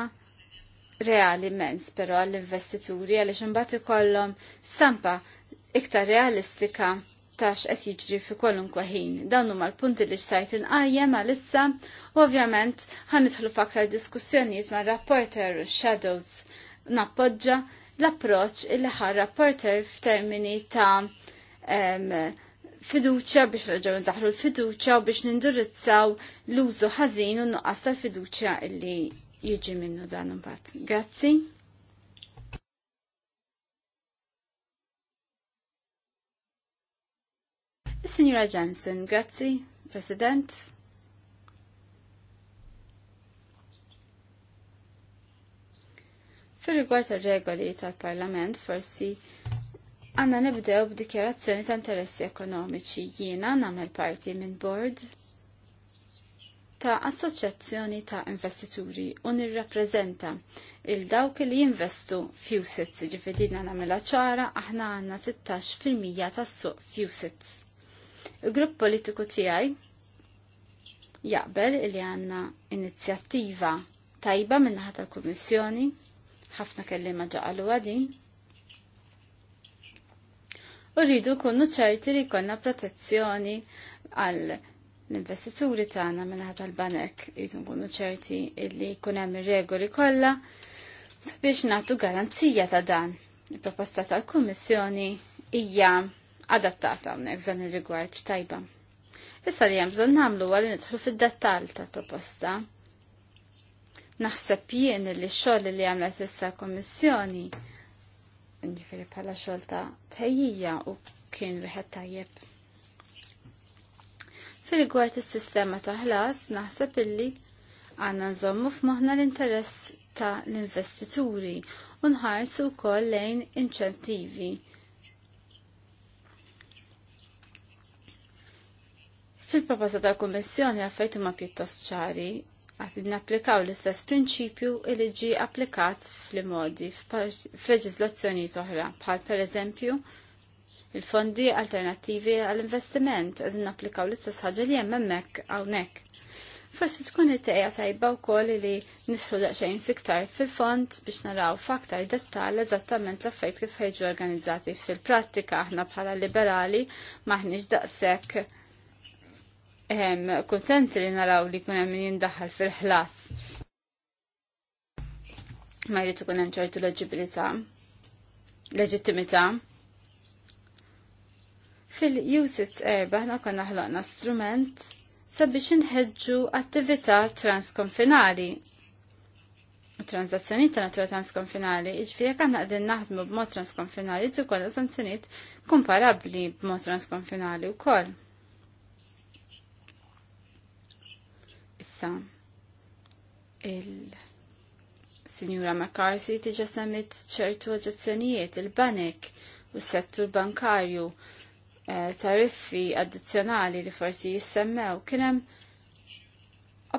reali immens però għall-investituri għaliex imbagħad ikollhom stampa iktar realistika tax qed jiġri fi kwalunkwe ħin. Dawn huma l-punti li xtajt inqajjem għalissa u ovvjament ħanidħlu f'aktar diskussjonijiet ma' rapporter u shadows nappoġġa l-approċċ illi ħar rapporter f'termini ta' fiduċja biex raġaw ndaħlu l-fiduċja u biex nindirizzaw l-użu ħażin u nuqqas tal-fiduċja illi jiġi minnu dan imbagħad. Grazzi. Signora Jensen, grazzi, President. Fil-rigward regoli tal-Parlament, forsi Għanna nibdew b'dikjarazzjoni ta' interessi ekonomiċi. Jiena nagħmel parti minn board ta' assoċjazzjoni ta' investituri u nirrappreżenta il dawk li jinvestu f'Usits, ġifedina namel ċara, aħna għandna 16% tas-suq f'Usits. Il-grupp politiku tiegħi jaqbel li għandna inizjattiva tajba minnaħat tal-Kummissjoni, ħafna kelliema ġaqalu għadin, u rridu kunu ċerti li jkollna protezzjoni għal l-investituri tagħna minn tal-banek rridu nkunu ċerti li jkun hemm ir-regoli kollha biex nagħtu garanzija ta' dan. Il-proposta tal-Kummissjoni hija adattata hawnhekk f'dan ir-rigward tajba. Issa li hemm bżonn nagħmlu li nidħlu fid-dettall tal-proposta naħseb jien li x-xogħol li għamlet issa kummissjoni ġifiri pala xolta tajjija u kien wieħed tajjeb. Fil-gwart il-sistema ta' ħlas, naħseb illi għanna nżommu f'moħna l-interess ta' l-investituri u nħarsu wkoll lejn inċentivi. Fil-proposta ta' kummissjoni għaffajtu ma' pjuttost ċari għat napplikaw l-istess prinċipju li ġi applikat fl-modi f-leġizlazzjoni toħra, bħal per eżempju il-fondi alternativi għall-investiment għad napplikaw l-istess ħagġa li hemm hemmhekk hawnhekk. Forsi tkun it-tejja tajba wkoll li nifru daqsxejn fiktar fil-fond biex naraw f'aktar dettall eżattament l-affarijiet kif ħeġu organizzati fil-prattika aħna bħala liberali maħniex daqshekk kontent li naraw li kun hemm jindaħħal fil-ħlas. Ma jrid ikun hemm ċertu leġibilità, leġittimità. fil jusit erba' ħna konna ħloqna strument sabiex nħedġu attività transkonfinali u transazzjoni ta' natura transkonfinali, iġfiri kan naqdin naħdmu b'mod transkonfinali, tu kolla sanzjoniet komparabli b'mod transkonfinali u koll. Issa, il-Sinjura McCarthy tiġa semmit ċertu oġezzjonijiet il-banek u s-settur bankarju eh, tariffi addizzjonali li forsi jissemmew kienem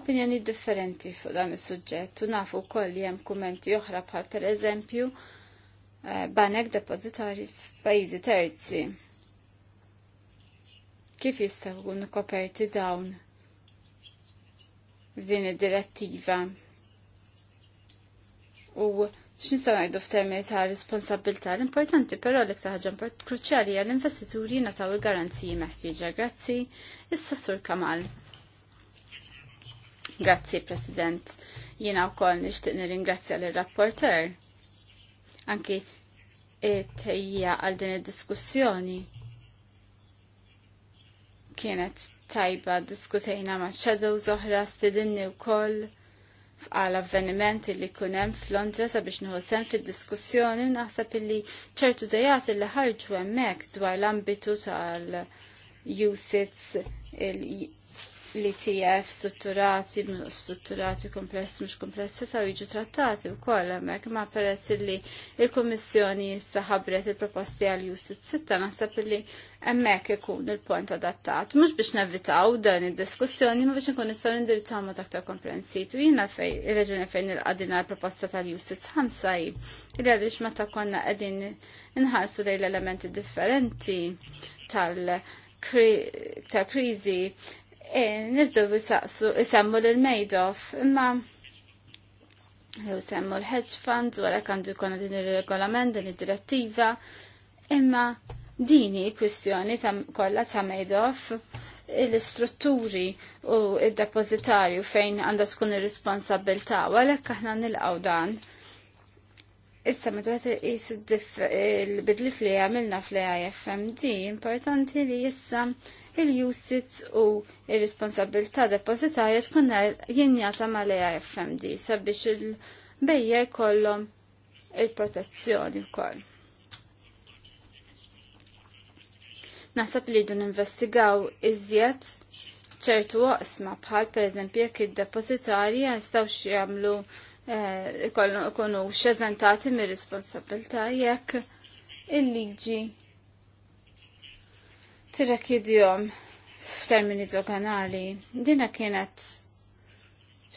opinjoni differenti fuq dan is-suġġett u nafu wkoll li hemm kumenti oħra bħal pereżempju eh, banek depozitarji f'pajjiżi terzi. Kif jistgħu jkunu koperti dawn f'din id-direttiva. U x'nista' ngħidu f'termini ta' responsabilità l-importanti però l-iktar ħaġa kruċjali hija investituri nataw il-garanziji meħtieġa. Grazzi, issa Sur Kamal. Grazzi, President. Jiena wkoll nixtieq nirringrazzja lir-rapporter. Anki tejja għal din id-diskussjoni kienet tajba diskutejna ma' shadows oħra stidinni u koll f'għal avveniment li kunem f'Londra sabiex nħossem fil-diskussjoni naħseb illi ċertu dejat illi ħarġu hemmhekk dwar l-ambitu tal-usits li tijef strutturati, strutturati komplessi, mux komplessi, ta' jiġu trattati u koll mek ma' peress li il komissjoni saħabret il-proposti għal jusit sitta, nasab li emmek ikun il-punt adattat, mux biex nevitaw dan il-diskussjoni, ma biex nkun nistaw indirizzaw ma' taktar komprensit, u jina fej, il-reġuni fejn il għadina il-proposta tal jusit ħamsaj, il għadix ma ta' konna għadin nħarsu lej l-elementi differenti tal- tal-krizi E, nizdu bisaqsu isemmu l-Madoff imma jew semmu l-hedge fund wara għandu jkun din ir-regolament din id-direttiva imma dini kwistjoni kollha ta' Madoff l-istrutturi u id-depozitarju fejn għandha tkun ir responsabilta u għalhekk aħna nilqgħu dan Issa ma qed iqis il bidlif li għamilna fl aifmd importanti li issa il-usits u il-responsabilità depozitarja tkun jinjata mal aifmd sabiex il-bejja jkollhom il-protezzjoni wkoll. Naħseb li dun investigaw iżjed ċertu waqsma bħal pereżempju jekk id-depozitarja jistgħux jagħmlu Eh, ikonu xezentati mir responsabilta jekk il-liġi tirek jidjom f-termini doganali. Dina kienet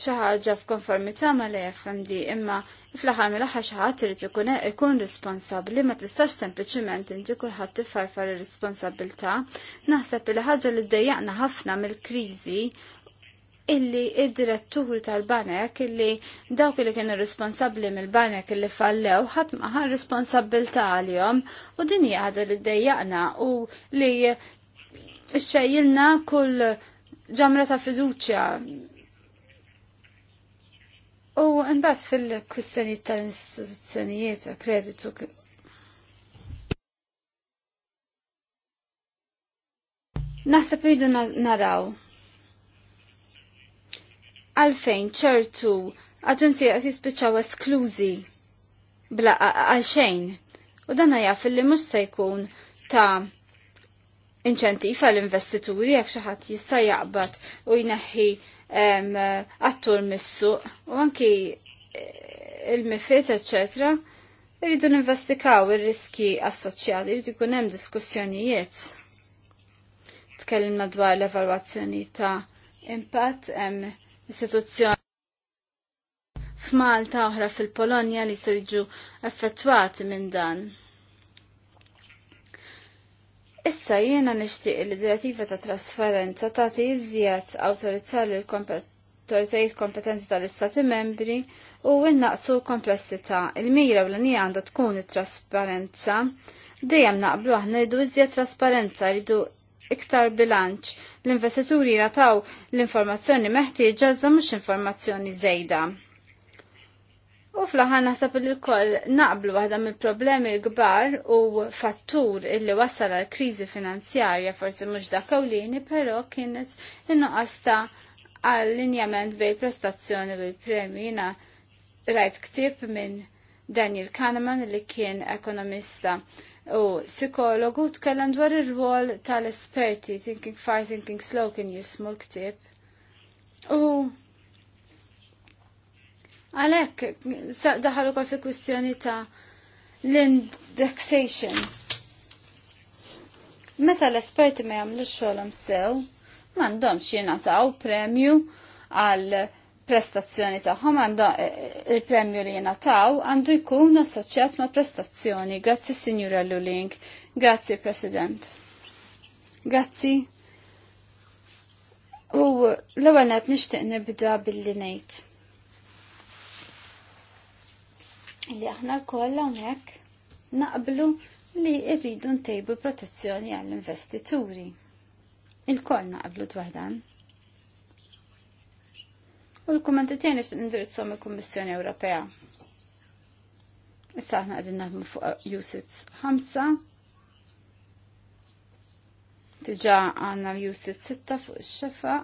xaħġa f'konformità ma l-FMD imma fl-aħħar mill-aħħar xi ħadd irid ikun ikun responsabbli ma tistax sempliciment inti kulħadd tiffarfar ir responsabilta Naħseb li ħaġa li ddejjaqna ħafna mill-kriżi illi id-direttur tal-banek illi dawk li kienu responsabli mill-banek illi fallew ħadd responsabil tal għalihom u din jgħadu li dejjaqna u li xċejjilna kull ġamra ta' fiduċja. U mbagħad fil-kwistjonijiet tal-istituzzjonijiet ta' kreditu Naħseb rridu naraw għalfejn ċertu aġenzija qed jispiċċaw esklużi bla għalxejn. U dan jaf li mhux se jkun ta' inċentif għall investituri jekk xi ħadd jista' jaqbad u jneħħi għattur missu u anki eh, il-mifit, eccetera, irridu ninvestikaw ir-riski assoċjati, rridu jkun hemm diskussjonijiet. Tkellimna dwar l-evalwazzjoni ta' impatt istituzzjoni f'Malta oħra fil-Polonja li jistgħu jiġu effettwati minn dan. Issa jiena nixtieq li direttiva ta' trasferenza tagħti iżjed awtorità lill autoritajiet kompetenzi tal-Istati membri u innaqsu l komplessità. Il-mira u l għandha tkun it-trasparenza. Dejjem naqblu aħna jdu iżjed trasparenza, jridu iktar bilanċ. L-investituri jataw l-informazzjoni meħti ġazza mhux informazzjoni żejda. U fl-aħħar naħseb li l-koll naqblu waħda mill-problemi l-kbar u fattur illi wassal għal kriżi finanzjarja forsi mhux da kawlini, però kienet innuqas ta' għall-linjament bej prestazzjoni bil premjina rajt ktib minn Daniel Kahneman li kien ekonomista u psikologu tkellem dwar ir-rwol tal-esperti Thinking Far Thinking Slow kien jismu l ktib U għalhekk daħal ukoll fi kwistjoni ta' l-indexation. Meta l-esperti ma jagħmlux xogħolhom sew, m'għandhomx jingħataw premju għal prestazzjoni tagħhom għandha eh, il-premju li jingħataw għandu jkun assoċjat ma' prestazzjoni. Grazzi Sinjura Luling. Grazzi President. Grazzi. U l-ewwel qed nixtieq nibda billi ngħid. Li aħna wkoll hawnhekk naqblu li rridu ntejbu protezzjoni għall-investituri. Il-koll naqblu dwar dan u l-kummenti tiegħi indirizzhom il-Kummissjoni Ewropea. Issa aħna qegħdin naħdmu fuq USITS 5 Tiġa għanna l-jusit sitta fuq il-xefa.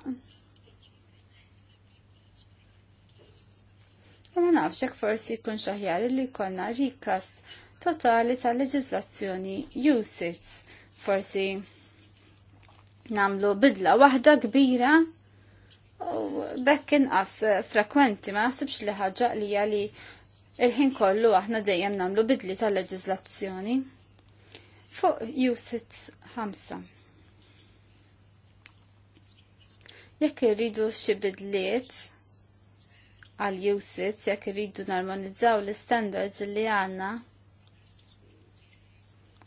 U ma nafxek forsi kun xaħjar li konna rikast totali tal-leġizlazzjoni usits. Forsi namlu bidla waħda kbira bekk inqas eh, frekwenti ma nasibx li ħaġa li li il-ħin kollu aħna dejjem nagħmlu bidli tal-leġiżlazzjoni. Fuq USIT ħamsa. Jekk irridu xi bidliet għal USIT, jekk irridu narmonizzaw l-standards li għandna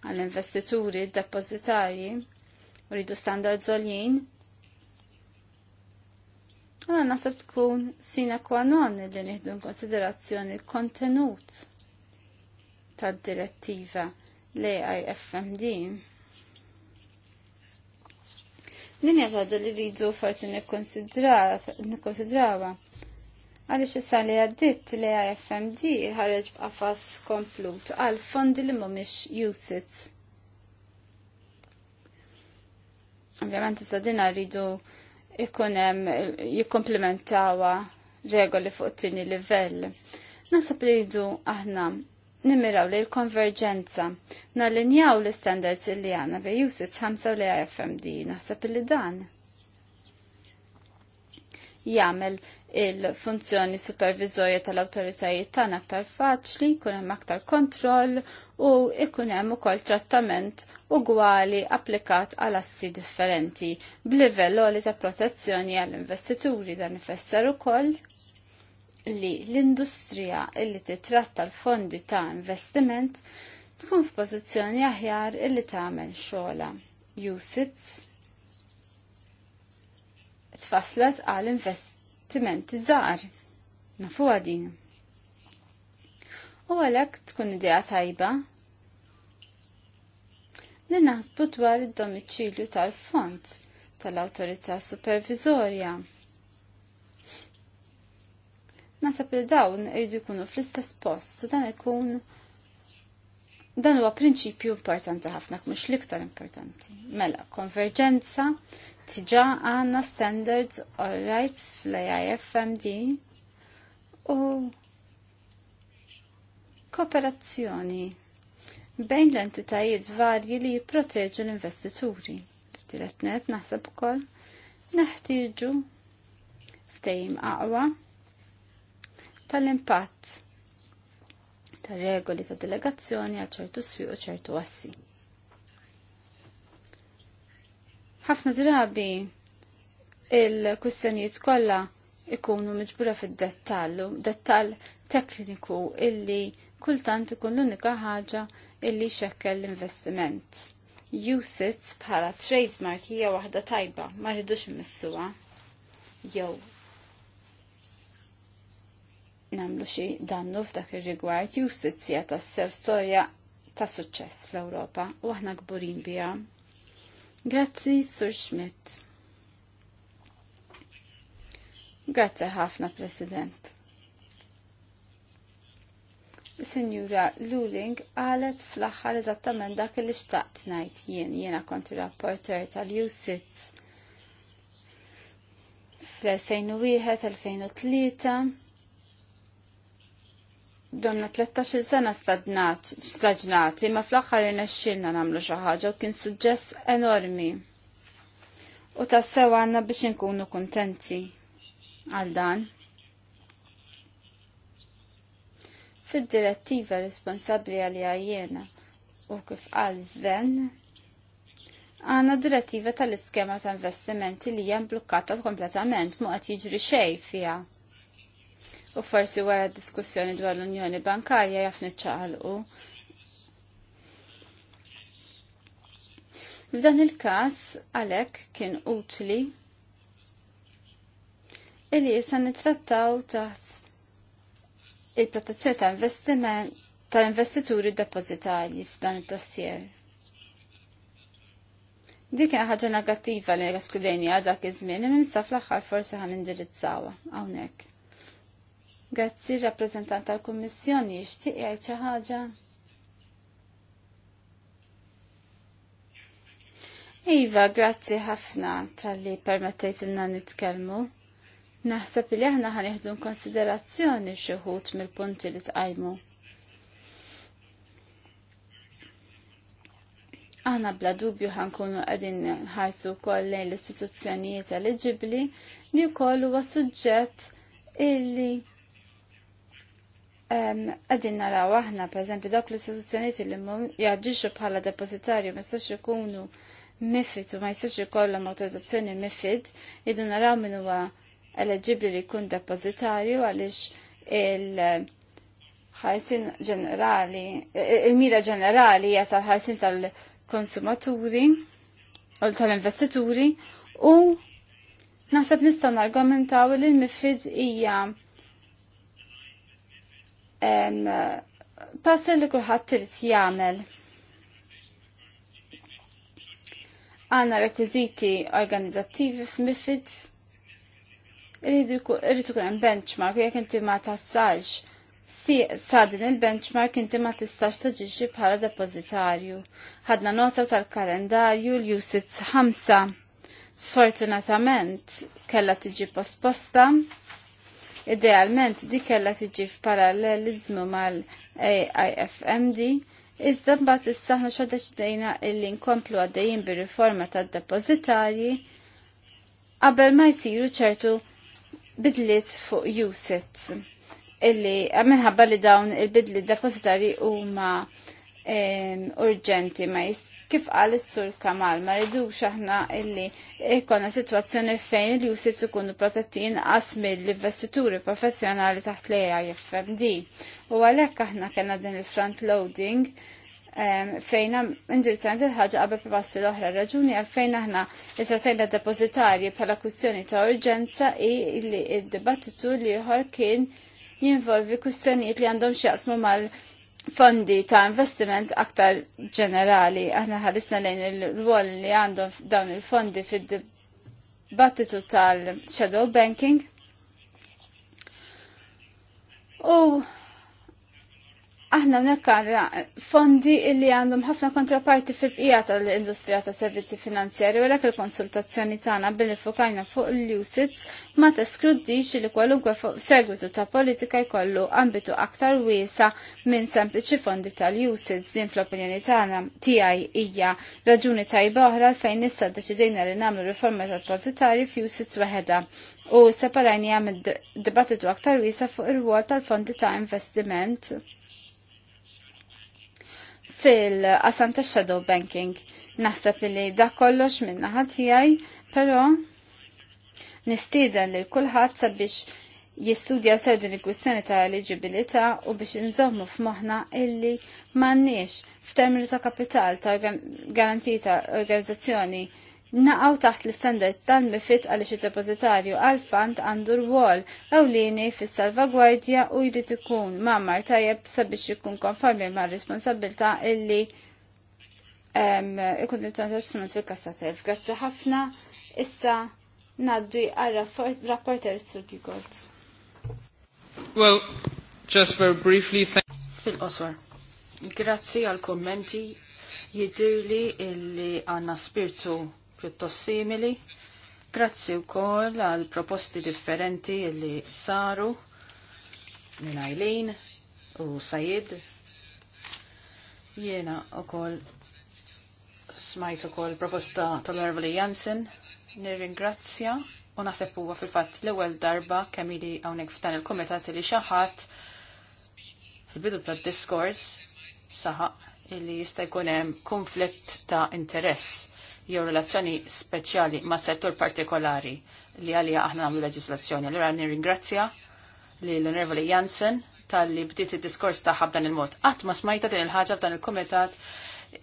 għall-investituri, d-depozitarji, u rridu standards Għana nasab tkun sina qua non li nieħdu konsiderazzjoni kontenut tad direttiva l-AIFMD. FMD. Nini għadda li rridu forsi nikkonsidrawha. Għaliex issa li għaddit l AIFMD ħareġ b'qafas komplut għal fondi li mhumiex USITS. Ovvjament s-sadina rridu ikunem jikkomplementawa regoli fuq tini livell. Nasab li jdu aħna nimiraw li l-konverġenza nalinjaw l-standards li għana bi jusit 5 u li AFMD, naħseb li dan jagħmel il-funzjoni supervizorja tal-awtoritajiet tagħna aktar faċli, jkun hemm aktar kontroll u ikun hemm ukoll trattament ugwali applikat għal assi differenti b'livell li ta' protezzjoni għall investituri dan ifisser ukoll li l-industrija illi titratta l-fondi ta' investiment tkun f'pożizzjoni aħjar illi tagħmel xogħla. Usits tfaslet għal investimenti żgħar. Nafu għadin. U għalhekk tkun idea tajba li naħsbu dwar id-domiċilju tal-fond tal-awtorità supervizorja. Nasab li dawn irridu jkunu fl-istess post, dan ikun dan huwa prinċipju importanti ħafna mhux l-iktar importanti. Mela, konverġenza tiġa għandna standards all right fl-AIFMD u kooperazzjoni bejn l-entitajiet varji li jipproteġu l-investituri. F'tilet net naħseb ukoll neħtieġu ftehim aqwa tal-impatt tar-regoli ta' delegazzjoni għal ċertu swieq u ċertu assi. Ħafna drabi il-kustjonijiet kollha ikunu miġbura fid-dettallu, dettall tekniku illi kultant ikun l-unika ħaġa illi xekkel l-investiment. Usits bħala trademark hija waħda tajba, ma rridux missuwa. Jew namlu xi dannu f'dak ir-rigward usits hija tassew storja ta' suċċess fl-Ewropa u aħna kburin biha. Grazzi, Sur Schmidt. Grazzi ħafna, President. Sinjura Luling għalet fl-axħar eżattament dak li xtaqt najt jien, jiena kont rapporter tal-USITS fl-2001-2003. Domna 13 sena staġnati, ma fl-axħar inaxxilna namlu xaħġa u kien suġġess enormi. U tassew għanna biex nkunu kontenti għal dan. fid-direttiva responsabbli għalija għajjena u kif għal Sven għana direttiva tal-iskema ta' investimenti li hija mblukkata kompletament mu għat jiġri xej fiha. U forsi wara d diskussjoni dwar l-Unjoni Bankarja jaf niċċaqalqu. F'dan il-każ għalhekk kien utli li jisa nittrattaw taħt il-protezzjoni ta' investiment tal-investituri depozitarji f'dan id-dossier. Dik hija ħaġa negattiva li skudeni għal dak iż-żmien imma sa fl-aħħar forsi ħan indirizzawha hawnhekk. Grazzi rappreżentant tal-Kummissjoni jixtieq jgħid xi ħaġa. Iva, grazzi ħafna tal-li permettejt inna nitkellmu. Naħseb li aħna ħanieħdu konsiderazzjoni xi wħud mill-punti li tqajmu. Aħna bla dubju ħankunu qegħdin ħarsu wkoll lejn l-istituzzjonijiet eliġibbli li wkoll huwa suġġett illi ehm, Għadin naraw aħna, per eżempju, dawk l-istituzzjoniet li jaġġixxu bħala depozitarju ma jistax ikunu mifid u ma jistax ikollhom autorizzazzjoni mifid, jidu naraw min huwa eleġibli li kun depozitarju għaliex il- ħarsin ġenerali, il-mira ġenerali hija tal-ħarsin tal-konsumaturi u tal-investituri u naħseb nistgħu nargumentaw li l-mifid hija passi li kulħadd trid jagħmel. Għandna rekwiżiti organizzattivi f'mifid irridu kun hemm benchmark u jekk inti ma tassalx si sa din il-benchmark inti ma tistax taġiġi bħala depozitarju. Ħadna nota tal-kalendarju l usitz 5 sfortunatament kella tiġi posposta Idealment di kella tiġi f'paralleliżmu mal-AIFMD, iżda mbagħad issa ħna xogħol deċidejna illi nkomplu għaddejjin bir-riforma tad-depożitarji qabel ma jsiru ċertu Bidlit fuq usits illi minħabba li dawn il-bidliet depozitari huma urġenti ma jist kif għal sur kamal ma ridu aħna illi ikkona situazzjoni fejn li jusit ikunu protettin għasmid l-investituri professjonali taħt l-AIFMD. U għalek aħna kena din il-front loading fejn indirizzant il-ħagġa qabel privassi l-oħra raġuni għal ħna aħna istratajna depozitarji bħala kustjoni ta' urġenza i li id-dibattitu li ieħor kien jinvolvi kustjonijiet li għandhom xjaqsmu mal fondi ta' investiment aktar ġenerali. Aħna ħarisna lejn il wol li għandhom dawn il-fondi fid-dibattitu tal-shadow banking. U aħna mnek fondi illi għandhom ħafna kontraparti fil-bqija tal-industrija ta' servizzi finanzjari u l il-konsultazzjoni tagħna billi fokajna fuq l-usits ma teskludix li kwalunkwe segwitu ta' politika jkollu ambitu aktar wiesa minn sempliċi fondi tal-usits din fl-opinjoni tagħna tiegħi hija raġuni tajba oħra fejn issa deċidejna li nagħmlu riforma tal-pozitari f'usits weħeda u separajni għam dibattitu aktar wiesa fuq ir ruol tal-fondi ta' investiment fil-qasam shadow banking. Naħseb li da kollox minna ħatijaj, pero nistiden li l-kulħadd sabiex jistudja sew din il-kwistjoni ta' eligibilità u biex nżommu f'moħħna illi m'għandniex f'terminu ta' kapital ta' garanziji ta' organizzazzjoni naqaw taħt l-standard tal mifit għaliex id-depozitarju għal fant għandu rwol ewlieni fis-salvagwardja u jrid ikun mamar tajjeb sabiex ikun konformi ma' responsabilità illi ikun il-transazzjoni fil-kassa telf. Grazzi ħafna. Issa naddu għal rapporter Sudi Gold. Well, just very briefly, thank fil qoswar Grazzi għal kommenti li illi għanna spirtu pjuttos simili. Grazzi wkoll għal proposti differenti li saru minn Eileen u Sajid. Jena wkoll smajt ukoll proposta tal-Ervali Jansen. Nirringrazzja u nasepp huwa fil-fatt l-ewwel darba kemm ili hawnhekk f'dan il-kumitat li xi ħadd fil-bidu tad-diskors saħaq illi jista' jkun hemm konflitt ta' interess jew relazzjoni speċjali ma' settur partikolari li għalija aħna għamlu leġislazzjoni. Allura nirringrazzja li l-Onorevoli Jansen tal-li bdiet id-diskors ta' b'dan il-mod. Għat ma smajta din il-ħaġa f'dan il-kumitat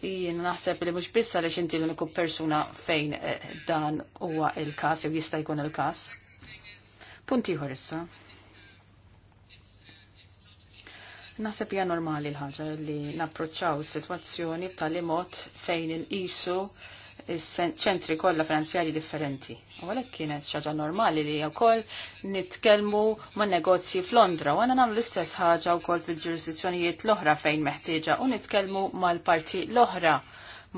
jien naħseb li mhux biss għaliex inti l-uniku persuna fejn eh, dan huwa il-każ jew jista' jkun il-każ. Punti ieħor issa. Naħseb hija normali l-ħaġa li napproċċaw is-sitwazzjoni b'tali mod fejn inqisu ċentri kollha finanzjarji differenti. U għalhekk kienet xaġa normali li wkoll nitkellmu ma' negozji f'Londra u għana nagħmlu l-istess ħaġa wkoll fil-ġurisdizzjonijiet l-oħra fejn meħtieġa u nitkellmu mal-parti l-oħra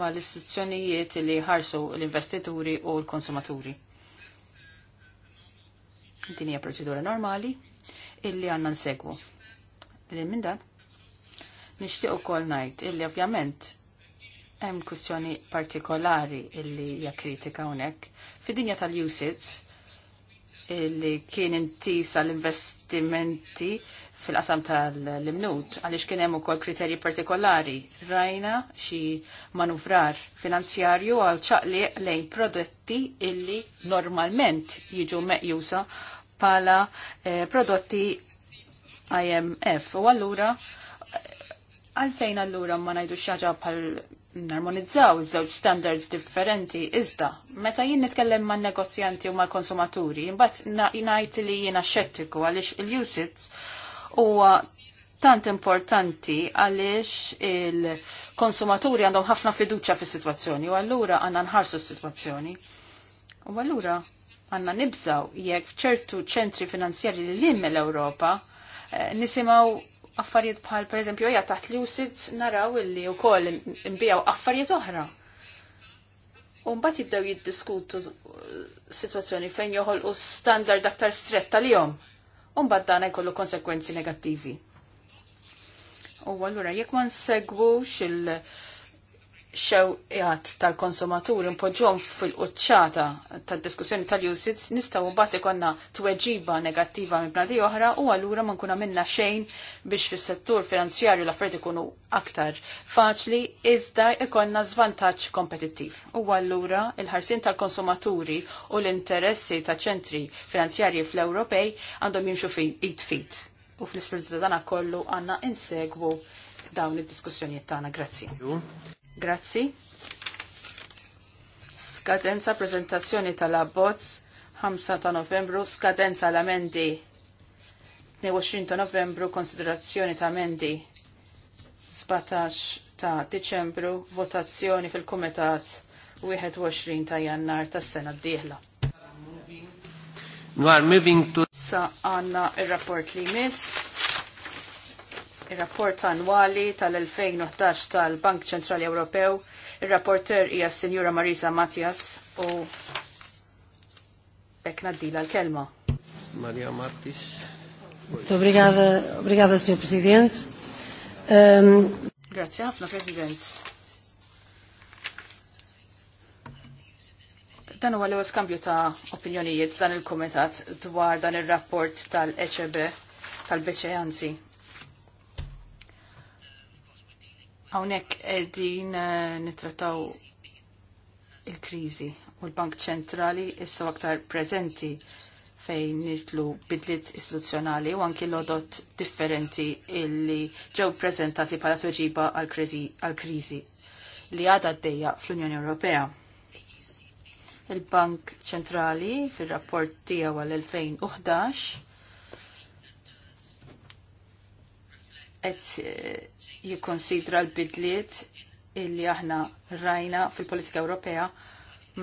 mal istituzzjonijiet li ħarsu l-investituri u l-konsumaturi. Din hija proċedura normali illi għandna nsegwu. Lil minn dan? Nixtieq ukoll ngħid illi ovvjament Hemm kwistjoni partikolari illi hija kritika hawnhekk. Fid-dinja tal-usage illi kien intisa għall-investimenti fil-qasam tal-imnut, għaliex kien hemm ukoll kriterji partikolari. Rajna xi manuvrar finanzjarju għal ċaqliq lejn prodotti illi normalment jiġu meqjusa pala eh, prodotti IMF. U allura għalfejn allura ma najdu xaġa pal narmonizzaw iż-żewġ standards differenti, iżda, meta jien nitkellem ma' negozjanti u ma' konsumaturi, imbagħad jinajt li jiena xettiku għaliex il-usits huwa tant importanti għaliex il-konsumaturi għandhom ħafna fiduċja fis-sitwazzjoni u allura għandna nħarsu s-sitwazzjoni. U allura għandna nibżaw jekk ċertu ċentri finanzjari li l europa ewropa eh, nisimaw affarijiet bħal pereżempju hija taħt li usid naraw illi wkoll imbijaw affarijiet oħra. U mbagħad jibdew jiddiskutu sitwazzjoni fejn joħolqu standard aktar stretta li jom U mbagħad dan jkollu konsekwenzi negattivi. U allura jekk ma nsegwux il- xewqijat tal-konsumatur impoġom fil qoċċata tad-diskussjoni tal-usage nistgħu mbagħad ikonna tweġiba negattiva minn bnadi oħra u allura ma nkun minna xejn biex fis-settur finanzjarju l-affarijiet ikunu aktar faċli iżda ikonna żvantaġġ kompetittiv. U allura il-ħarsien tal-konsumaturi u l-interessi ta' ċentri finanzjarji fl-Ewropej għandhom jimxu fin it-fit. U fl-ispirtu tagħna kollu għandna insegwu dawn id-diskussjonijiet tagħna. Grazzi. Grazzi. Skadenza prezentazzjoni tal-abbozz 5 ta' novembru, skadenza l-amendi 22 ta' novembru, konsiderazzjoni ta' amendi 17 ta' Diċembru, votazzjoni fil-Kumitat 21 ta' Jannar tas sena d-dieħla. Sa' għanna il-rapport li miss il-rapport annwali tal-2011 tal-Bank Ċentrali Ewropew. Il-rapporter hija s-Sinjura Marisa Mattias u hekk naddila l-kelma. Maria Mattis. Obrigada, obrigada, Sr. President. Um... Ehm, Grazie, ħafna, President. Dan huwa l-ewwel skambju ta' opinjonijiet dan il-Kumitat dwar dan ir-rapport tal-ECB tal-BCE anzi Hawnhekk qegħdin eh, nitrataw il-kriżi u l-Bank Ċentrali issa aktar preżenti fejn nitlu bidliet istituzzjonali u anki l-odot differenti illi ġew prezentati bħala tweġiba għall-kriżi li għadha għaddejja fl-Unjoni Ewropea. Il-Bank Ċentrali fir-rapport tiegħu għal 2011 qed eh, jikkonsidra l-bidliet illi aħna rajna fil-politika Ewropea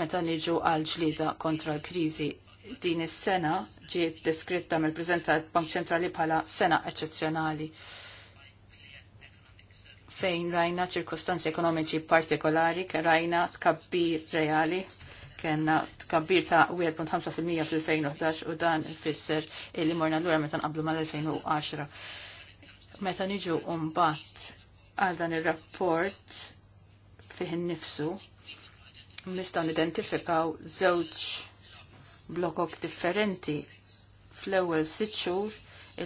meta niġu għal ġlida kontra l-kriżi. Din is-sena ġiet deskritta mill-preżentat Bank Ċentrali bħala sena eċċezzjonali fejn rajna ċirkostanzi ekonomiċi partikolari, ke rajna tkabbir reali, kena tkabbir ta' 1.5% fil-2011 u dan fisser illi morna l-ura metan qablu mal-2010 meta niġu umbat għal dan il-rapport fih nifsu nistaw nidentifikaw żewġ blokok differenti fl-ewwel sitt xhur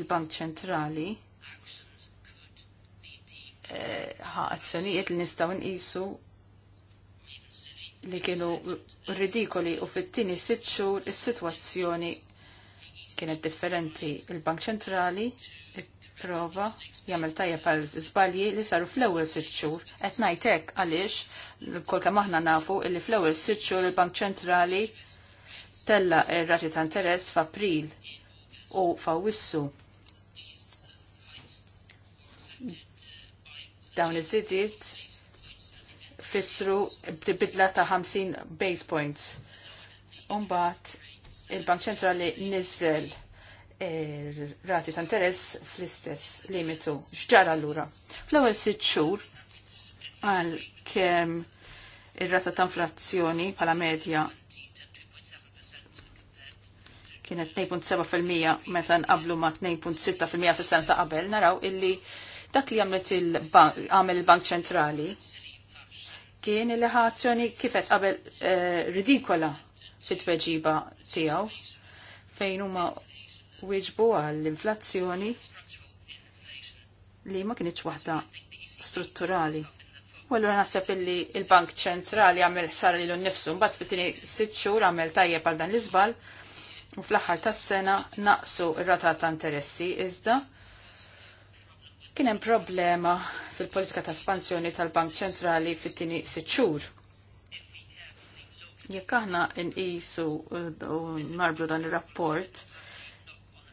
il-Bank Ċentrali eh, ħa azzjonijiet li nistaw nqisu li kienu ridikoli u fit-tini sitt xhur is-sitwazzjoni kienet differenti. Il-Bank Ċentrali Prova jagħmel tajjeb għal żbalji li saru fl-ewwel sitt xhur. Qed ngħid hekk għaliex kolkemm aħna nafu li fl-ewwel sitt xhur il-Bank Ċentrali tella r-rati ta' interess f'April u f'Awwissu. Dawn iż-żidiet fissru bidla ta' 50 base points. Umbagħad il-Bank Ċentrali niżel rati ta' interess fl-istess limitu. Xġara allura. Fl-ewwel sitt xhur għal kemm ir-rata ta' inflazzjoni bħala medja kienet 2.7% meta nqablu ma' 2.6% fis-sena ta' qabel, naraw illi dak li għamlet il-bank, għamel il-bank ċentrali kien il ħazzjoni kifet qabel eh, ridikola fit-tweġiba tiegħu fejn huma wieġbu għall-inflazzjoni li ma kienieċ waħda strutturali. U għallu naħseb illi il-Bank ċentrali għamel ħsar li l-nifsu, mbatt fit-tini sitt xhur għamel tajjeb għal dan l izbal u fl-aħħar tas-sena naqsu r-rata ta' interessi iżda kien hemm problema fil-politika ta' spansjoni tal-Bank ċentrali fit-tieni sitt Jekk aħna nqisu u narblu dan ir-rapport,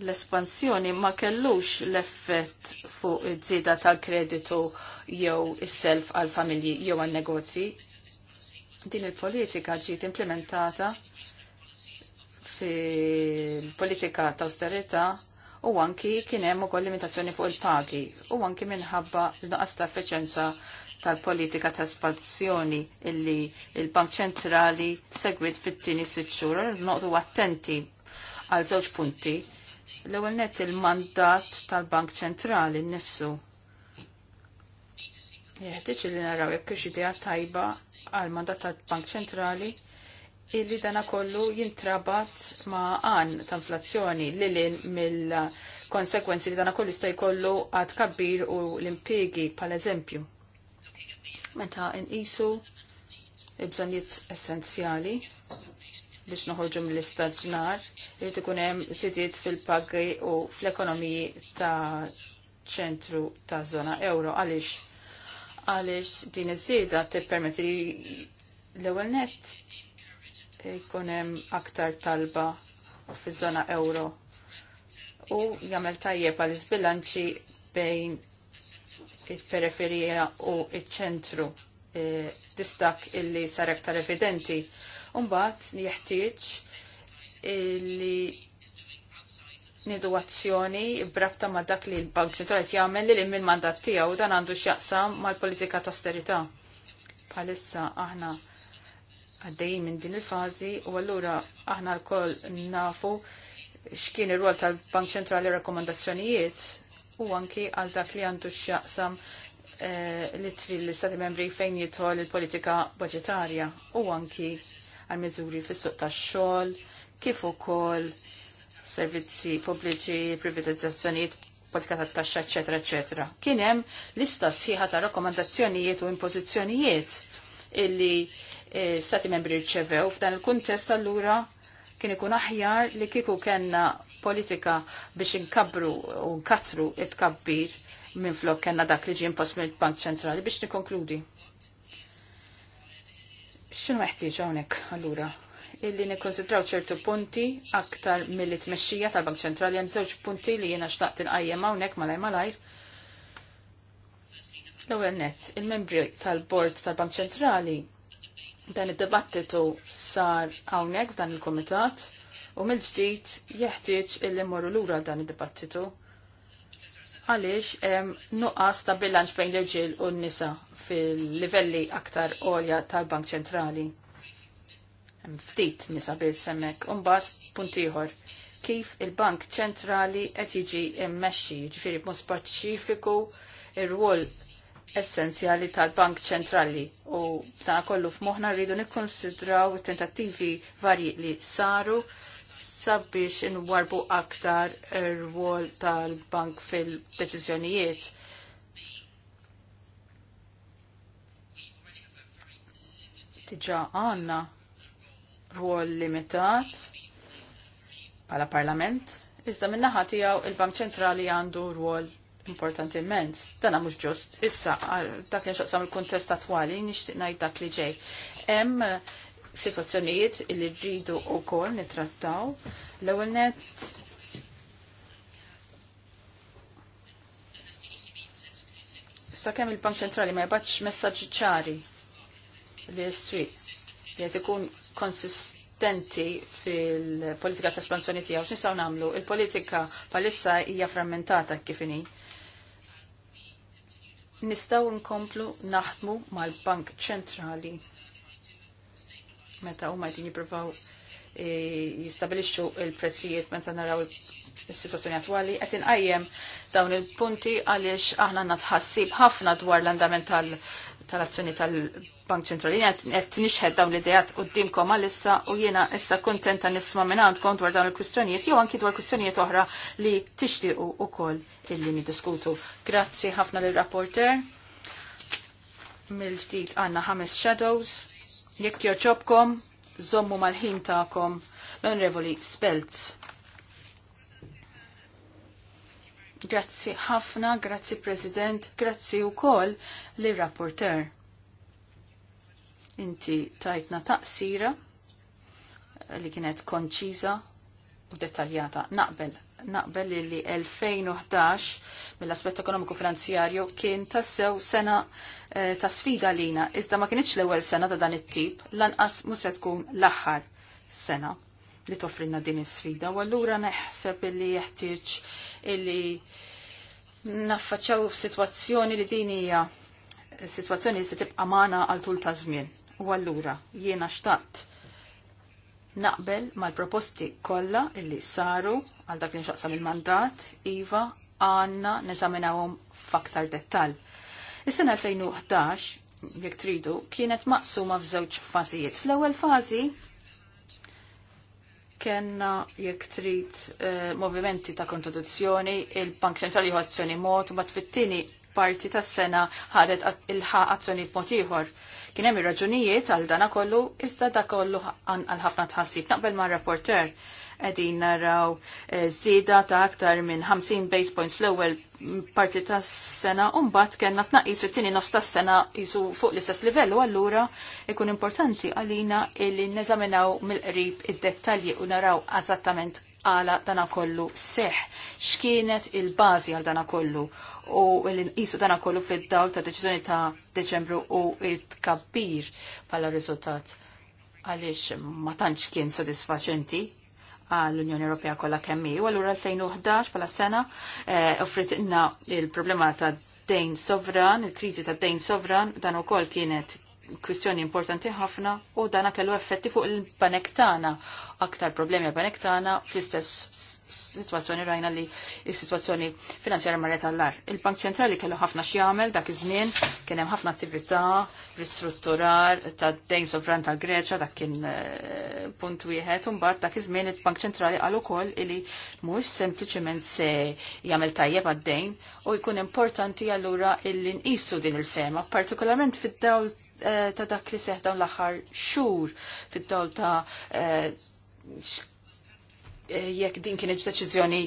l-espansjoni ma kellux l-effett fuq id żieda tal-kreditu jew is-self għal familji jew għal negozji. Din il-politika ġiet implementata fil-politika ta' austerità u anki kien hemm ukoll limitazzjoni fuq il-pagi u anki minħabba l-nuqqas ta' effiċenza tal-politika ta' espansjoni illi il-Bank Ċentrali segwit fit-tieni sitt xhur noqdu attenti għal żewġ punti L-ewwel nett il-mandat tal-Bank Ċentrali nnifsu. Jeħtieġ li naraw jekk hux idea tajba għal mandat tal-Bank Ċentrali illi dana kollu jintrabat ma' għan ta' inflazzjoni li lin mill-konsekwenzi li dana kollu jista' jkollu għad kabbir u l-impiegi pal eżempju. Meta nqisu il-bżonijiet essenzjali biex noħolġu mill-istaġnar li tkun hemm sitiet fil-pagi u fl-ekonomiji ta' ċentru ta' zona euro għaliex għaliex din iż-żieda tippermetti li l-ewwel nett jkun hemm aktar talba fiż-żona euro u jagħmel tajjeb għal iż-bilanċi bejn il-periferija u il-ċentru. Eh, distak illi sar aktar evidenti Umbat jeħtieġ li nidu azzjoni brabta ma dak li l-Bank Ċentrali jagħmel li minn mandat tiegħu dan għandu x'jaqsam mal-politika ta' austerità. Bħalissa aħna għaddejjin minn din il-fażi u allura aħna lkoll nafu x'kien ir-rol tal-Bank Ċentrali rakkomandazzjonijiet u anki għal dak li għandu x'jaqsam eh, li tri l-Stati membri fejn jitħol il-politika budgetarja u anki għal miżuri fis-suq tax-xogħol, kif ukoll servizzi pubbliċi, privatizzazzjonijiet politika tat taxxa, eċetera, eċetera. Kien hemm lista sħiħa ta' rakkomandazzjonijiet u impożizzjonijiet illi eh, stati membri rċevew f'dan il-kuntest allura kien ikun aħjar li kieku kellna politika biex inkabru u nkatru it-kabbir minn flok kena dak li ġie impost mill-Bank Ċentrali biex nikonkludi xinu meħtieġ hawnhekk allura? Illi nikkonsidraw ċertu punti aktar milli tmexxija tal-Bank Ċentrali hemm żewġ punti li jiena xtaqt inqajjem hawnhekk malaj malajr. L-ewwel nett, il-membri tal-Bord tal-Bank Ċentrali dan id-dibattitu sar hawnhekk f'dan il-Kumitat u mill-ġdid jeħtieġ illi mmorru lura dan id-dibattitu għaliex nuqqas ta' bilanċ bejn l-irġiel u n-nisa fil-livelli aktar għolja tal-Bank Ċentrali. Ftit nisa bil semmek, unbat puntiħor. Kif il-Bank Ċentrali qed jiġi mmexxi, ġifieri b'mod speċifiku ir-rwol essenzjali tal-Bank Ċentrali u ta' kollu f'moħħna rridu nikkonsidraw tentattivi varji li saru sabiex inwarbu aktar il rwol tal-bank fil-deċizjonijiet. Tiġa għanna rwol limitat pala parlament, iżda minnaħa tijaw il-Bank ċentrali għandu rwol importanti immens. Dana mux ġust. Issa, dak xaqsam il-kontest attuali, nishtiq najt dak li ġej. Em situazzjonijiet illi rridu u kol nitrattaw. L-ewel net Sakemm il-Bank Ċentrali ma jibgħatx messaġġi ċari li jessri li qed ikun konsistenti fil-politika ta' espansjoni tiegħu x'nistgħu nagħmlu. Il-politika bħalissa hija frammentata kif inhi. Nistgħu nkomplu naħdmu mal-Bank Ċentrali meta huma qegħdin jippruvaw e, jistabilixxu il-prezzijiet meta naraw is-sitwazzjoni attwali qed inqajjem dawn il-punti għaliex aħna tħassib ħafna dwar l-andament tal-azzjoni tal-Bank Ċentrali. Qed nixħed dawn l-idejat qudiemkom għalissa u jiena issa kuntenta nisma' minn għandkom dwar dawn il-kwistjonijiet jew anki dwar kwistjonijiet oħra li tixtiequ ukoll illi niddiskutu. Grazzi ħafna lir rapporter Mill-ġdid għandna ħames shadows Jekk joċobkom, zommu mal-ħin ta'kom l-Onrevoli Spelz. Grazzi ħafna, grazzi President, grazzi u kol li rapporter. Inti tajtna taqsira li kienet konċiza u detaljata naqbel naqbel li 2011 mill-aspett ekonomiku finanzjarju kien tassew sena eh, ta' sfida lina, iżda ma kienx l-ewwel sena ta' dan it-tip, lanqas mhux se tkun l-aħħar sena li toffrinna din is-sfida. U allura neħseb li jeħtieġ illi naffaċċaw sitwazzjoni li din hija sitwazzjoni li se tibqa' magħna għal tul ta' żmien. U allura jiena xtaqt naqbel mal-proposti kollha illi saru għal dak li nxaqsam il-mandat, Iva, għanna neżaminawhom f'aktar dettal. Is-sena 2011, jekk tridu, kienet maqsuma f'żewġ fażijiet. Fl-ewwel fażi kenna jekk trid eh, movimenti ta' kontraduzzjoni, il-Bank Ċentrali ħu azzjoni mod, u bat fit-tieni parti tas sena ħadet il-ħa azzjoni mod ieħor. Kien hemm ir-raġunijiet għal dana kollu iżda da kollu għal ħafna tħassib naqbel ma' rapporter għedin naraw zida eh, ta' aktar minn 50 base points fl-ewwel parti ta' sena u mbagħad kellna tnaqqis fit-tieni nofs ta' sena jisu fuq l-istess livell u allura ikun importanti għalina illi neżaminaw mill-qrib id-dettalji u naraw eżattament għala dana kollu seħ. X'kienet il-bażi għal dana kollu u l-inqisu dana kollu fid-dawl ta' deċiżjoni ta' Deċembru u it-kabbir pala riżultat għaliex ma tantx kien sodisfaċenti għall-Unjoni Ewropea kollha kemm hi. U allura 2011 pala sena eh, offrit inna il-problema ta' dejn sovran, il-kriżi ta' dejn sovran, dan ukoll kienet kwistjoni importanti ħafna u dana kellu effetti fuq il-banek tagħna. Aktar problemi għal-banek tagħna fl-istess situazzjoni rajna li il-situazzjoni finanzjarja marret għallar. Il-Bank Ċentrali kellu ħafna x'jamel, dak iż-żmien, kien hemm ħafna attività, ristrutturar ta' dejn sovran tal Greċa, dak kien eh, punt wieħed, u mbagħad dak iż-żmien il-Bank Ċentrali qal ukoll li mhux sempliċement se jagħmel tajjeb għad-dejn u jkun importanti allura illi nqisu din il-fema, partikolarment fid-dawl Eh, ta' dak li seħ l-aħħar xhur fid dol ta' eh, eh, jekk din kienet deċiżjoni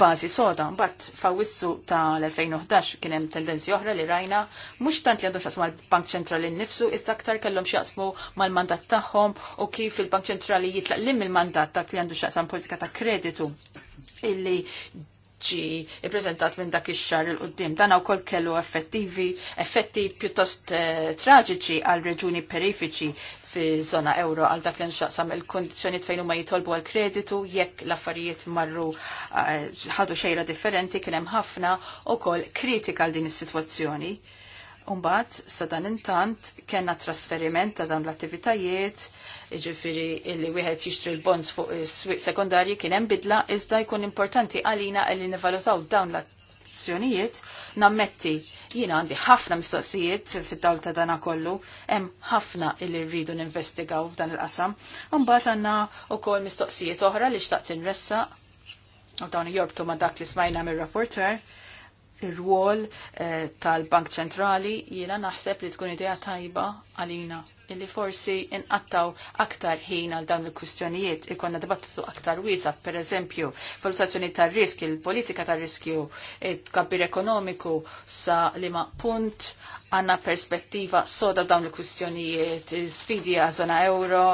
bażi soda, mbagħad fawissu ta' l-2011 kien hemm tendenzi oħra li rajna mhux tant li għandu xasmu mal-Bank Ċentrali nnifsu, iżda aktar kellom xasmu mal-mandat tagħhom u kif il-Bank Ċentrali jitlaq lim il-mandat dak li għandu x'jaqsam politika ta' kreditu illi ġi ippreżentat minn dak ix-xar il qudiem Dan wkoll kellu effettivi, effetti pjuttost eh, traġiċi għal reġuni perifiċi fi zona euro għal dak l-inxaqsam il-kondizjoni fejn huma jitolbu għal kreditu jekk l-affarijiet marru eh, ħadu xejra differenti kien hemm ħafna u kritika għal din is-sitwazzjoni. Umbat, sa dan intant, kena trasferiment ta' dan l-attivitajiet, ġifiri illi wieħed jixtri l-bonds fuq is-swiq sekundarji kien hemm bidla, iżda jkun importanti għalina illi nivalutaw dawn l-azzjonijiet, nammetti jiena għandi ħafna mistoqsijiet fid-dawl ta' dana kollu, hemm ħafna illi rridu ninvestigaw f'dan il-qasam. Umbat għandna wkoll mistoqsijiet oħra li xtaqt inressa, u dawn jorbtu ma' dak li smajna mir-rapporter ir ruol eh, tal-Bank Ċentrali jiena naħseb li tkun idea tajba għalina illi forsi inqattaw aktar ħin għal dawn il-kwistjonijiet ikonna dibattitu aktar wiesa, per eżempju, valutazzjoni tar risk il-politika tar riskju, il-kabbir ekonomiku sa lima punt għanna perspettiva soda dawn il-kwistjonijiet, sfidi għazona euro,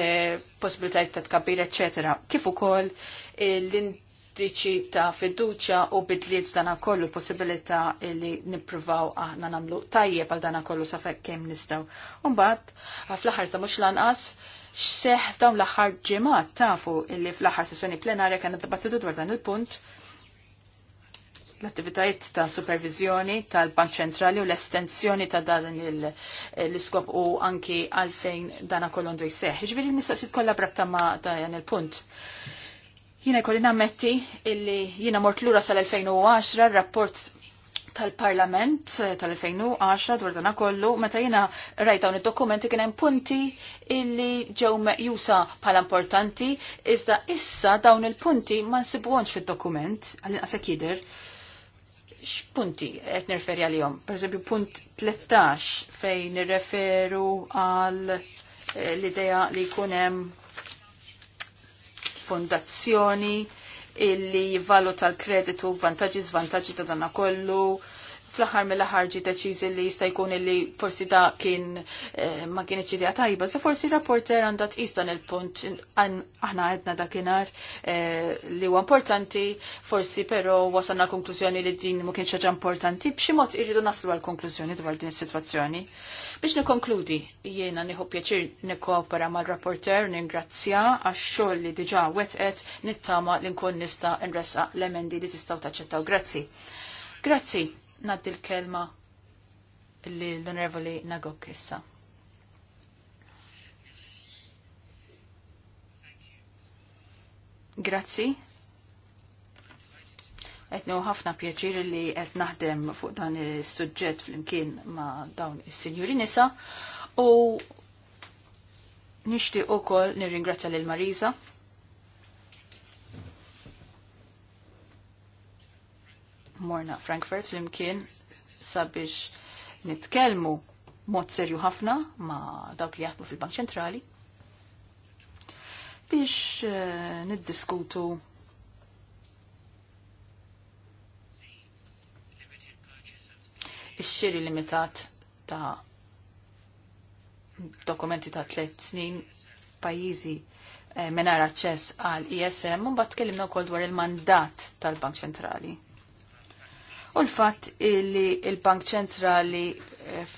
eh, possibilitajiet ta' tkabbir, eccetera. Kif ukoll eh, l-int diċi ta' fiduċa u bidliet dana kollu possibilità li nippruvaw aħna namlu tajjeb għal dana kollu sa' fekk kem nistaw. Umbat, fl-ħar ta' mux lanqas, xseħ dawn l-aħħar ġemat tafu illi fl-aħħar sessjoni plenarja kanna dibattitu dwar dan il-punt l-attivitajiet ta' supervizjoni tal-Bank Ċentrali u l-estensjoni ta' dan l-iskop u anki għalfejn dana ndu jseħ. Ġviri nistoqsit kollha brabta ma' dan il-punt. Jina jkolli nammetti illi jina mort lura sal-2010 rapport tal-Parlament eh, tal-2010 dwar dana kollu, meta jina rajt dawn id-dokumenti kien hemm punti illi ġew meqjusa bħala importanti, iżda issa dawn il-punti ma nsibuhomx fid-dokument għal-inqas jidher x'punti qed nirferi għalihom. Pereżempju punt 13 fejn nirreferu għal eh, l-idea li jkun hemm fondazzjoni illi jivvaluta l-kreditu, vantaġġi, zvantaġġi ta' dana kollu, fl-aħħar mill-aħħar ġi deċiżi li jista' jkun li forsi da kien eh, ma kienx idea tajba, sa forsi rapporter għandha tqis dan il-punt aħna għedna dakinhar eh, li huwa importanti, forsi però wasalna l-konklużjoni li din ma kienx ħaġa importanti b'xi mod irridu naslu għall-konklużjoni dwar din is-sitwazzjoni. Biex nikkonkludi, jiena nieħu pjaċir nikkoopera mal-rapporter ningrazzja għax-xogħol li diġà wetqet nittama li nkun nista' nressaq l-emendi li tistgħu taċċettaw. Grazzi. Grazzi. Naddi l-kelma li l-onorevoli Nagok issa. Grazzi. Etnu ħafna pjaċir li qed naħdem fuq dan is-suġġett flimkien ma' dawn is-sinjuri nisa u nixtieq ukoll nirringrazzja lil Marisa morna Frankfurt flimkien sabiex nitkellmu mod serju ħafna ma' dawk li jaħdmu fil-Bank Ċentrali biex eh, niddiskutu ix-xiri limitat ta' dokumenti ta' tliet snin pajjiżi eh, menar aċċess għal ISM, e u bat tkellimna wkoll dwar il-mandat tal-Bank Ċentrali u l-fatt li il-Bank Ċentrali eh,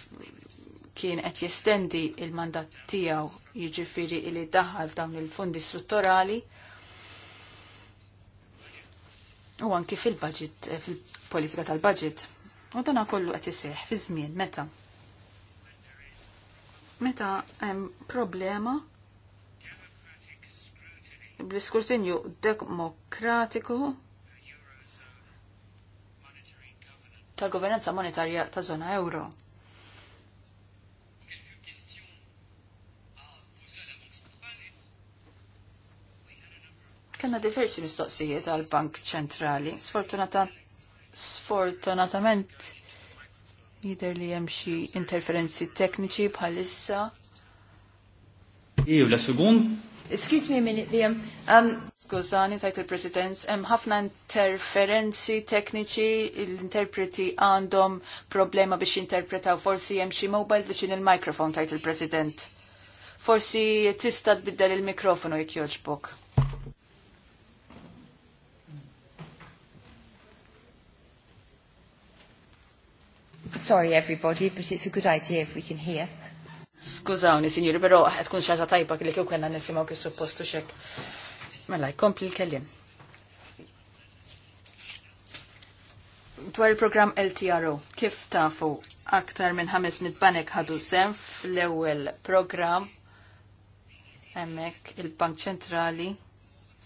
kien qed jestendi il-mandat tiegħu jiġifieri li daħal f'dawn il-fondi strutturali u anki fil-budget eh, fil-politika tal-budget. U dan kollu qed iseħħ fi żmien meta meta hemm problema bl-iskurtinju demokratiku ta' governanza monetarja ta' zona euro. Kanna diversi mistoqsijiet għal Bank Ċentrali. Sfortunata, sfortunatament jider li hemm xi interferenzi tekniċi bħalissa. Iju, la seconde Excuse me a minute, Liam. Um, Skużani, tajt il-President, hemm ħafna interferenzi tekniċi, l-interpreti għandhom problema biex interpretaw forsi hemm xi mobile viċin il-mikrofon tajt il-President. Forsi tista' tbiddel il-mikrofonu jekk joġbok. Sorry everybody, but it's a good idea if we can hear. Skużawni, sinjuri, pero għed kun xaġa tajba kelli kju kena nisimaw kif suppostu xek. Mela, jkompli l-kellim. Dwar il-program LTRO, kif tafu aktar minn 500 banek ħadu sem fl-ewel program emmek il-Bank Ċentrali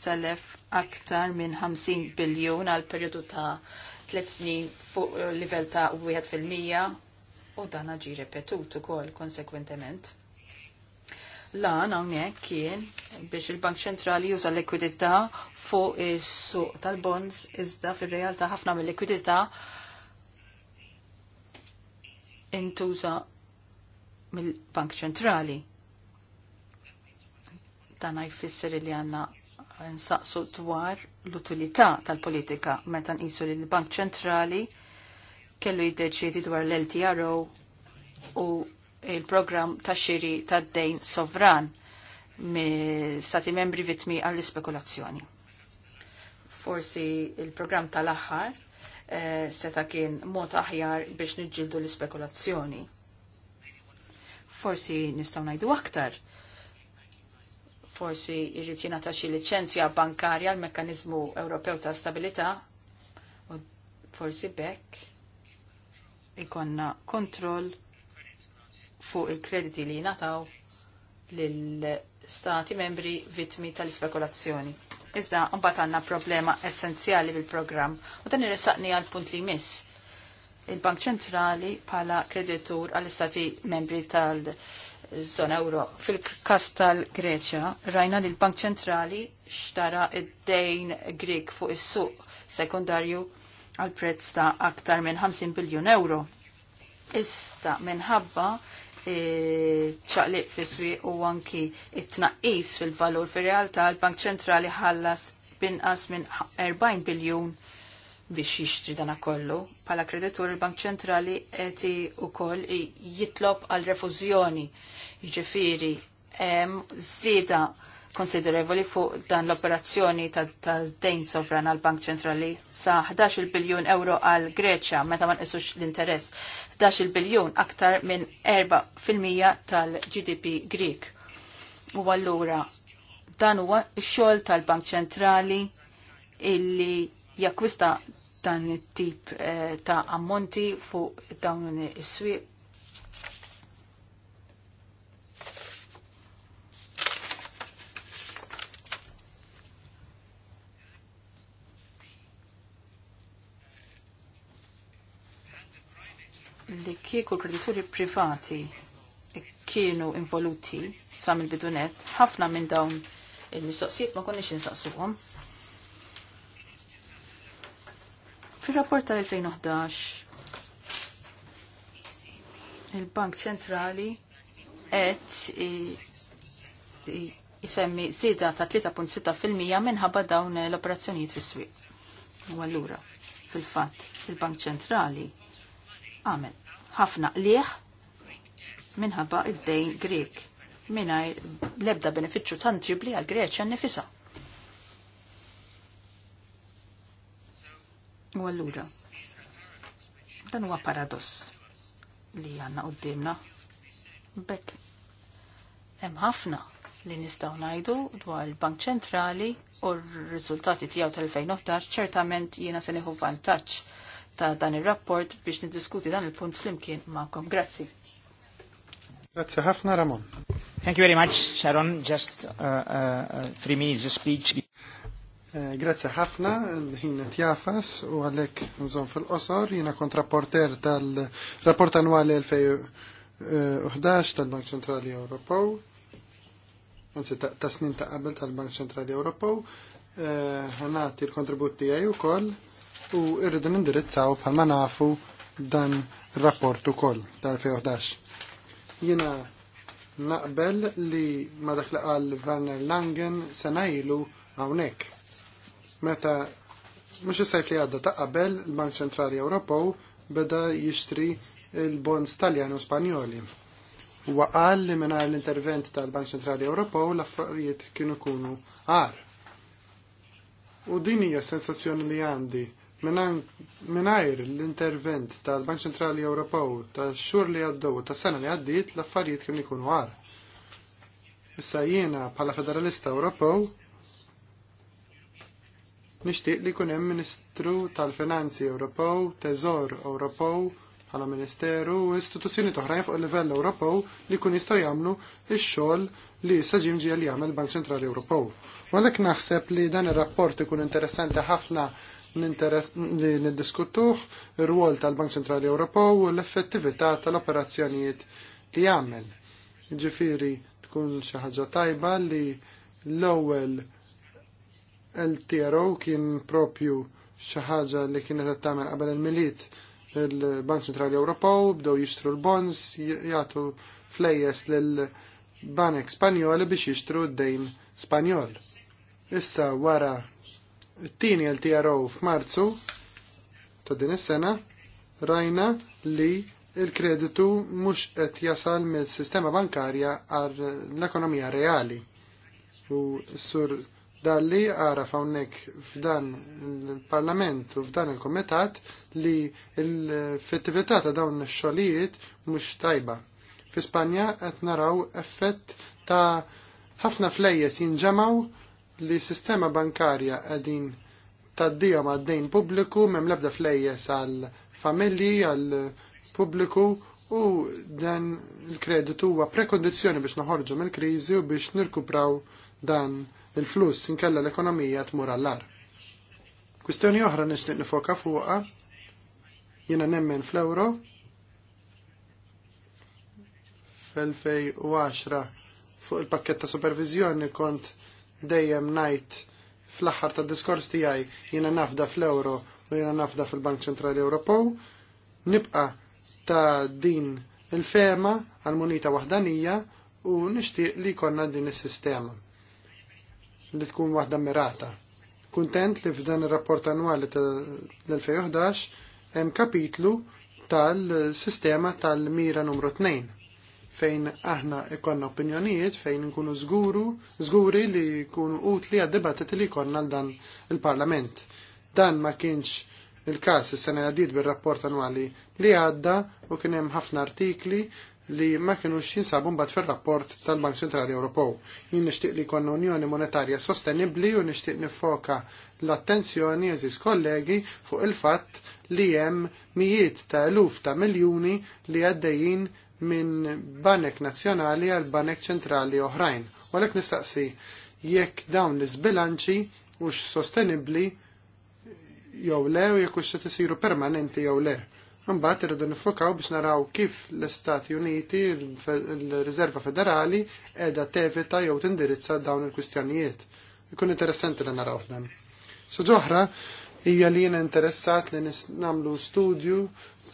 salef aktar minn 50 biljun għal periodu ta' 3 snin fuq livell ta' 1% u dan ġi repetut ukoll konsekwentement. Lan hawnhekk kien biex il-Bank Ċentrali juża l-likwidità fuq is-suq tal-bonds iżda fir-realtà ħafna mill-likwidità intuża mill-Bank Ċentrali. Dan jfisser li għandna nsaqsu dwar l-utilità tal-politika meta nqisu li l-Bank Ċentrali kellu jiddeċidi dwar l-LTRO u il-program ta' xiri ta' dejn sovran me' stati membri vitmi għall-spekulazzjoni. Forsi il-program tal-aħħar eh, seta kien mod aħjar biex niġġildu l-spekulazzjoni. Forsi nistaw najdu aktar forsi irrid jingħata xi liċenzja bankarja l mekkaniżmu Ewropew ta' Stabilità u forsi bekk ikonna kontroll fuq il-krediti li nataw lill-stati membri vittmi tal-spekulazzjoni. Iżda mbagħad għandna problema essenzjali bil-programm u dan irresaqni għal punt li miss. Il-Bank Ċentrali bħala kreditur għall-istati membri tal-Zona Euro. Fil-kas tal-Greċja rajna li l-Bank Ċentrali xtara id-dejn Grik fuq is-suq sekundarju għal prezz ta' aktar minn 50 biljun euro. Ista minħabba e, ċaqliq fiswi u anki it-tnaqqis fil-valur fir realtà l-Bank ċentrali ħallas binqas minn 40 biljun biex jixtri dana kollu. Pala kreditur il-Bank ċentrali eti u koll jitlob għal refużjoni. Ġifiri, zida konsiderevoli fuq dan l-operazzjoni ta' dejn sovran għal Bank Ċentrali sa' 11 biljun euro għal Greċja meta ma nqisux l-interess. 11 biljun aktar minn 4% tal-GDP Greek. U allura dan huwa x-xogħol tal-Bank Ċentrali illi jakkwista dan it-tip eh, ta' ammonti fuq dawn is-swieq li kieku kredituri privati kienu involuti sam il-bidunet, ħafna minn dawn il-mistoqsijiet ma konniex insaqsuhom. Fil-rapport tal-2011 il-Bank Ċentrali qed jisemmi zida ta' 3.6% minħabba dawn l-operazzjonijiet fis-swieq. U allura, fil-fatt, il-Bank Ċentrali għamel ħafna liħ minħabba id-dejn Grek minnajr lebda beneficju tangibli għal Greċja nifisa. U allura, dan huwa paradoss li għanna qoddimna. Bekk, hemm ħafna li nistgħu ngħidu dwar il-Bank Ċentrali u r-riżultati tiegħu tal-2011 ċertament jiena se nieħu vantaġġ ta' dan il-rapport biex nidiskuti dan il-punt flimkien ma'kom. Grazzi. Grazzi ħafna, Ramon. Thank you very much, Sharon. Just uh, uh, uh three minutes of speech. Eh, Grazie ħafna, l-ħin tjafas u għalek nżon fil-qosor, jina kontrapporter tal-rapport annuali 2011 eh, tal-Bank Centrali Ewropew, għanzi ta' snin ta' qabel tal-Bank Centrali Ewropew, eh, ħanati l kontributi għaj u koll u irridu nindirizzaw bħalma nafu dan rapport ukoll tal-2011. Jiena naqbel li ma dak li qal Werner Langen se ngħidu hawnhekk. Meta mhux is-sajf li għadda ta' qabel il-Bank Ċentrali Ewropew beda jixtri il-bonds Taljan u Spanjoli. qal li mingħajr l-intervent tal-Bank Ċentrali Ewropew l-affarijiet kienu kunu għar. U din hija sensazzjoni li għandi Minajr l-intervent tal-Bank Ċentrali Ewropew ta' xhur li għaddew ta' sena li għaddiet l-affarijiet kienu jkunu għar. Issa jiena bħala Federalista Ewropew nixtieq li jkun hemm Ministru tal-Finanzi Ewropew, Teżor Ewropew bħala Ministeru u istituzzjoni toħrajn fuq il-livell Ewropew li jkun jistgħu jagħmlu x-xogħol li issa ġimġi li jagħmel Bank Centrali Ewropew. Għalhekk naħseb li dan ir-rapport ikun interessanti ħafna li niddiskutuh ir-rwol tal-Bank Centrali Ewropew u l-effettività tal-operazzjonijiet li jagħmel. Ġifieri tkun xi ħaġa tajba li l-ewwel LTRO kien propju xi ħaġa li kienet qed tagħmel qabel il-miliet il-Bank Centrali Ewropew bdew jixtru l-bonds jagħtu flejjes lill-Banek Spanjoli biex jixtru d-dejn Spanjol. Issa wara it-tieni LTRO f'Marzu ta' din is-sena rajna li il-kreditu mhux qed jasal mill-sistema bankarja għal l-ekonomija reali. U sur dalli għara hawnhekk f'dan il-Parlament u f'dan il kumitat li l-effettività ta' dawn ix-xogħlijiet mhux tajba. Fi Spanja qed naraw effett ta' ħafna flejjes jinġemaw li sistema bankarja għedin taddija ma' d-dejn publiku, mem lebda flejjes għal familji, għal publiku u dan il-kreditu huwa prekondizjoni biex naħorġu mill-kriżi u biex nirkupraw dan il-flus inkella l-ekonomija tmur għall-ar. Kwistjoni oħra nixtieq nifoka fuqha jiena nemmen fl-euro fl-2010 fuq il-pakket ta' supervizjoni kont dejjem najt fl-axħar ta' diskors tijaj jena nafda fl-euro u jena nafda fil-Bank Ċentrali Ewropew, nibqa ta' din il-fema għal-munita wahdanija u nishtiq li konna din is-sistema li tkun wahda mirata. Kuntent li f'dan ir-rapport annwali ta' l-2011 hemm kapitlu tal-sistema tal-mira numru 2 fejn aħna ikonna opinjonijiet, fejn nkunu żguru, żguri li jkunu utli għad-debattit li jkollna dan il-Parlament. Dan ma kienx il-każ is-sena jadid bir-rapport annwali li għadda u kien hemm ħafna artikli li ma kienu jinsabu mbagħad fir-rapport tal-Bank Centrali Ewropew. Jien nixtieq li jkollna Unjoni Monetarja Sostenibbli u nixtieq nifoka l-attenzjoni eżis kollegi fuq il-fatt li hemm mijiet ta' eluf ta' miljuni li għaddejjin minn banek nazzjonali għal banek ċentrali oħrajn. U għalek nistaqsi jekk dawn l-isbilanċi hux sostenibbli jew le u jekk hux isiru permanenti jew le. Mbagħad irridu nifokaw biex naraw kif l-Istati Uniti, l-Riserva Federali qiegħda tevita jew tindirizza dawn il-kwistjonijiet. Ikun interessanti li naraw dan. So ġoħra, hija li jiena interessat li nagħmlu studju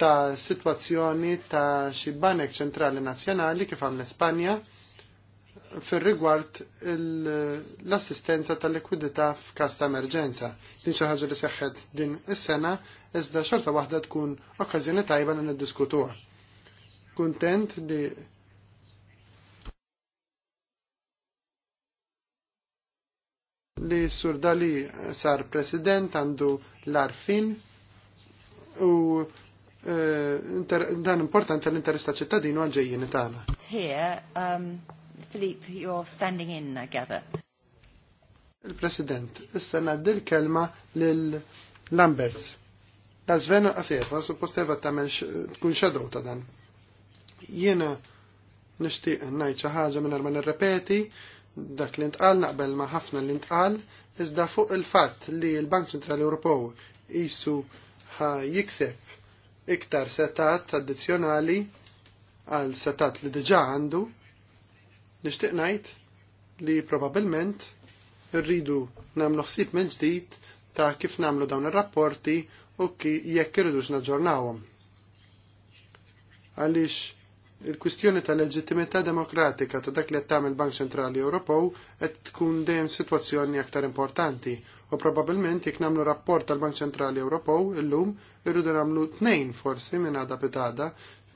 ta' sitwazzjoni ta' xi banek ċentrali nazzjonali kif għamlet Spanja fir rigward l-assistenza tal-likwidità f'każ ta' emerġenza. Din xi ħaġa li seħħet din is-sena iżda xorta waħda tkun okkażjoni tajba li niddiskutuha. Kuntent li li Sur Dali sar president għandu l-arfin u eh, dan importanti l-interess ta' ċittadinu għalġejjien tagħna. Here, um, Philippe, you're standing in, I gather. Il-President, issa naddi l-kelma l Lamberts. La Sven Aseva, suppost Eva tagħmel tkun xadow ta' dan. Jiena nixtieq ngħid xi ħaġa minn ma nirrepeti dak li ntqal naqbel ma' ħafna li ntqal, iżda fuq il-fatt li l-Bank Ċentrali Ewropew isu ħa jikseb iktar setat addizzjonali għal setat li diġà għandu, nixtieq ngħid li probabbilment irridu nagħmlu ħsieb minn ġdid ta' kif nagħmlu dawn ir-rapporti u jekk irridux naġġornawhom. Għaliex il-kwistjoni tal-leġittimità demokratika ta' dak li qed tagħmel Bank Ċentrali Ewropew qed tkun dejjem sitwazzjoni aktar importanti u probabbilment jekk nagħmlu rapport tal-Bank Ċentrali Ewropew illum irridu nagħmlu tnejn forsi minn għada pitada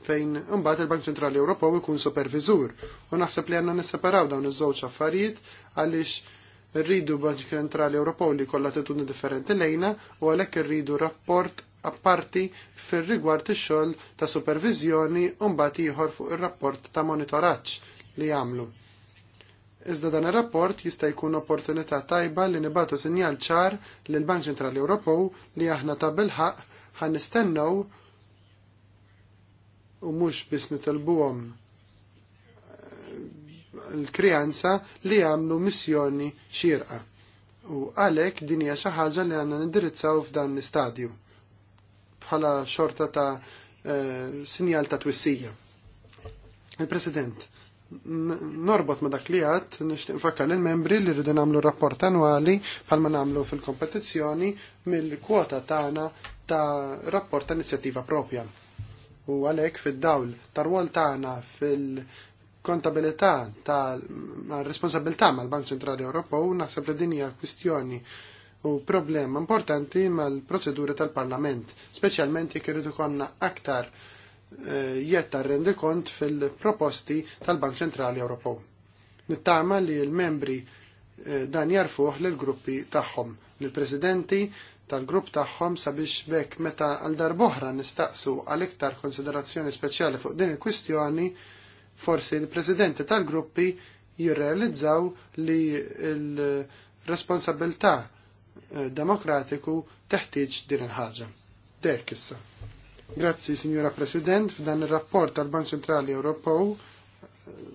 fejn imbagħad il-Bank Ċentrali Ewropew ikun superviżur u naħseb li għandna nisseparaw dawn iż-żewġ affarijiet għaliex rridu Bank Ċentrali Ewropew li kollha attitudni differenti lejna u għalhekk irridu rapport apparti fir-rigward ix-xogħol ta' supervizjoni u mbagħad ieħor fuq ir-rapport ta' monitoraġġ li jamlu. Iżda dan ir-rapport jista' jkun opportunità tajba li nibatu sinjal ċar l Bank Ċentrali Ewropew li aħna ta' bilħaq ħan nistennew u mhux biss nitilbuhom eh, l krijanza li għamlu missjoni xirqa. U għalek din hija xi ħaġa li għandna nindirizzaw f'dan l-istadju bħala xorta ta' eh, sinjal ta' twissija. Il-President, norbot ma dak li għat, nishtiq nfakkar l-membri li rridu namlu rapport annwali bħalma namlu fil-kompetizzjoni mill-kwota tagħna ta' rapport ta' inizjattiva propja. U għalek fil-dawl ta' rwol tagħna fil- kontabilità ta' responsabilità mal-Bank Ċentrali Ewropew naħseb li din hija kwistjoni u problema importanti mal-proċeduri tal-Parlament, speċjalment jekk irid konna aktar eh, jetta rendi kont fil-proposti tal-Bank Centrali Ewropew. Nittama li l-membri eh, dan jarfuh lill-gruppi tagħhom, l presidenti tal-grupp tagħhom sabiex bekk meta għal darboħra nistaqsu għal iktar konsiderazzjoni speċjali fuq din il-kwistjoni, forsi l-presidenti tal-gruppi jirrealizzaw li l responsabilta Eh, demokratiku teħtieġ din il-ħaġa. Derk issa. Grazzi, Signora President, f'dan il-rapport tal-Bank Centrali Ewropew eh,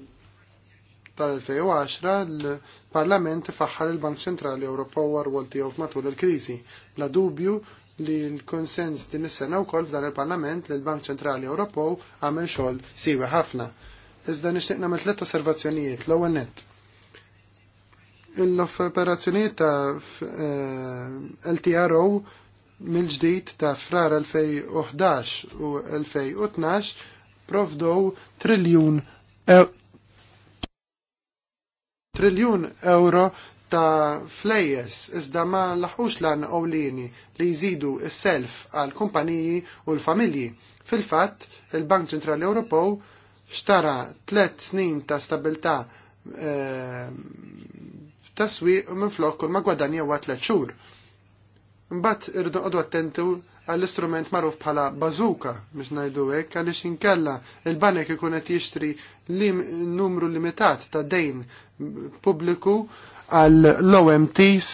tal-2010 l-Parlament faħħar il-Bank Centrali Ewropew għarwol tiegħu matul il-kriżi. La dubju li l-konsens din is-sena wkoll f'dan il-Parlament li l-Bank Centrali Ewropew għamel xogħol siwi ħafna. Iżda nixtieq nagħmel tliet osservazzjonijiet l-ewwel nett l-operazzjoniet ta' eh, LTRO mill-ġdid ta' frar 2011 u 2012 provdow triljun triljun euro ta' flejjes iżda ma laħux lan ewlieni li jżidu s-self għal kumpaniji u l-familji. Fil-fatt, il-Bank Ċentrali Ewropew xtara tlet snin ta' stabilta' eh, taswi u u minflok kull ma gwadanja huwa tliet xhur. Mbagħad irridu għadu attentu għall-istrument magħruf bħala bazuka biex ngħidu hekk għaliex inkella il-banek ikun qed jixtri lim numru limitat ta' dejn pubbliku għall-OMTs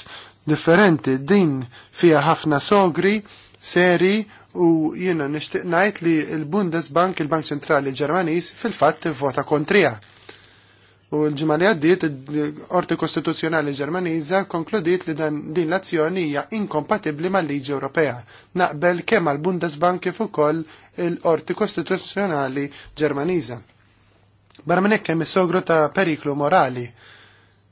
differenti din fija ħafna sogri seri u jiena nishtiq najt li il-Bundesbank, il-Bank Centrali Ġermanis, fil-fatt vota kontrija. U l-ġimgħa li għaddiet il-Qorti Kostituzzjonali Ġermaniża konkludiet li dan din l-azzjoni hija inkompatibbli mal-liġi Ewropea. Naqbel kemm għal Bundesbank kif ukoll il-Qorti Kostituzzjonali Ġermaniża. Barra minn hekk hemm is-sogru ta' periklu morali.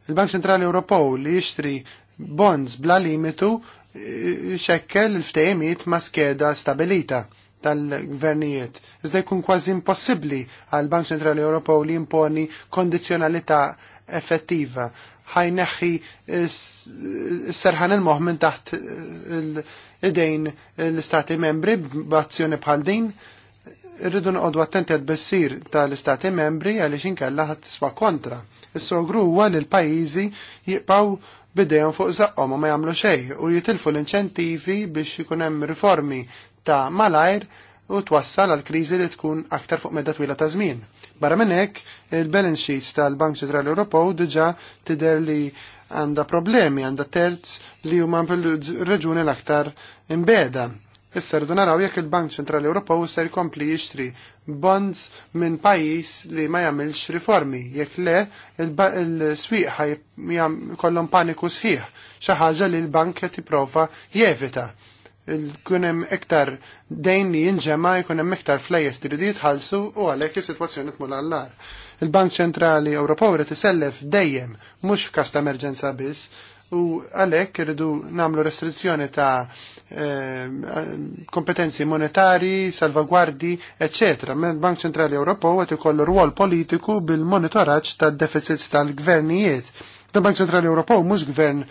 Il-Bank Ċentrali Ewropew li jixtri bonds bla limitu eh, xekkel il-ftehimiet ma' skeda stabilita tal-gvernijiet. Iżda jkun kważi impossibbli għal Bank Ċentrali Ewropew li imponi kondizzjonalità effettiva ħajneħħi serħan il-moħ minn taħt id-dejn l-istati membri b'azzjoni bħal din irridu noqogħdu attenti għad bessir tal-istati membri għaliex inkella ħadd tiswa kontra. Is-sogru huwa li l-pajjiżi jibqgħu bidejhom fuq u ma jagħmlu xejn u jitilfu l-inċentivi biex ikun hemm riformi ta' malajr u twassal għal kriżi li tkun aktar fuq medda twila ta' żmien. Barra minn hekk il-balance sheets tal-Bank Ċentrali Ewropew diġà tidher li għandha problemi, għandha terz li huma reġuni l-aktar imbeda. Issa rridu naraw jekk il-Bank Ċentrali Ewropew se jkompli jixtri bonds minn pajjiż li ma jagħmilx riformi, jekk le il-swieq ħaj kollhom paniku sħiħ, xi ħaġa li l-bank qed jipprova jevita kunem iktar dejn li jinġema jkunem iktar flejjes li rridu jitħallsu u għalhekk is-sitwazzjoni tmur għall Il-Bank Ċentrali Ewropew rid isellef dejjem mhux f'każ ta' emerġenza biss u għalhekk irridu nagħmlu restrizzjoni ta' eh, kompetenzi monetari, salvagwardi, ecc. Il-Bank Ċentrali Ewropew qed ikollu rwol politiku bil-monitoraġġ tad-deficits tal-gvernijiet. Il-Bank Ċentrali Ewropew mhux gvern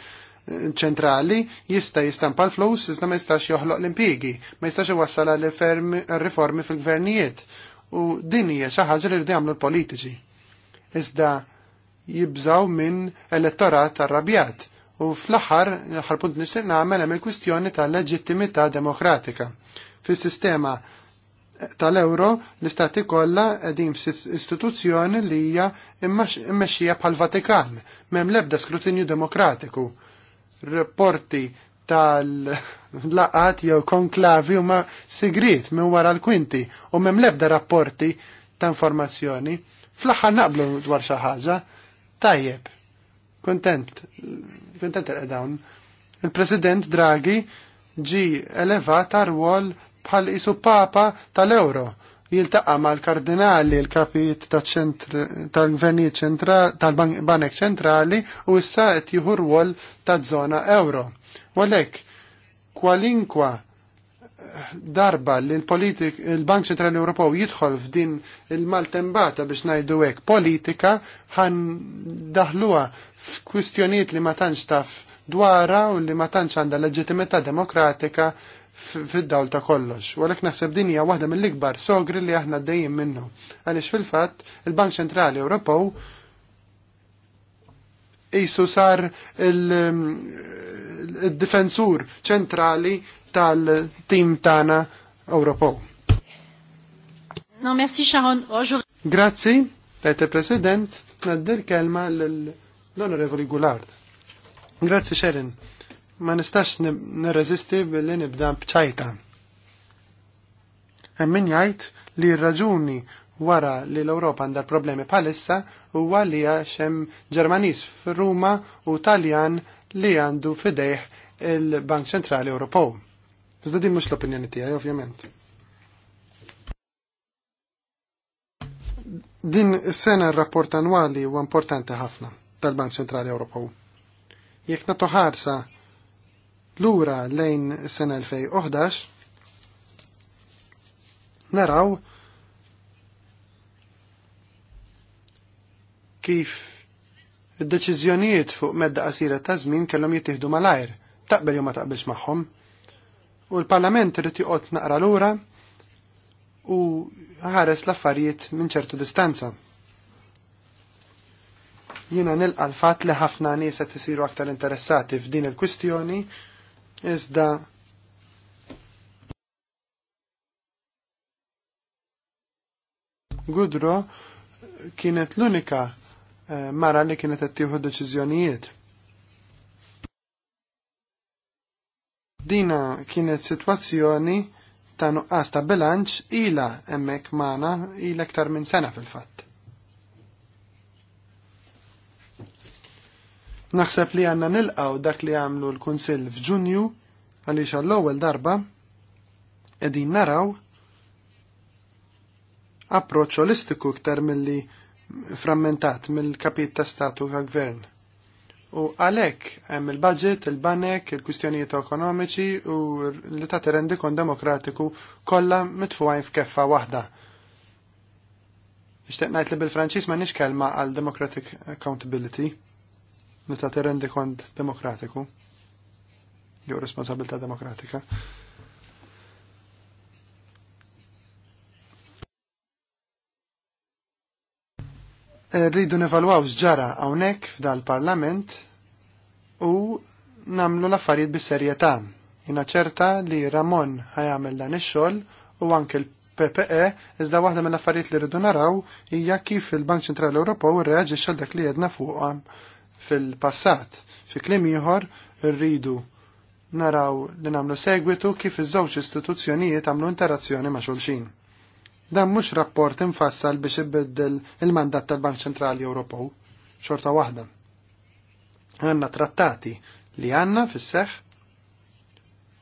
ċentrali jista jistampa l-flus iżda ma jistax joħloq l-impigi, ma jistax iwassal għal-riformi fil-gvernijiet. U din hija xi ħaġa li jagħmlu l-politiċi. Iżda jibżaw minn elettorat arrabjat. U fl-aħħar, l-aħħar punt nixtieq nagħmel hemm il-kwistjoni tal-leġittimità demokratika. Fis-sistema tal-euro l-istati kollha qegħdin istituzzjoni li hija immexxija bħal-Vatikan m'hemm l-ebda skrutinju demokratiku rapporti tal-laqat jew konklavi huma sigrit minn wara l-kwinti u mem lebda rapporti ta' informazzjoni. Fl-aħħar naqblu dwar xi ħaġa, tajjeb. Kontent, kontent dawn. Il-President Draghi ġi elevat ar-wol bħal isu papa tal-euro jiltaqa' mal-kardinali l-kapit tal-gvernijiet tal-banek ċentrali u issa qed jieħu rwol taż-żona euro. Walek, kwalinkwa darba li l-politik, il-Bank Ċentrali Ewropew jidħol f'din il-maltembata biex ngħidu hekk politika ħan daħluha f'kwistjonijiet li ma tantx taf dwara u li ma tantx għandha leġitimità demokratika fid-dawl ta' kollox, u għalhekk naħseb din hija waħda mill-ikbar sogri li aħna dejjem minnu. Għaliex fil-fatt il-Bank Ċentrali Ewropew jisu sar mm, il-difensur ċentrali tal-tim tagħna Ewropew. No, merci Sharon. Grazzi, Rete President, nadder kelma l-Onorevoli Goulard. Grazzi Sharon ma nistax nirreżisti billi nibda bċajta. Hemm min jgħid li r-raġuni wara li l-Ewropa għandha problemi bħalissa huwa li għax hemm Ġermaniż f'Ruma u Taljan li għandu fidejh il-Bank Ċentrali Ewropew. Iżda din mhux l-opinjoni tiegħi ovvjament. Din is-sena r-rapport annwali huwa importanti ħafna tal-Bank Ċentrali Ewropew. Jekk nagħtu ħarsa lura lejn sena 2011 naraw kif id-deċiżjonijiet fuq medda qasira ta' żmien kellhom jittieħdu malajr, taqbel jew ma taqbilx magħhom. U l-Parlament irid joqgħod naqra lura u ħares l-affarijiet minn ċertu distanza. Jiena nilqa l-fatt li ħafna nies qed isiru aktar interessati f'din il-kwistjoni iżda Gudro kienet l-unika eh, mara li kienet qed d deċiżjonijiet. Dina kienet sitwazzjoni ta' nuqqas ta' bilanċ ila hemmhekk mana ila ktar minn sena fil-fatt. Naħseb li għanna nilqaw dak li għamlu l-Kunsill f'Ġunju għaliex għall-ewwel darba qegħdin naraw approċċ olistiku iktar milli frammentat mill-kapit ta' statu ta' gvern. U għalhekk hemm il-budget, il-banek, il-kwistjonijiet ekonomiċi u li ta' rendikon demokratiku kollha mitfuqajn f'keffa waħda. Nixtieq ngħid li bil-Franċiż ma kelma għal democratic accountability meta terendi kont demokratiku, jew responsabilità demokratika. Rridu nevalwaw x'ġara hawnhekk f'dal-Parlament u namlu l-affarijiet bis-serjetà. Jina ċerta li Ramon ħajamel dan ix-xogħol u anke l-PPE iżda waħda mill-affarijiet li rridu naraw hija kif il-Bank Ċentrali Ewropew irreaġixxa dak li jedna fuqha fil-passat. Fi klim ieħor rridu naraw li nagħmlu segwitu kif iż-żewġ istituzzjonijiet għamlu interazzjoni ma' xulxin. Dan mhux rapport infassal biex ibiddel il-mandat tal-Bank Ċentrali Ewropew xorta waħda. Għanna trattati li għanna fis-seħ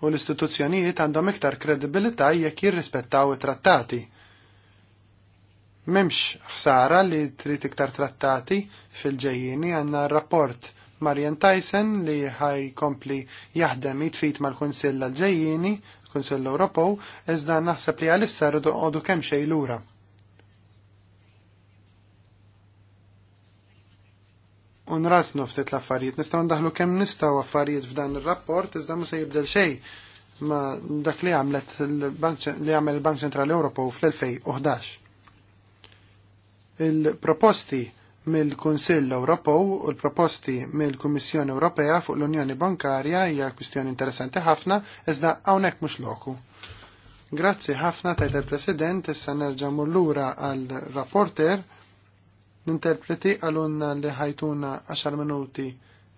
u l-istituzzjonijiet għandhom iktar kredibilità jekk jirrispettaw it-trattati Memx ħsara li trid iktar trattati fil-ġejjini għandna rapport Marian Tyson li ħaj kompli jaħdem jitfit mal-Kunsill għal-ġejjini, Kunsill Ewropew, iżda naħseb li għalissa rridu għodu kemm xejn lura. unrasnu ftit l-affarijiet. Nistaw ndaħlu kemm nistaw affarijiet f'dan ir-rapport, iżda ma se jibdel xejn ma dak li għamlet li għamel il-Bank Ċentrali Ewropew fl-2011 il-proposti mill-Kunsill Ewropew u l-proposti mill-Kummissjoni Ewropea fuq l-Unjoni Bankarja hija kwistjoni interessanti ħafna iżda hawnhekk mhux loku. Grazzi ħafna tajt il-President, issa nerġa' lura għal-rapporter. L-interpreti għalunna li ħajtuna 10 minuti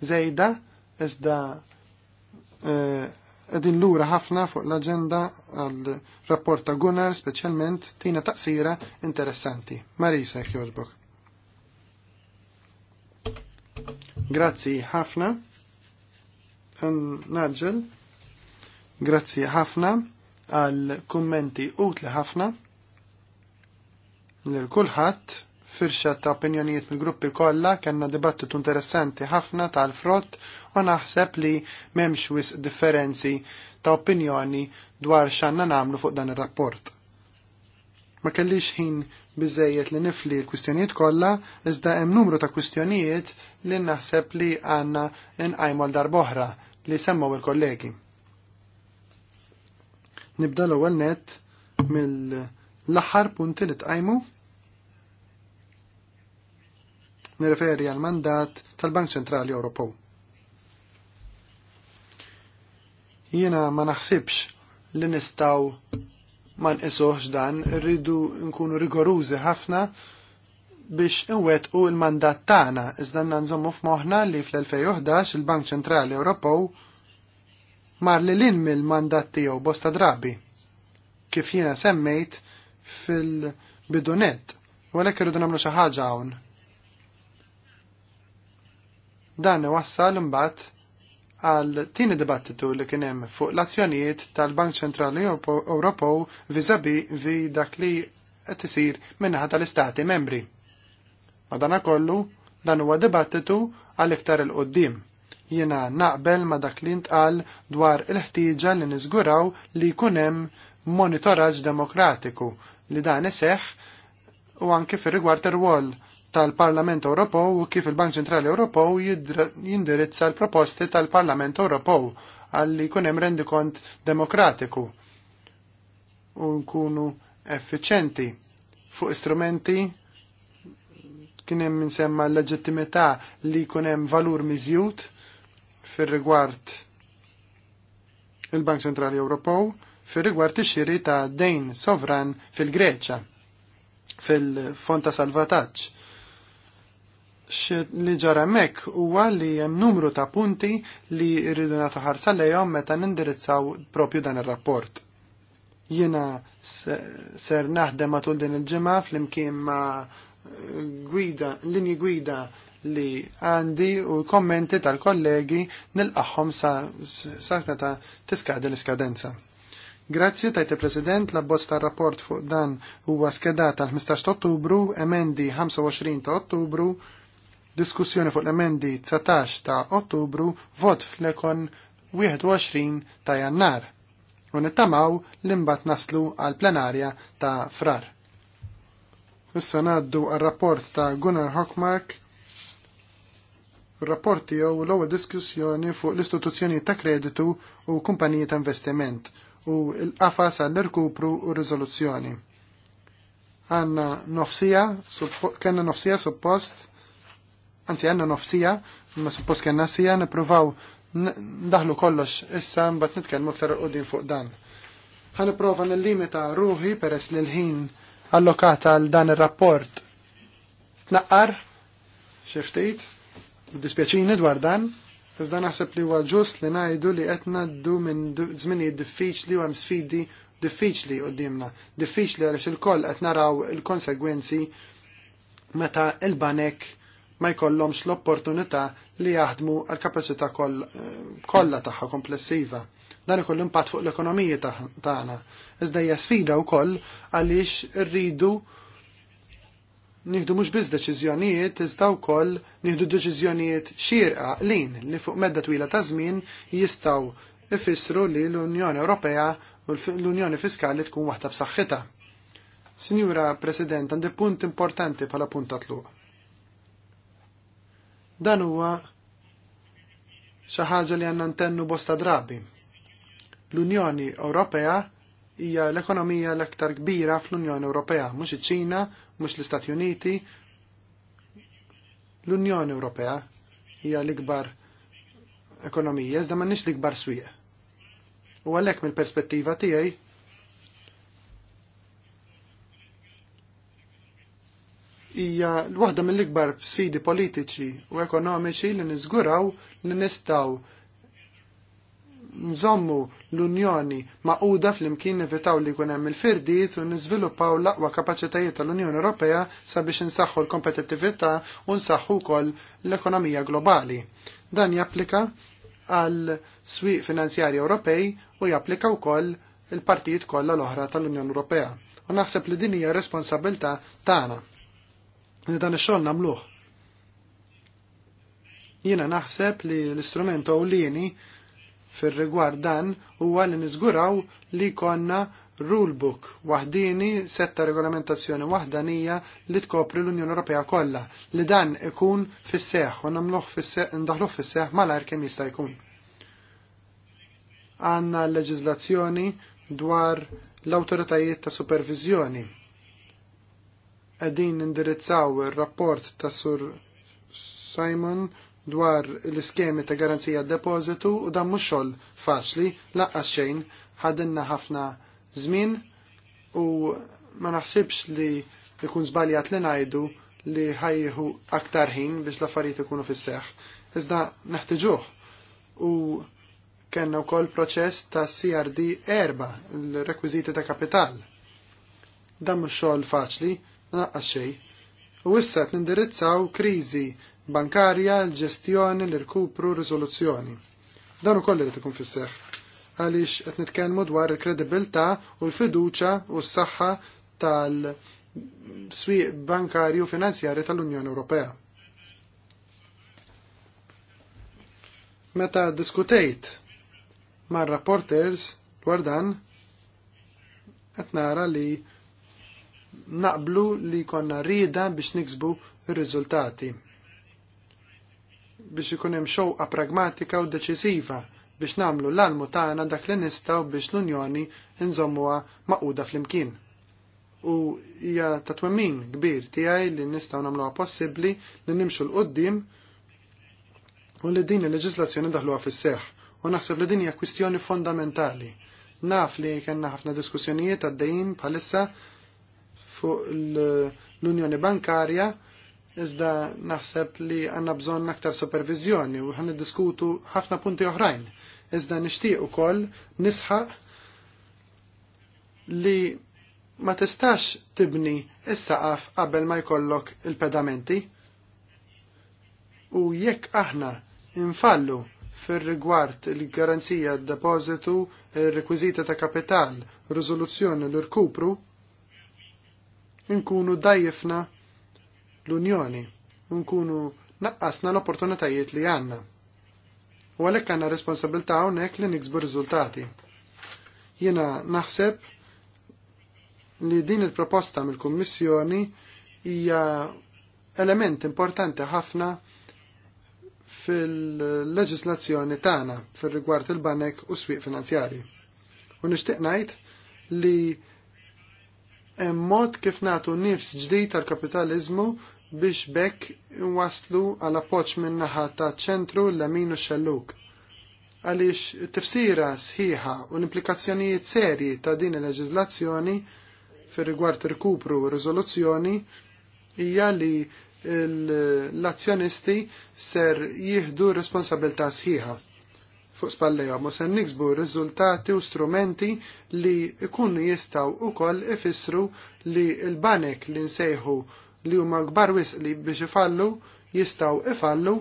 zejda iżda eh, Edin lura ħafna fuq l-agenda għal rapporta Gunnar specialment tina taqsira interessanti. Marisa Kjorbok. Grazzi ħafna. Naġġel. Grazzi ħafna għal kummenti utli ħafna lil kulħadd firxa ta' opinjonijiet mill-gruppi kollha kellna dibattitu interessanti ħafna tal-frott Ma naħseb li m'hemmx wis differenzi ta' opinjoni dwar x'għandna nagħmlu fuq dan ir-rapport. Ma kellix ħin biżejjed li nifli l-kwistjonijiet kollha, iżda hemm numru ta' kwistjonijiet li naħseb li għandna inqajmu għal darb'oħra li semmu il-kollegi. Nibda l-ewwel net mill-aħħar punti li tqajmu nirreferi għal mandat tal-Bank Ċentrali Ewropew. Jiena ma naħsibx li nistaw ma nqisuħx dan, rridu nkunu rigorużi ħafna biex inwet u il-mandat tagħna iżda nżommu f'moħħna li fl-2011 il-Bank Ċentrali Ewropew mar li l-inmi mill-mandat tiegħu bosta drabi kif jiena semmejt fil-bidunet u għalhekk irridu nagħmlu xi ħaġa hawn. Dan iwassal imbagħad għal tieni dibattitu li kien hemm fuq l-azzjonijiet tal-Bank Ċentrali Ewropew viżabi vi dak li qed isir minnaħa tal-Istati membri. Madanakollu dan huwa dibattitu għal iktar il-qoddim. Jiena naqbel ma dak li ntqal dwar il-ħtieġa li niżguraw li jkun hemm monitoraġġ demokratiku li dan iseħħ u anke fir rigward ir-wol tal-Parlament Ewropew u kif il-Bank Ċentrali Ewropew jindirizza l-proposti tal-Parlament Ewropew għalli jkun hemm rendikont demokratiku u nkunu effiċenti fuq istrumenti kien hemm insemma l-leġittimità li jkun hemm valur miżjud fir-rigward il-Bank Ċentrali Ewropew fir-rigward ix-xiri ta' dejn sovran fil-Greċja fil-fond ta' salvataġġ li ġara mek huwa li hemm numru ta' punti li rridu natu ħarsa lejom meta nindirizzaw propju dan ir-rapport. Jiena ser naħdem matul din il-ġimgħa flimkien ma' gwida, linji gwida li għandi u kommenti tal-kollegi nil-qaħħom sa' ta' tiskadi l-iskadenza. Grazzi tajt il-President la bosta rapport fuq dan huwa skedata tal-15 Ottubru, emendi 25 ta' Ottubru, Diskussjoni fuq l-emendi 19 ta' Ottubru, vot fl'ekon 21 ta' Jannar. U nittamaw l-imbat naslu għal plenarja ta' Frar. Issa naddu għal rapport ta' Gunnar Hockmark. Rapport tiegħu l-ewwel diskussjoni fuq l-istituzzjoni ta' kreditu u kumpaniji ta' investiment u l-qafas għall-irkupru u rizoluzzjoni. Għanna nofsija, kena nofsija suppost, anzi għanna nofsija, ma suppost kena sija, nipruvaw ndaħlu kollox issa mbagħad nitkellmu aktar din fuq dan. Ħan nipprova limita ruħi peress li l-ħin allokata għal dan ir-rapport tnaqqar xi ftit, dispjaċini dwar dan, iżda naħseb li huwa ġust li ngħidu li qed ngħaddu minn żminijiet diffiċli u hemm sfidi diffiċli qudiemna, diffiċli għaliex il-koll qed naraw il-konsegwenzi meta il-banek il banek ma jkollhomx l-opportunità li jaħdmu għal kapaċità kollha tagħha komplessiva. Dan ikollu impatt fuq l-ekonomija tagħna. Iżda hija sfida wkoll għaliex irridu nieħdu mhux biss deċiżjonijiet iżda wkoll nieħdu deċiżjonijiet xierqa lin li fuq medda twila ta' żmien jistgħu ifissru li l-Unjoni Ewropea u l-Unjoni Fiskali tkun waħda f'saħħitha. Sinjura President, għandi punt importanti bħala punt ta' tluq. Dan huwa xi ħaġa li għandna ntennu bosta drabi. L-Unjoni Ewropea hija l-ekonomija l-aktar kbira fl-Unjoni Ewropea, mhux iċ-Ċina, mhux l-Istati Uniti. L-Unjoni Ewropea hija l-ikbar ekonomija, iżda m'għandniex l-ikbar swieq. U għalhekk mill-perspettiva tiegħi hija waħda mill-ikbar sfidi politiċi u ekonomiċi li niżguraw li nistgħu nżommu l-Unjoni maquda fl-imkien nevitaw li jkun hemm il-firdiet u niżviluppaw l-aqwa kapaċitajiet tal-Unjoni Ewropea sabiex insaħħu l-kompetittività u nsaħħu wkoll l-ekonomija globali. Dan japplika għal swieq finanzjarji Ewropej u japplika wkoll il-partijiet kollha l-oħra tal-Unjoni Ewropea. U naħseb li din hija responsabilità tagħna li dan ix-xogħol nagħmluh. Jiena naħseb li l-istrument ewlieni fir-rigward dan huwa li niżguraw li konna rulebook waħdini setta regolamentazzjoni waħdanija li tkopri l-Unjoni Ewropea kollha li dan ikun fis-seħ u nagħmluh fis-seħ ndaħluh fis-seħ malajr kemm jista' jkun. Għandna l-leġiżlazzjoni dwar l-awtoritajiet ta' supervizjoni għedin indirizzaw il-rapport ta' Sur Simon dwar l-iskemi ta' garanzija depozitu u dan mhux xogħol faċli laqqas xejn ħadinna ħafna żmien u ma naħsibx li jkun żbaljat li ngħidu li ħajjiħu aktar ħin biex l-affarijiet ikunu fis-seħħ. Iżda neħtiġuh u kellna wkoll proċess ta' CRD erba' l-rekwiżiti ta' kapital. Dan mhux xogħol faċli naqqas xejn. U issa qed nindirizzaw kriżi bankarja, l-ġestjoni, l-irkupru, rizoluzzjoni. Dan ukoll irid ikun fis-seħħ għaliex qed nitkellmu dwar il-kredibilità u l-fiduċa u s-saħħa tal-swieq bankarju finanzjarji tal-Unjoni Ewropea. Meta diskutejt mar rapporters dwar dan qed nara li naqblu li konna rida biex niksbu r-riżultati. Biex ikun hemm xewqa pragmatika u deċisiva biex namlu l-almu tagħna dak li nistgħu biex l-Unjoni nżommuha maquda flimkien. U hija ta' twemmin kbir tiegħi li nistgħu nagħmluha possibbli li nimxu l qoddim u li din il-leġislazzjoni daħluha fis-seħħ u naħseb li din hija kwistjoni fondamentali. Naf li kellna ħafna diskussjonijiet għaddejjin bħalissa fuq l-Unjoni Bankarja iżda naħseb li għanna bżonn aktar supervizjoni u għanna diskutu ħafna punti oħrajn. Iżda nixtieq ukoll nisħaq li ma tistax tibni is-saqaf qabel ma jkollok il-pedamenti. U jekk aħna infallu fir-rigward il-garanzija d-depożitu, il-rekwizita ta' kapital, riżoluzzjoni l-irkupru, nkunu dajjefna l-Unjoni, nkunu naqqasna l-opportunitajiet li għanna. U għalek għanna responsabilta għonek li niksbu rizultati. Jena naħseb li din il-proposta mill-Kummissjoni hija element importanti ħafna fil-leġislazzjoni tagħna fil-rigward il-banek u swieq finanzjari. U nixtieq ngħid li hemm mod kif nagħtu nifs ġdid tal-kapitaliżmu biex bekk waslu għal appoġġ minn naħa ta' ċentru l aminu xelluk. Għaliex tifsira sħiħa u l-implikazzjonijiet serji ta' din il leġizlazzjoni fir rigward irkupru u rizoluzzjoni hija li l-azzjonisti ser jieħdu responsabilità sħiħa fuq spallejhom u se niksbu riżultati u strumenti li ikunu jistgħu wkoll ifissru li l-banek li nsejħu li huma kbar wisqli biex ifallu jistgħu ifallu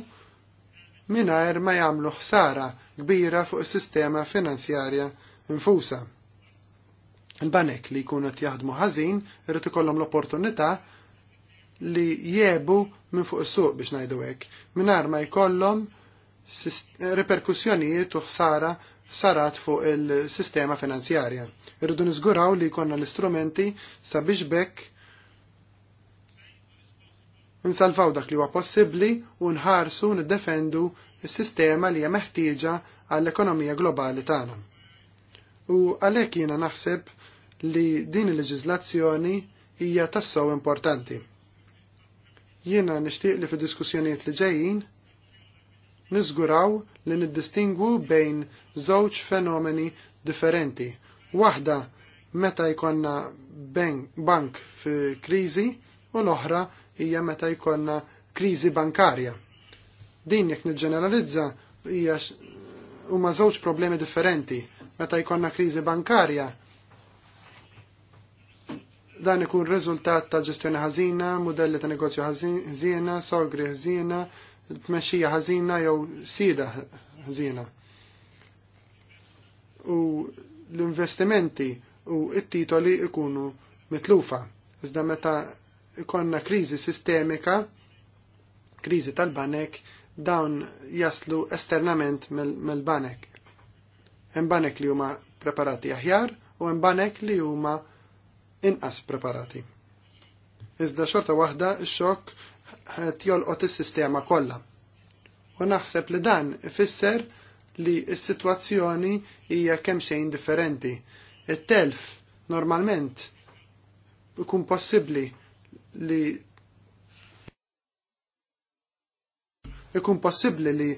mingħajr ma jagħmlu ħsara kbira fuq is-sistema finanzjarja infusa. Il-banek li jkunu qed jaħdmu ħażin irid ikollhom l-opportunità li jiebu minn fuq is-suq biex ngħidu hekk, mingħajr ma jkollhom reperkussjonijiet u ħsara sarat fuq il-sistema finanzjarja. Irridu niżguraw li jkollna l-istrumenti sabiex bekk nsalvaw dak li huwa possibbli u nħarsu niddefendu s-sistema li hija meħtieġa għall-ekonomija globali tagħna. U għalhekk jiena naħseb li din il-leġiżlazzjoni hija tassew importanti. Jiena nixtieq li fid-diskussjonijiet li ġejjin niżguraw li niddistingu bejn żewġ fenomeni differenti. Waħda meta jkonna bank fi kriżi u l-oħra hija meta jkonna kriżi bankarja. Din jekk niġġeneralizza hija huma żewġ problemi differenti. Meta jkonna kriżi bankarja, dan ikun riżultat ta' ġestjoni ħażina, modelli ta' negozju ħażina, sogri ħażina, tmexxija ħażina jew sida ħażina. U l-investimenti u t-titoli ikunu mitlufa. Iżda meta ikonna kriżi sistemika, kriżi tal-banek, dawn jaslu esternament mill-banek. Hemm banek li huma preparati aħjar u hemm banek li huma inqas preparati. Iżda xorta waħda x-xokk ħet il sistema kollha. U naħseb li dan ifisser li s situazzjoni hija kemm xejn differenti. It-telf normalment ikun possibbli li ikun possibbli li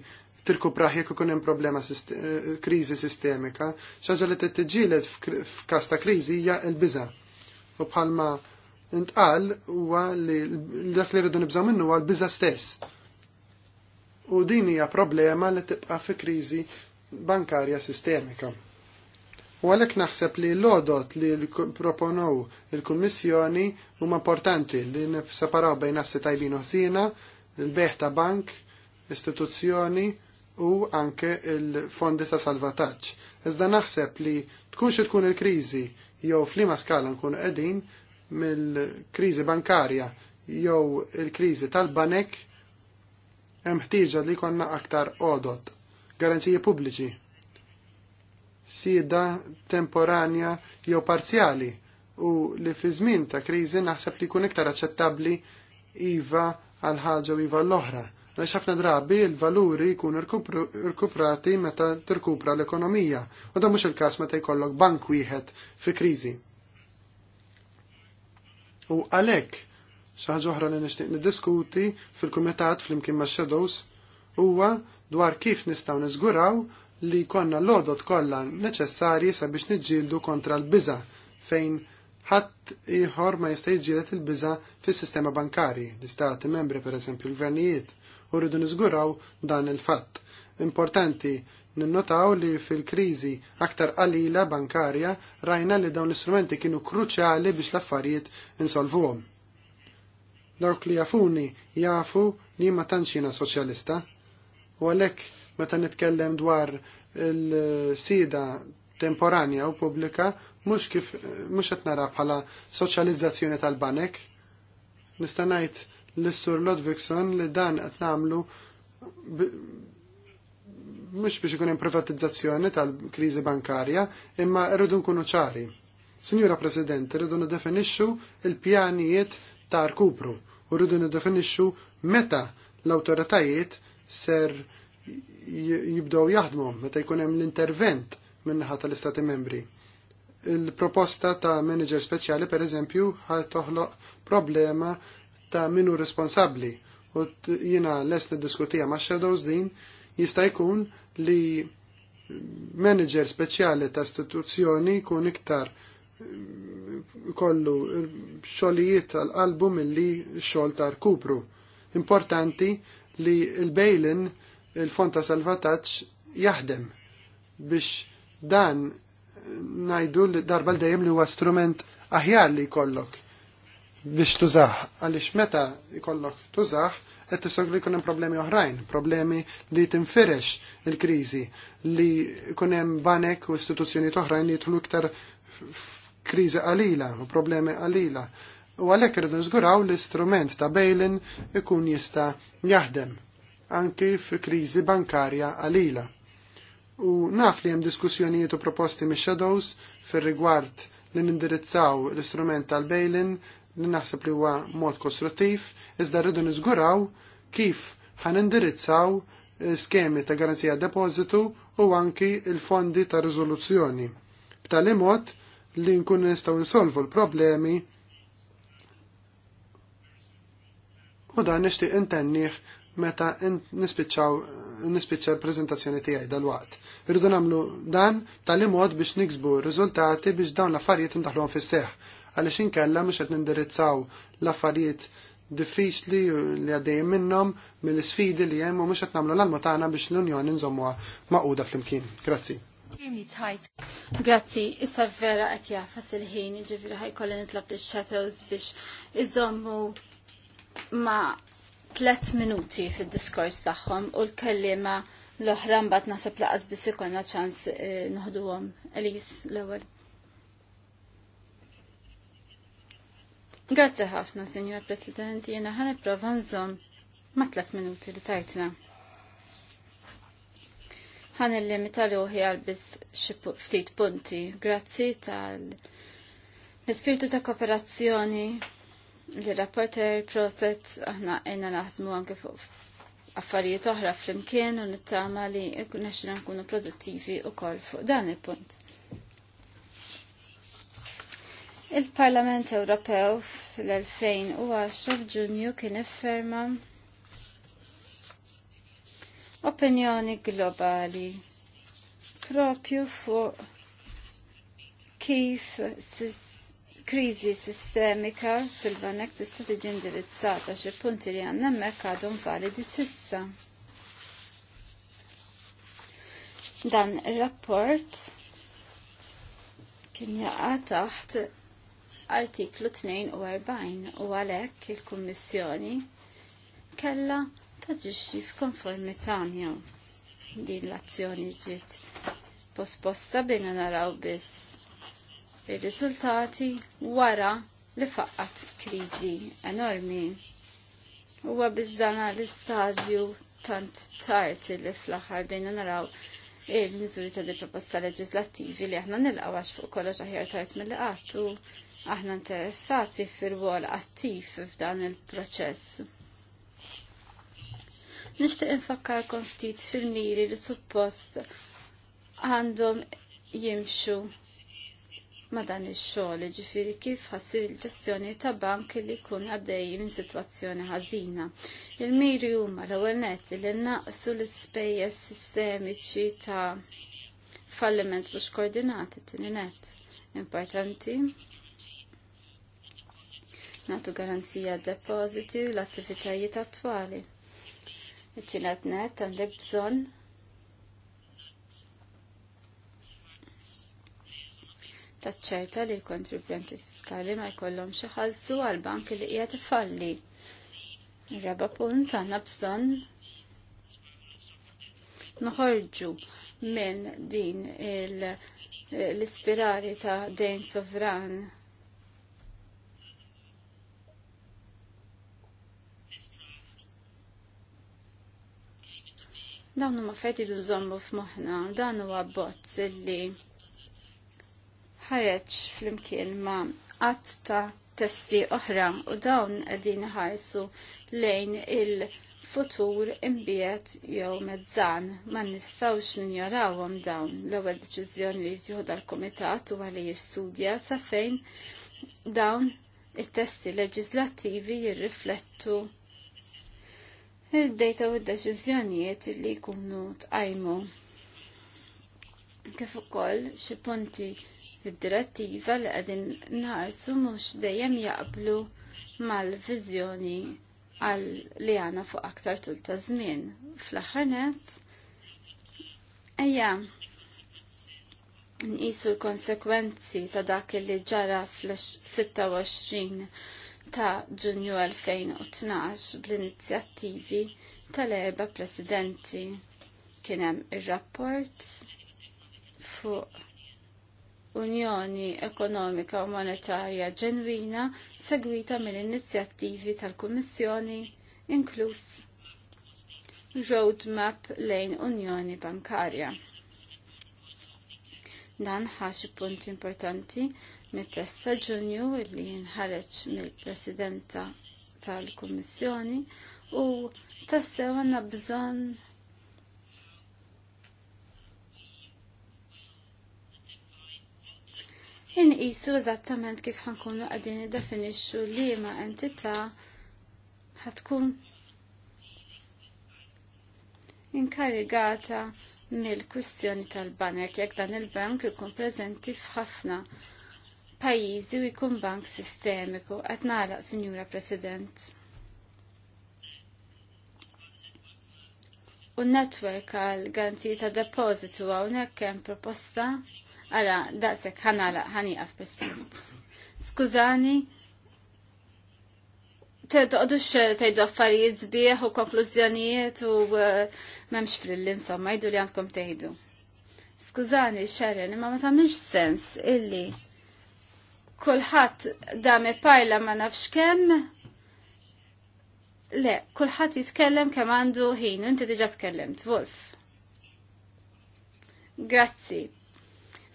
tirku praħ jekk ikun hemm problema eh, kriżi sistemika, xaġa li tittiġielet f'każ ta' kriżi hija l-biża. U bħalma intqal huwa li dak li rridu nibżgħu minnu huwa l-biża stess. U din hija problema li tibqa' fi kriżi bankarja sistemika. U għalhekk naħseb li l-odot li proponow il-Kummissjoni huma importanti li nisseparaw bejn assi tajbin u ħsina, il-beħ ta' bank, istituzzjoni u anke il-fondi ta' salvataġġ. Iżda naħseb li tkunx tkun il-kriżi jew flima skala nkunu qegħdin mill-kriżi bankarja jew il-kriżi tal-banek hemm ħtieġa li jkollna aktar odot garanziji pubbliċi, Sida temporanja jew parzjali u li fi żmien ta' kriżi naħseb li jkun iktar aċċettabbli iva għal ħaġa u iva l-oħra. Għaliex ħafna drabi l-valuri jkunu rkuprati meta tirkupra l-ekonomija u da mhux il-każ meta jkollok bank wieħed fi kriżi. U għalhekk xi oħra li nixtieq niddiskuti fil-kumitat flimkien max-shadows huwa dwar kif nistgħu niżguraw li konna l-odot kollha neċessarji sabiex niġġieldu kontra l-biża fejn ħadd ieħor ma jista' jiġġieled il-biża fis-sistema bankari, l-istati membri pereżempju l-gvernijiet, u rridu niżguraw dan il-fatt. Importanti Ninnotaw li fil-kriżi aktar qalila bankarja rajna li dawn l-istrumenti kienu kruċjali biex l-affarijiet insolvuhom. Dawk li jafuni jafu li ma tantxina soċjalista u għalhekk meta nitkellem dwar il-sida temporanja u pubblika mhux kif mhux qed nara bħala soċjalizzazzjoni tal-banek. Nista' ngħid l-Sur Lodvikson li dan qed nagħmlu mhux biex ikun hemm privatizzazzjoni tal-kriżi bankarja, imma rridu nkunu ċari. Sinjura President, rridu nidefinixxu il-pjanijiet ta' rkupru u rridu nidefinixxu meta l-awtoritajiet ser jibdow jaħdmu meta jkun hemm l-intervent min-naħa tal-Istati Membri. Il-proposta ta' manager speċjali pereżempju ħaj toħloq problema ta' minu responsabbli u jiena lesni diskutija ma' shadows din jista' jkun li manager speċjali ta' istituzzjoni kun iktar mm, kollu xolijiet tal-qalbu mill-li xol ta' kupru. Importanti li il-bejlin il-fond ta' salvataċ jaħdem biex dan najdu li darba l-dajem li huwa strument aħjar li kollok biex tużaħ, għalix meta kollok tużaħ, qed tisog li jkun hemm problemi oħrajn, problemi li tinfirex il-kriżi, li jkun hemm banek u istituzzjonijiet oħrajn li jidħlu iktar kriżi qalila u problemi qalila. U għalhekk irridu nżguraw l-istrument ta' bail-in ikun jista' jaħdem anki fi kriżi bankarja qalila. U naf li hemm diskussjonijiet u proposti mix shadows fir-rigward li nindirizzaw l-istrument tal-bail-in naħseb li huwa mod kostruttiv, iżda rridu niżguraw kif ħan indirizzaw skemi ta' garanzija depożitu u anki il-fondi ta' riżoluzzjoni. B'tali mod li nkun nistgħu nsolvu l-problemi u dan nixtieq intenniħ meta nispiċċaw nispiċċa l-preżentazzjoni tiegħi dalwaqt. Rridu Irridu nagħmlu dan tal mod biex niksbu riżultati biex dawn l-affarijiet indaħluhom fis-seħħ għaliex inkella mhux qed nindirizzaw l-affarijiet diffiċli li għaddejjem minnhom mill-isfidi li hemm u mhux qed nagħmlu l-almu biex l-Unjoni nżommuha maquda flimkien. Grazzi. Grazzi, issa vera qed jafas il-ħin, ġifieri ħajkolli nitlob lix-shadows biex iżommu ma' tlet minuti fid-diskors tagħhom u l-kellima l-oħra mbagħad naħseb laqas biss ikolna ċans eh, noħduhom. Elis l-ewwel. Grazzi ħafna, Signor President, jena ħan iprofa nżom ma' tlet minuti li tajtna. Ħan il-limita ruħi għal biss ftit punti. Grazzi tal l-ispirtu ta' kooperazzjoni li rapporter proset aħna jena naħdmu anke fuq affarijiet oħra flimkien u nittama li naxina nkunu produttivi u kol fuq dan il-punt. Il-Parlament Ewropew fl-2010 Ġunju kien ifferma opinjoni globali propju fuq kif krizi kriżi sistemika fil-banek tista' tiġi indirizzata xi punti li għandna hemmhekk għadhom validi sissa. Dan ir-rapport kien jaqa' taħt artiklu 42 u għalhekk il-Kummissjoni kellha taġixxi f'konformità miegħu. Din l-azzjoni ġiet posposta bina naraw biss il riżultati wara li faqqat kriżi enormi. Huwa biss l-istadju tant tard li fl-aħħar bejna naraw il-miżuri ta' di proposta leġislattivi li aħna nilqaw għax fuq kollox aħjar tard mill-li għattu aħna interessati fil-wol attiv f'dan il-proċess. Nishtiq infakkarkom ftit fil-miri li suppost għandhom jimxu ma dan ix xol ġifiri kif ħassir il-ġestjoni ta' bank li jkun għaddej minn sitwazzjoni ħażina. Il-miri huma l-ewwel net li naqsu l-ispejjeż sistemiċi ta' falliment mhux koordinati tini net. Importanti natu garanzija depositi u l-attivitajiet attwali. It-tielet net għandek bżonn taċċerta li l-kontribwenti fiskali ma jkollhom xi ħalsu għal bank li qiegħed ifalli. raba punt għandna bżonn noħorġu minn din l-ispirali ta' dejn sovran Dawn huma fejt idu nżommu f'moħħna, dan huwa bozz ħareċ ħareġ flimkien ma' għat ta' testi oħra u dawn qegħdin ħarsu lejn il- futur imbiet jew mezzan ma nistawx ninjorawhom dawn l-ewwel deċiżjoni li jtieħu dal-kumitat huwa li jistudja sa fejn dawn it-testi leġislattivi jirriflettu id-dejta u d-deċiżjonijiet li jkunu tqajmu. Kif ukoll xi punti id-direttiva li qegħdin nħarsu mhux dejjem jaqblu mal-viżjoni għal li għana fuq aktar tul ta' żmien. Fl-aħħar nett, ejja nqisu l-konsekwenzi ta' dak li ġara fl-26 ta' ġunju 2012 bl-inizjattivi tal-erba presidenti kienem il-rapport fuq Unjoni Ekonomika u Monetarja ġenwina segwita mill-inizjattivi tal-Kummissjoni inkluż Roadmap lejn Unjoni Bankarja. Dan ħax punt importanti mit testa Ġunju li nħareġ mill-Presidenta tal-Kummissjoni u tassew għandna bżonn Inqisu eżattament kif ħankunu qegħdin iddefinixxu li ma entità ħatkun inkarigata mill-kwistjoni tal-banek jekk dan il-bank ikun preżenti f'ħafna pajjiżi u jkun bank sistemiku qed nagħlaq, Sinjura President. U n-netwerk għal garanziji ta' depożitu hawnhekk hemm proposta Ara, daqshekk ħanala ħaniqaf President. Skużani, Toqdux eh, tajdu affarijiet zbieħ u konklużjonijiet u eh, memx frilli insomma, jdu li għandkom tejdu. Skużani, Sharon, ma ma tamilx sens illi kullħat dam pajla ma nafx kemm. Le, kullħat jitkellem kemm għandu ħin, inti diġa tkellemt, Wolf. Grazzi.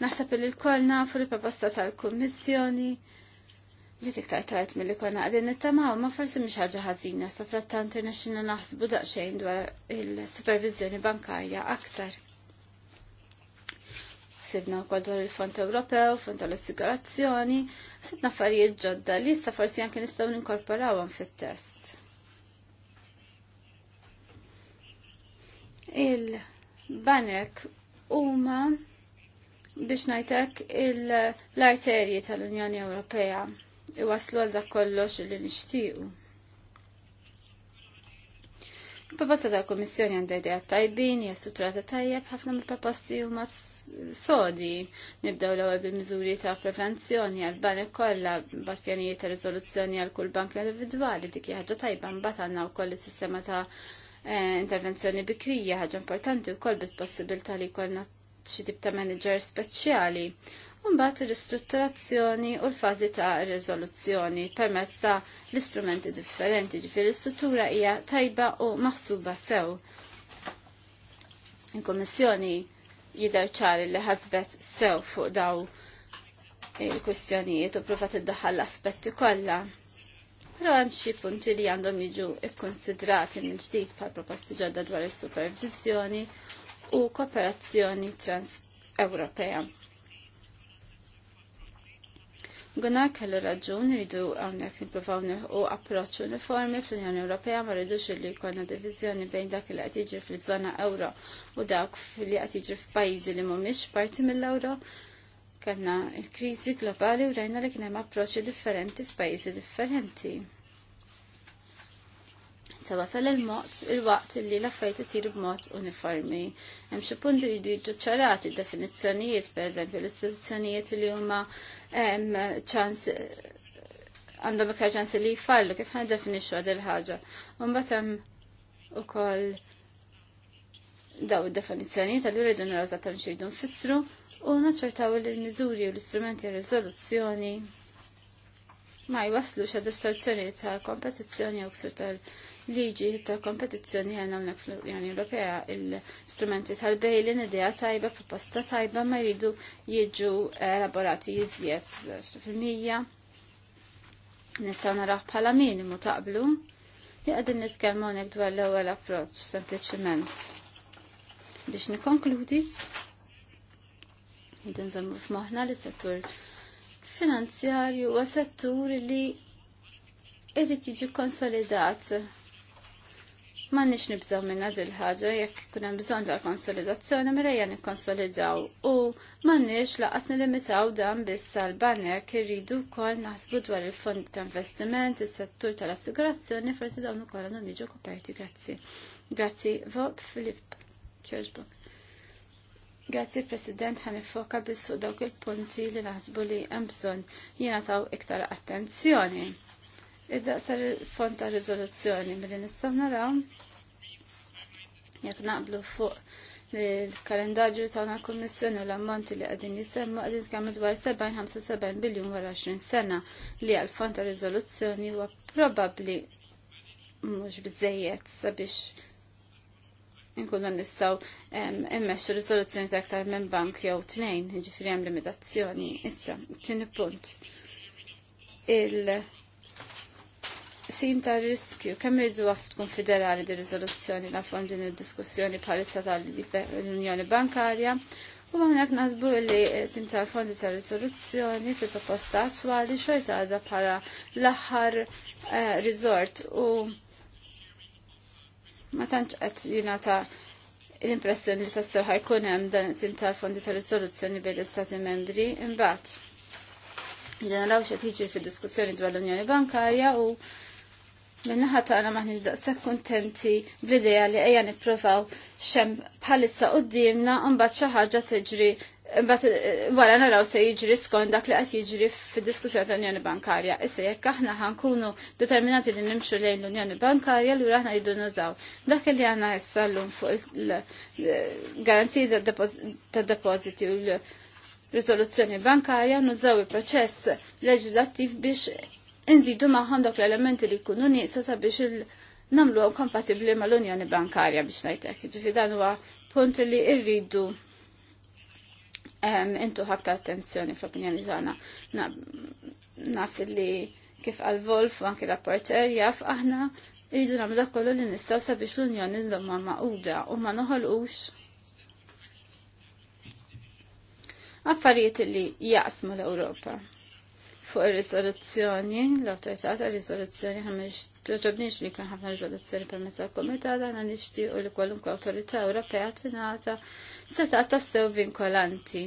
Naħseb il kolna fur il proposta tal-Kummissjoni ġiet iktar tard milli kon konna għadin nittamaw, ma forsi mhix ħaġa ħażina sa frattant internaxxina naħsbu daqsxejn dwar il-supervizjoni bankarja aktar. Sibna wkoll dwar il-Fond Ewropew, Fond tal-Assigurazzjoni, sibna affarijiet ġodda li sa forsi anke nistgħu ninkorporawhom fit-test. Il-banek huma biex ngħidlek l-arterji tal-Unjoni Ewropea iwaslu għal dak kollox li nixtiequ. Il-proposta ta' kommissjoni għandha idea tajbin, hija strutturata tajjeb, ħafna mill-proposti huma sodi. Nibdew l-ewwel bil-miżuri ta' prevenzjoni għal banek kollha mbagħad pjanijiet ta' riżoluzzjoni għal kull bank individwali dik hija ħaġa tajba mbagħad għandna wkoll is-sistema ta' eh, intervenzjoni bikrija ħaġa importanti wkoll bit possibilità li jkollna xi tip ta' manager speċjali mbagħad ristrutturazzjoni u l-fażi ta' riżoluzzjoni permezz ta' l-istrumenti differenti ġifieri l-istruttura hija tajba u maħsuba sew. Il-Kummissjoni jidher ċari li ħasbet sew fuq daw il-kwistjonijiet u provat iddaħħal l-aspetti kollha. Però hemm xi punti li għandhom jiġu ikkonsidrati minn ġdid bħal proposti ġodda dwar is-supervizjoni u kooperazzjoni trans-Ewropea. Għuna kellu raġun rridu għawnek niprofaw u approċ uniformi fl-Unjoni Ewropea ma rridux li jkollna divizjoni bejn dak li qed jiġi fl-żona euro u dak li qed jiġi f'pajjiżi li mhumiex parti mill-euro. Kellna l-kriżi globali u rajna li kien hemm approċċi differenti f'pajjiżi differenti. Ta wasal il-mod il-waqt li l jisir isiru b'mod uniformi. Hemm xi punti li jridu ċarati definizzjonijiet, pereżempju l-istituzzjonijiet li huma ċans għandhom iktar ċans li jfallu kif ħan definixxu għad il-ħaġa. Mbagħad hemm ukoll daw id-definizzjonijiet li rridu naraw eżattament xi jdu nfissru u naċċertaw li l-miżuri u l-istrumenti r riżoluzzjoni ma jwaslu xa distorzjoni ta' kompetizzjoni u ksur tal-liġi ta' kompetizzjoni għanna unnek fl-Unjoni Ewropea il-strumenti tal-bejlin idea tajba, proposta tajba ma jridu jiġu eh, elaborati jizziet fil-mija. Nistaw naraħ bħala minimu taqblu. Li għadin nitkellmu dwar l-ewwel approċ sempliciment. Biex nikonkludi, jidin zammu f-mohna li settur finanzjarju huwa settur li irrit jiġi konsolidat. Ma nix nibżaw minna dil-ħagġa, jekk kunem hemm bżonn ta' konsolidazzjoni, mela nikkonsolidaw u ma nix laqas nilimitaw dan biss l banek irridu wkoll naħsbu dwar il-fond ta' investiment, is-settur tal-assigurazzjoni, forsi dawn ukoll għandhom jiġu koperti. Grazzi. Grazzi, vop Filipp. Kjoġbuk. Grazzi President ħan biss fuq dawk il-punti li naħsbu li hemm bżonn jiena taw iktar attenzjoni. Id-daqsar il-fond ta' riżoluzzjoni milli nistgħu naraw jekk naqblu fuq il-kalendarju tagħna kummissjoni u l-ammonti li qegħdin jisemma qegħdin tkellmu dwar 75 biljun wara 20 sena li għal fond ta' riżoluzzjoni huwa probabbli mhux biżejjed sabiex inkunna nistgħu immexxu riżoluzzjoni ta' aktar minn bank jew tnejn, jiġifieri hemm limitazzjoni. Issa, tieni punt. Il sim ta' riskju, kemm irridu għaf tkun federali di risoluzzjoni la' fond din il-diskussjoni bħalissa tal-Unjoni Bankarja, u għonek nazbu li sim ta' fondi ta' risoluzzjoni fil proposta attuali xorta għadha bħala l-aħħar eh, rizort u ma tantx qed jingħata l-impressjoni li tassew ħajkun hemm dan it-tim tal-fondi tal-riżoluzzjoni bejn l-Istati membri imbagħad. Ġeneraw xed jiġri fid-diskussjoni dwar l-Unjoni Bankarja u minnaħa tagħna maħniġ daqshekk kuntenti bl-idea li ejja nippruvaw xem bħalissa qudiemna u mbagħad xi ħaġa tiġri Mbatt, wara naraw se jiġri skont dak li qed jiġri fid-diskussjoni tal-Unjoni Bankarja. Issa jekk aħna ħankunu determinati li nimxu lejn l-Unjoni Bankarja, li aħna jridu nużaw. Dak li għandna issa llum fuq il-garanziji tad depoziti u l-riżoluzzjoni bankarja nużaw il-proċess leġislattiv biex inżidu magħhom dak l-elementi li jkunu nieqsa sabiex il kompatibli kompatibbli mal-Unjoni Bankarja biex ngħidlek. Ġifidan dan huwa punt li rridu intu ħabta attenzjoni fl-opinjoni tagħna. Naf li kif għal Wolf u anki rapporter jaf aħna rridu nagħmlu dak kollu li nistgħu sabiex l-Unjoni nżomma maquda u ma noħolqux affarijiet li jaqsmu l-Ewropa fuq il-risoluzzjoni, l-autorità ta' risoluzzjoni ħamiex toġobniex li kien ħafna risoluzzjoni permezz tal-Komitat għandna nixtiequ li kwalunkwe autorità Ewropea tingħata seta' tassew vinkolanti.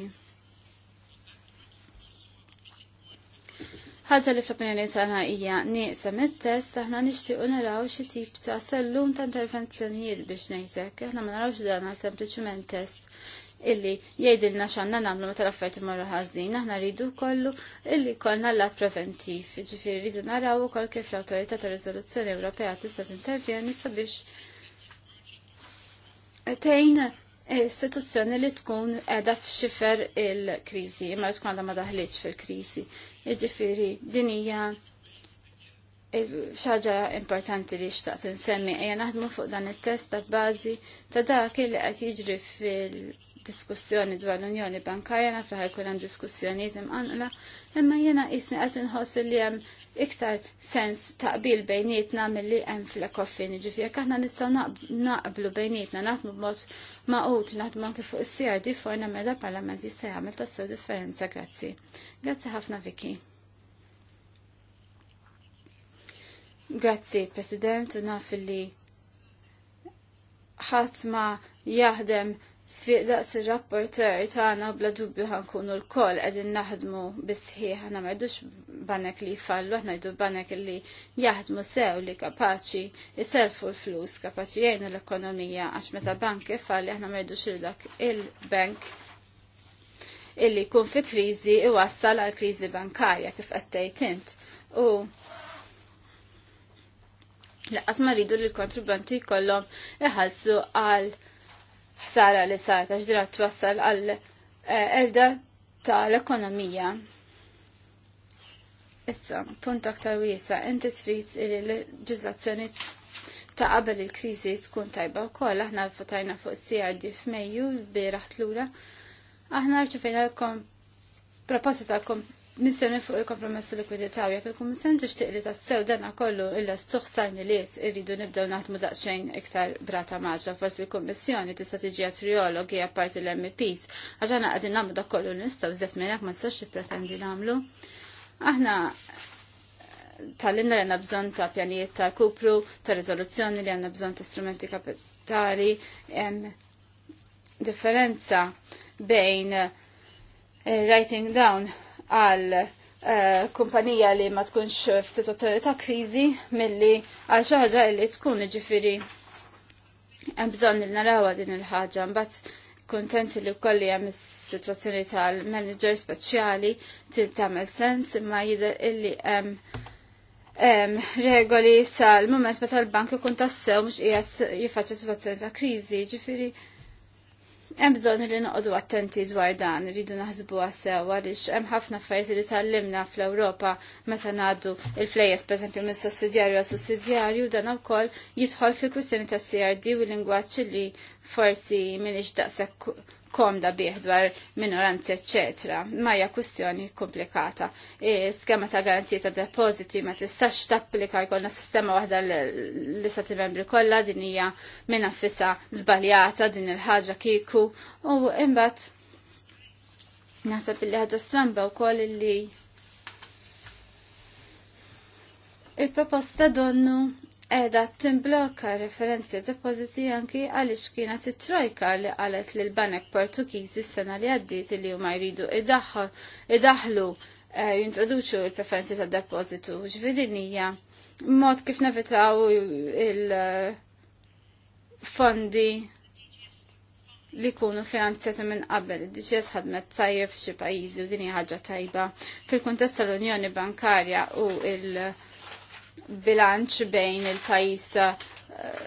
ħaġa li fl-opinjoni tagħna hija nieqsa mit-test aħna nixtiequ naraw xi tip ta' sellum ta' intervenzjonijiet biex ngħidlek, aħna ma narawx dana sempliċement test illi jgħidilna x'għandna nagħmlu meta tal affarijiet imorru ħażin, aħna rridu kollu illi kollna l-lat preventiv. ġifiri rridu naraw ukoll kif l-Awtorità ta' Rizoluzzjoni Ewropea tista' t-intervjeni sabiex tejn istituzzjoni li tkun qiegħda f'xifer il-kriżi, imma tkun għadha ma daħliċ fil-kriżi. Jiġifieri din hija xaġa importanti li xtaqt insemmi, ejja naħdmu fuq dan it-test ta' bażi ta' dak li qed jiġri fil- diskussjoni dwar l-Unjoni Bankarja naf li ħajkun hemm diskussjonijiet imqanqla, imma jiena jisni qed nħos li hemm iktar sens taqbil bejnietna milli hemm fl-ekoffin, ġifier jekk aħna nistgħu naqblu bejnietna naħdmu b'mod maqut naħdmu anke fuq is-CRD forna mela parlament jista' jagħmel tassew differenza, grazzi. Grazzi ħafna Viki. Grazzi, President, u naf li ħatma jaħdem Sfiq daqs il-rapporter tagħna bla dubju ħankunu l-koll qegħdin naħdmu bisħieħ aħna m'għidux banek li jfallu, aħna jdu banek li jaħdmu sew li kapaċi jiselfu l-flus, kapaċi jgħinu l-ekonomija għax meta bank falli aħna m'għidux il dak il-bank illi jkun fi kriżi iwassal għal kriżi bankarja kif qed int. U laqas ma rridu li l-kontribanti jkollhom iħallsu għal ħsara li sar għax dira twassal għal eh, erda tal-ekonomija. Issa, punt aktar wiesa, inti trid il-leġizlazzjoni ta' qabel il-kriżi tkun tajba wkoll aħna fatajna fuq CRD f'Mejju l-bieraħ lura Aħna l-kom proposta ta' missjoni fuq il-kompromess u likwidità jekk il-Kummissjoni tixtieq li tassew dan kollu illa stuħsar miliet irridu nibdew naħdmu daqsxejn iktar brata maġra forsi l-Kummissjoni tista' tiġi triologi apparti l-MPs għax aħna qegħdin nagħmlu dak kollu nistgħu żed minn hekk ma tistax tippretendi nagħmlu. Aħna tal-inna li għanna bżon ta' pjanijiet ta' kupru, ta' rizoluzzjoni li għanna bżon ta' strumenti kapitali, differenza bejn eh, writing down għal eh, kumpanija li ma tkunx f'sitwazzjoni ta' kriżi milli għal xi ħaġa li tkun ġifiri hemm bżonn li narawha din il-ħaġa mbagħad kuntenti li wkoll hemm is-sitwazzjoni tal-manager speċjali til tagħmel sens imma jidher illi hemm regoli sal moment meta l-bank ikun tassew mhux qiegħed jiffaċċja sitwazzjoni ta' kriżi, ġifiri Hemm bżonn li noqogħdu attenti dwar dan, rridu naħsbu għas-sew għaliex hemm ħafna affarijiet li tgħallimna fl-Ewropa meta ngħaddu il-flejjes pereżempju minn sussidjarju għal sussidjarju dan ukoll jidħol fi kwistjoni tas CRD u l-lingwaġġ li forsi m'iniex daqshekk komda bih dwar minoranzi, eccetera. Ma hija kwistjoni komplikata. Skema ta' garanzija ta' depositi ma tistax tapplika jkollna sistema waħda l-istati membri kollha din hija minn fissa żbaljata din il-ħaġa kiku u imbagħad naħseb li ħaġa stramba wkoll li il-proposta donnu edha timbloka referenzi depoziti anki għalix kienet it-trojka li għalet li l-banek Portugiżi s-sena li għaddit li huma jridu idaħlu eh, jintroduċu il-preferenzi ta' depozitu ġvidinija mod kif nevitaw il-fondi li kunu finanzjati minn qabel. Id-DCS ħadmet tajjeb f'xi pajjiżi u dini ħaġa tajba. Fil-kuntest tal-Unjoni Bankarja u il- bilanċ bejn il-pajis eh,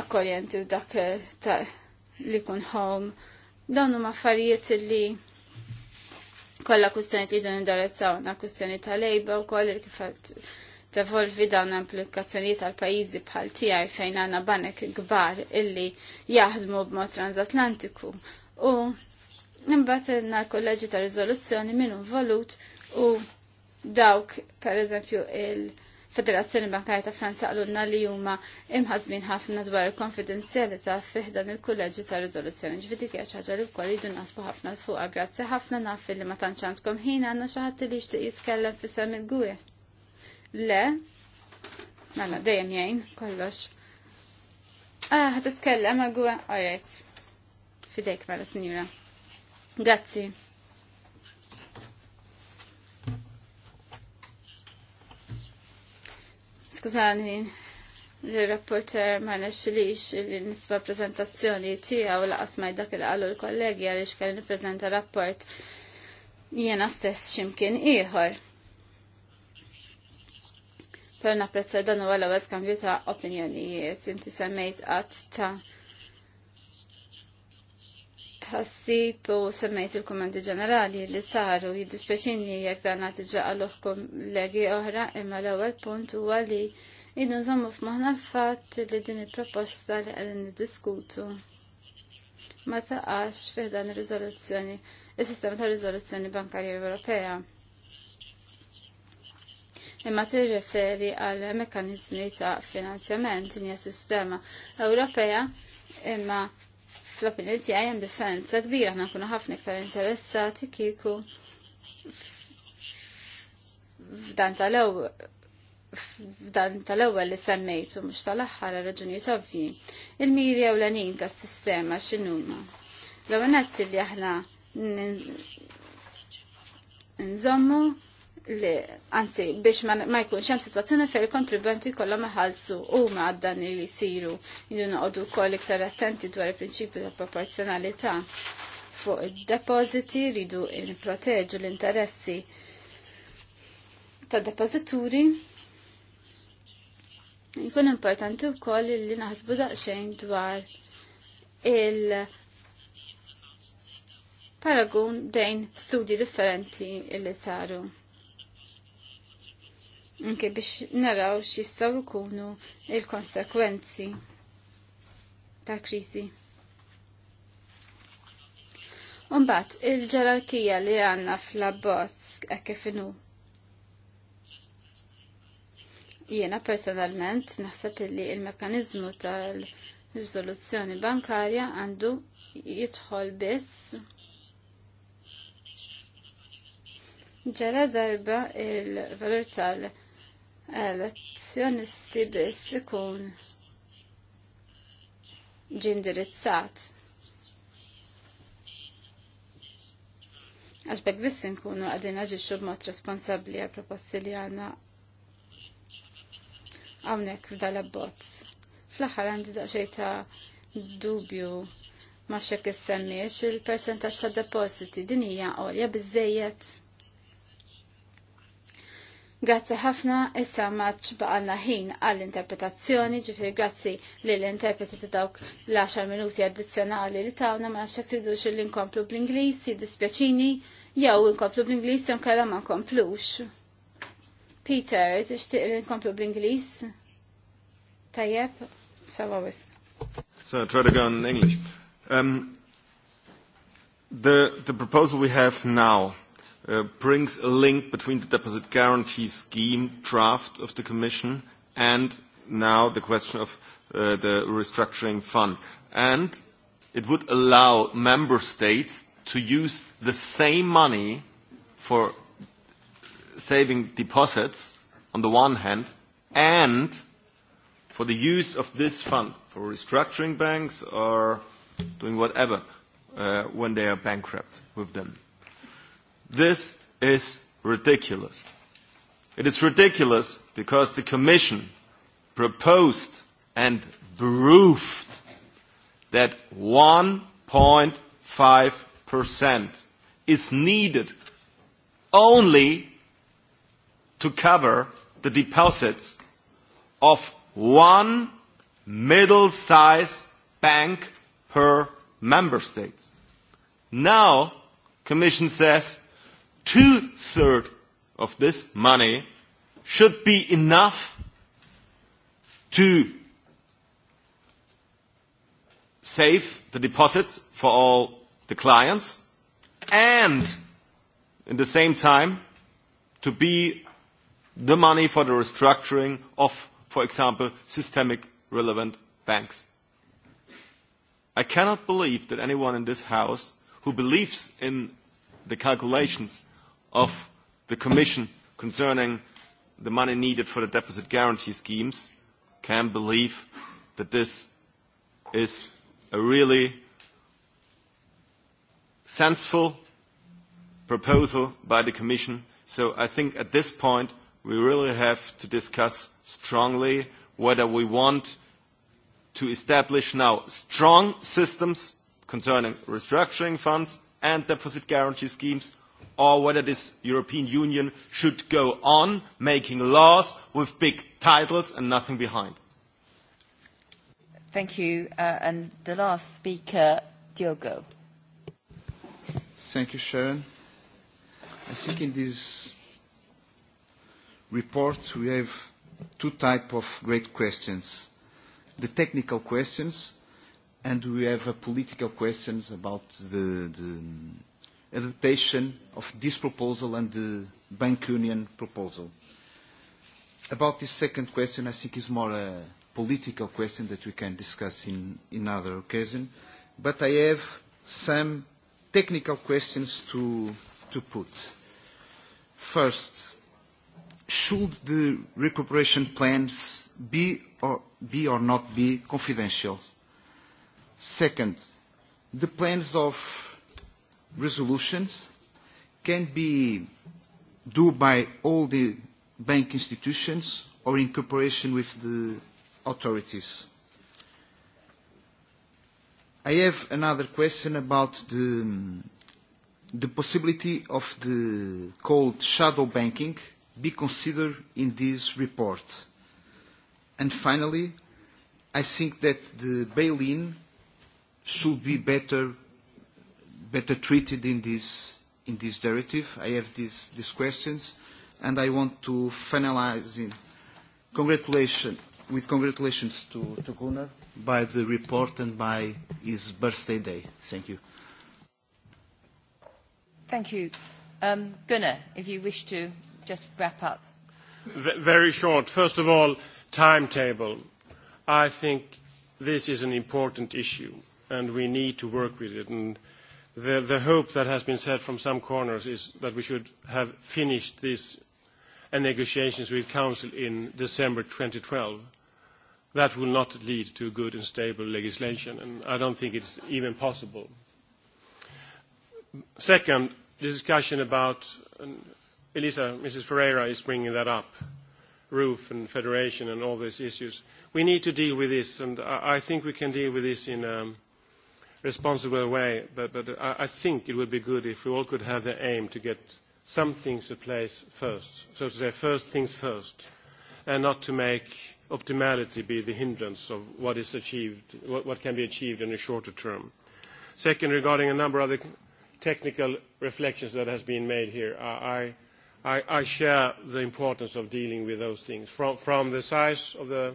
akkorjenti u dak eh, li kun home. Dawn huma affarijiet li kollha kustjoni li dun indarizzaw na kustjoni ta' lejba u koll il-kifat tevolvi dawn applikazzjoni tal-pajizi bħal tijaj fejn għandna banek kbar illi jaħdmu b'mod transatlantiku u imbagħad għandna kolleġi ta' riżoluzzjoni minnu volut u dawk per eżempju il- Federazzjoni Bankarja ta' Franza għalunna li huma imħazmin ħafna dwar il-konfidenzjalità fiħdan il-kulleġġi ta' Rizoluzzjoni Ġvidi kieċ ħaġa li wkoll dun nasbu ħafna l-fuqa. Grazzi ħafna naf li ma tantx għandkom ħin għanna xi li jixtieq jitkellem fisem il-gwie. Le, mela dejjem jgħin kollox. Ah, ħat itkellem għagwa, alright. Fidejk mela, Sinjura, Grazzi. Skużani, l-rapporter ma nexxilix li nisba prezentazzjoni tiegħu laqas ma dak il qalu l-kollegi għaliex kelli nippreżenta rapport jiena stess x'imkien ieħor. Però napprezza dan huwa l-ewwel skambju ta' opinjonijiet. Inti semmejt qatt ta' tħassib u semmejt il-Komandi Ġenerali li saru jiddispeċinni jekk dan għati ġaqaluħ kollegi oħra imma l-ewwel punt huwa li jidu nżommu f'maħna l-fatt li din il-proposta li qegħdin diskutu ma taqax fih dan ir-riżoluzzjoni is-sistema ta' rizoluzzjoni bankarja Ewropea. Imma tirreferi għal mekkaniżmi ta' finanzjament hija sistema Ewropea imma fl-opinjoni għajem differenza kbira aħna nkunu ħafna iktar interessati kieku f'dan tal-ewwel f'dan tal-ewwel li semmejtu mhux tal-aħħar raġunijiet ovvji. Il-miri ewlenin tas-sistema x'inhuma. L-ewwel li aħna nżommu li, anzi, biex ma, ma jkunx hemm situazzjoni fejn il-kontribwenti kollha maħalsu u ma għaddan li jsiru jidu noqogħdu wkoll iktar attenti dwar il-prinċipju ta' proporzjonalità fuq id-depożiti ridu nipproteġu l-interessi ta' depozituri jkun importanti wkoll li naħsbu daqsxejn dwar il- paragun bejn studji differenti li saru anke biex naraw x'jistgħu jkunu il-konsekwenzi ta' kriżi. Umbat, il-ġerarkija li għanna fl-abbozz e kifinu. Jiena personalment naħseb li il-mekanizmu tal-rizoluzzjoni bankarja għandu jidħol biss ġara darba il-valur tal- elezzjonisti biss ikun ġindirizzat. Għalbek biss nkunu għadin ġiċu b'mod responsabli għal proposti li għanna għawnek f'dal-abbozz. Fl-axar għandi ta' dubju ma xek il il-percentax ta' depositi din hija għolja bizzejiet. Grazzi ħafna, issa maċ baqalna ħin għall-interpretazzjoni, ġifir grazzi li l-interpreti ta' dawk l-10 minuti addizjonali li tawna ma nafxek tridux li nkomplu bl-Inglis, dispjaċini, jew nkomplu bl-Inglis jew kalla ma nkomplux. Peter, tixtieq li nkomplu bl-Inglis? Tajjeb, sawa wis. So try to go in English. Um, the the proposal we have now Uh, brings a link between the deposit guarantee scheme draft of the Commission and now the question of uh, the restructuring fund. And it would allow member states to use the same money for saving deposits on the one hand and for the use of this fund for restructuring banks or doing whatever uh, when they are bankrupt with them. This is ridiculous. It is ridiculous because the Commission proposed and proved that 1.5% is needed only to cover the deposits of one middle-sized bank per member state. Now, Commission says two-thirds of this money should be enough to save the deposits for all the clients and at the same time to be the money for the restructuring of, for example, systemic relevant banks. I cannot believe that anyone in this House who believes in the calculations of the Commission concerning the money needed for the deposit guarantee schemes can believe that this is a really sensible proposal by the Commission. So I think at this point we really have to discuss strongly whether we want to establish now strong systems concerning restructuring funds and deposit guarantee schemes or whether this European Union should go on making laws with big titles and nothing behind. Thank you. Uh, and the last speaker, Diogo. Thank you, Sharon. I think in this report we have two types of great questions. The technical questions and we have a political questions about the, the adaptation of this proposal and the bank union proposal. About this second question, I think is more a political question that we can discuss in, in other occasion, but I have some technical questions to, to put. First, should the recuperation plans be or, be or not be confidential? Second, the plans of resolutions can be do by all the bank institutions or in cooperation with the authorities. I have another question about the, the possibility of the called shadow banking be considered in this report. And finally, I think that the bail-in should be better better treated in this, in this directive. I have these, these questions and I want to finalize in congratulations, with congratulations to, to Gunnar by the report and by his birthday day. Thank you. Thank you. Um, Gunnar, if you wish to just wrap up. V very short. First of all, timetable. I think this is an important issue and we need to work with it. And the, the hope that has been said from some corners is that we should have finished these uh, negotiations with Council in December 2012. That will not lead to good and stable legislation, and I don't think it's even possible. Second, the discussion about, and Elisa, Mrs. Ferreira is bringing that up, roof and federation and all these issues. We need to deal with this, and I, I think we can deal with this in... Um, responsible way, but, but I, I think it would be good if we all could have the aim to get some things in place first, so to say first things first, and not to make optimality be the hindrance of what is achieved, what, what can be achieved in the shorter term. Second, regarding a number of the technical reflections that has been made here, I, I, I share the importance of dealing with those things, from, from the size of the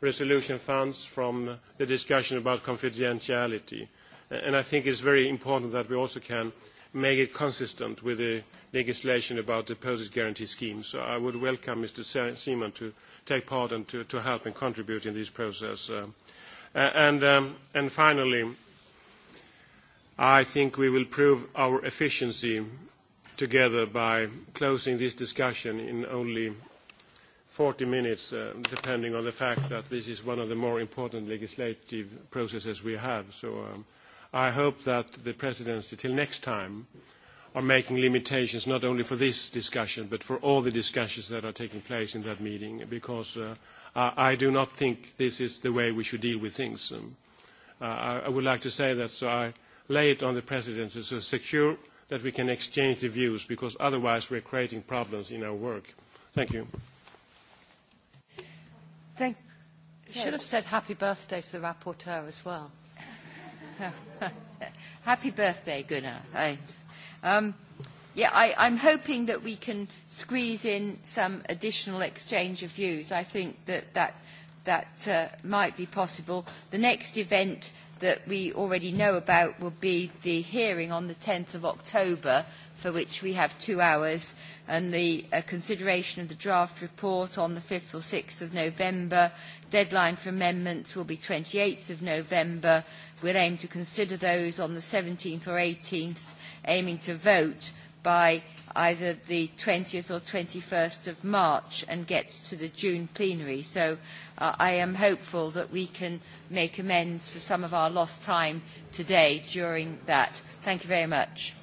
resolution funds, from the discussion about confidentiality, and I think it's very important that we also can make it consistent with the legislation about deposit guarantee scheme. So I would welcome Mr. Seaman to take part and to, to help and contribute in this process. Uh, and, um, and finally, I think we will prove our efficiency together by closing this discussion in only 40 minutes, uh, depending on the fact that this is one of the more important legislative processes we have. So um, I hope that the presidency, till next time, are making limitations not only for this discussion but for all the discussions that are taking place in that meeting because uh, I, I do not think this is the way we should deal with things. Um, uh, I, I would like to say that so I lay it on the presidency to so secure that we can exchange the views because otherwise we're creating problems in our work. Thank you. Thank should have said happy birthday to the rapporteur as well. [LAUGHS] Happy birthday, Gunnar. I, um, yeah, I, I'm hoping that we can squeeze in some additional exchange of views. I think that that, that uh, might be possible. The next event that we already know about will be the hearing on the 10th of October, for which we have two hours, and the uh, consideration of the draft report on the 5th or 6th of November, Deadline for amendments will be 28th of November. We'll aim to consider those on the 17th or 18th, aiming to vote by either the 20th or 21st of March and get to the June plenary. So uh, I am hopeful that we can make amends for some of our lost time today during that. Thank you very much.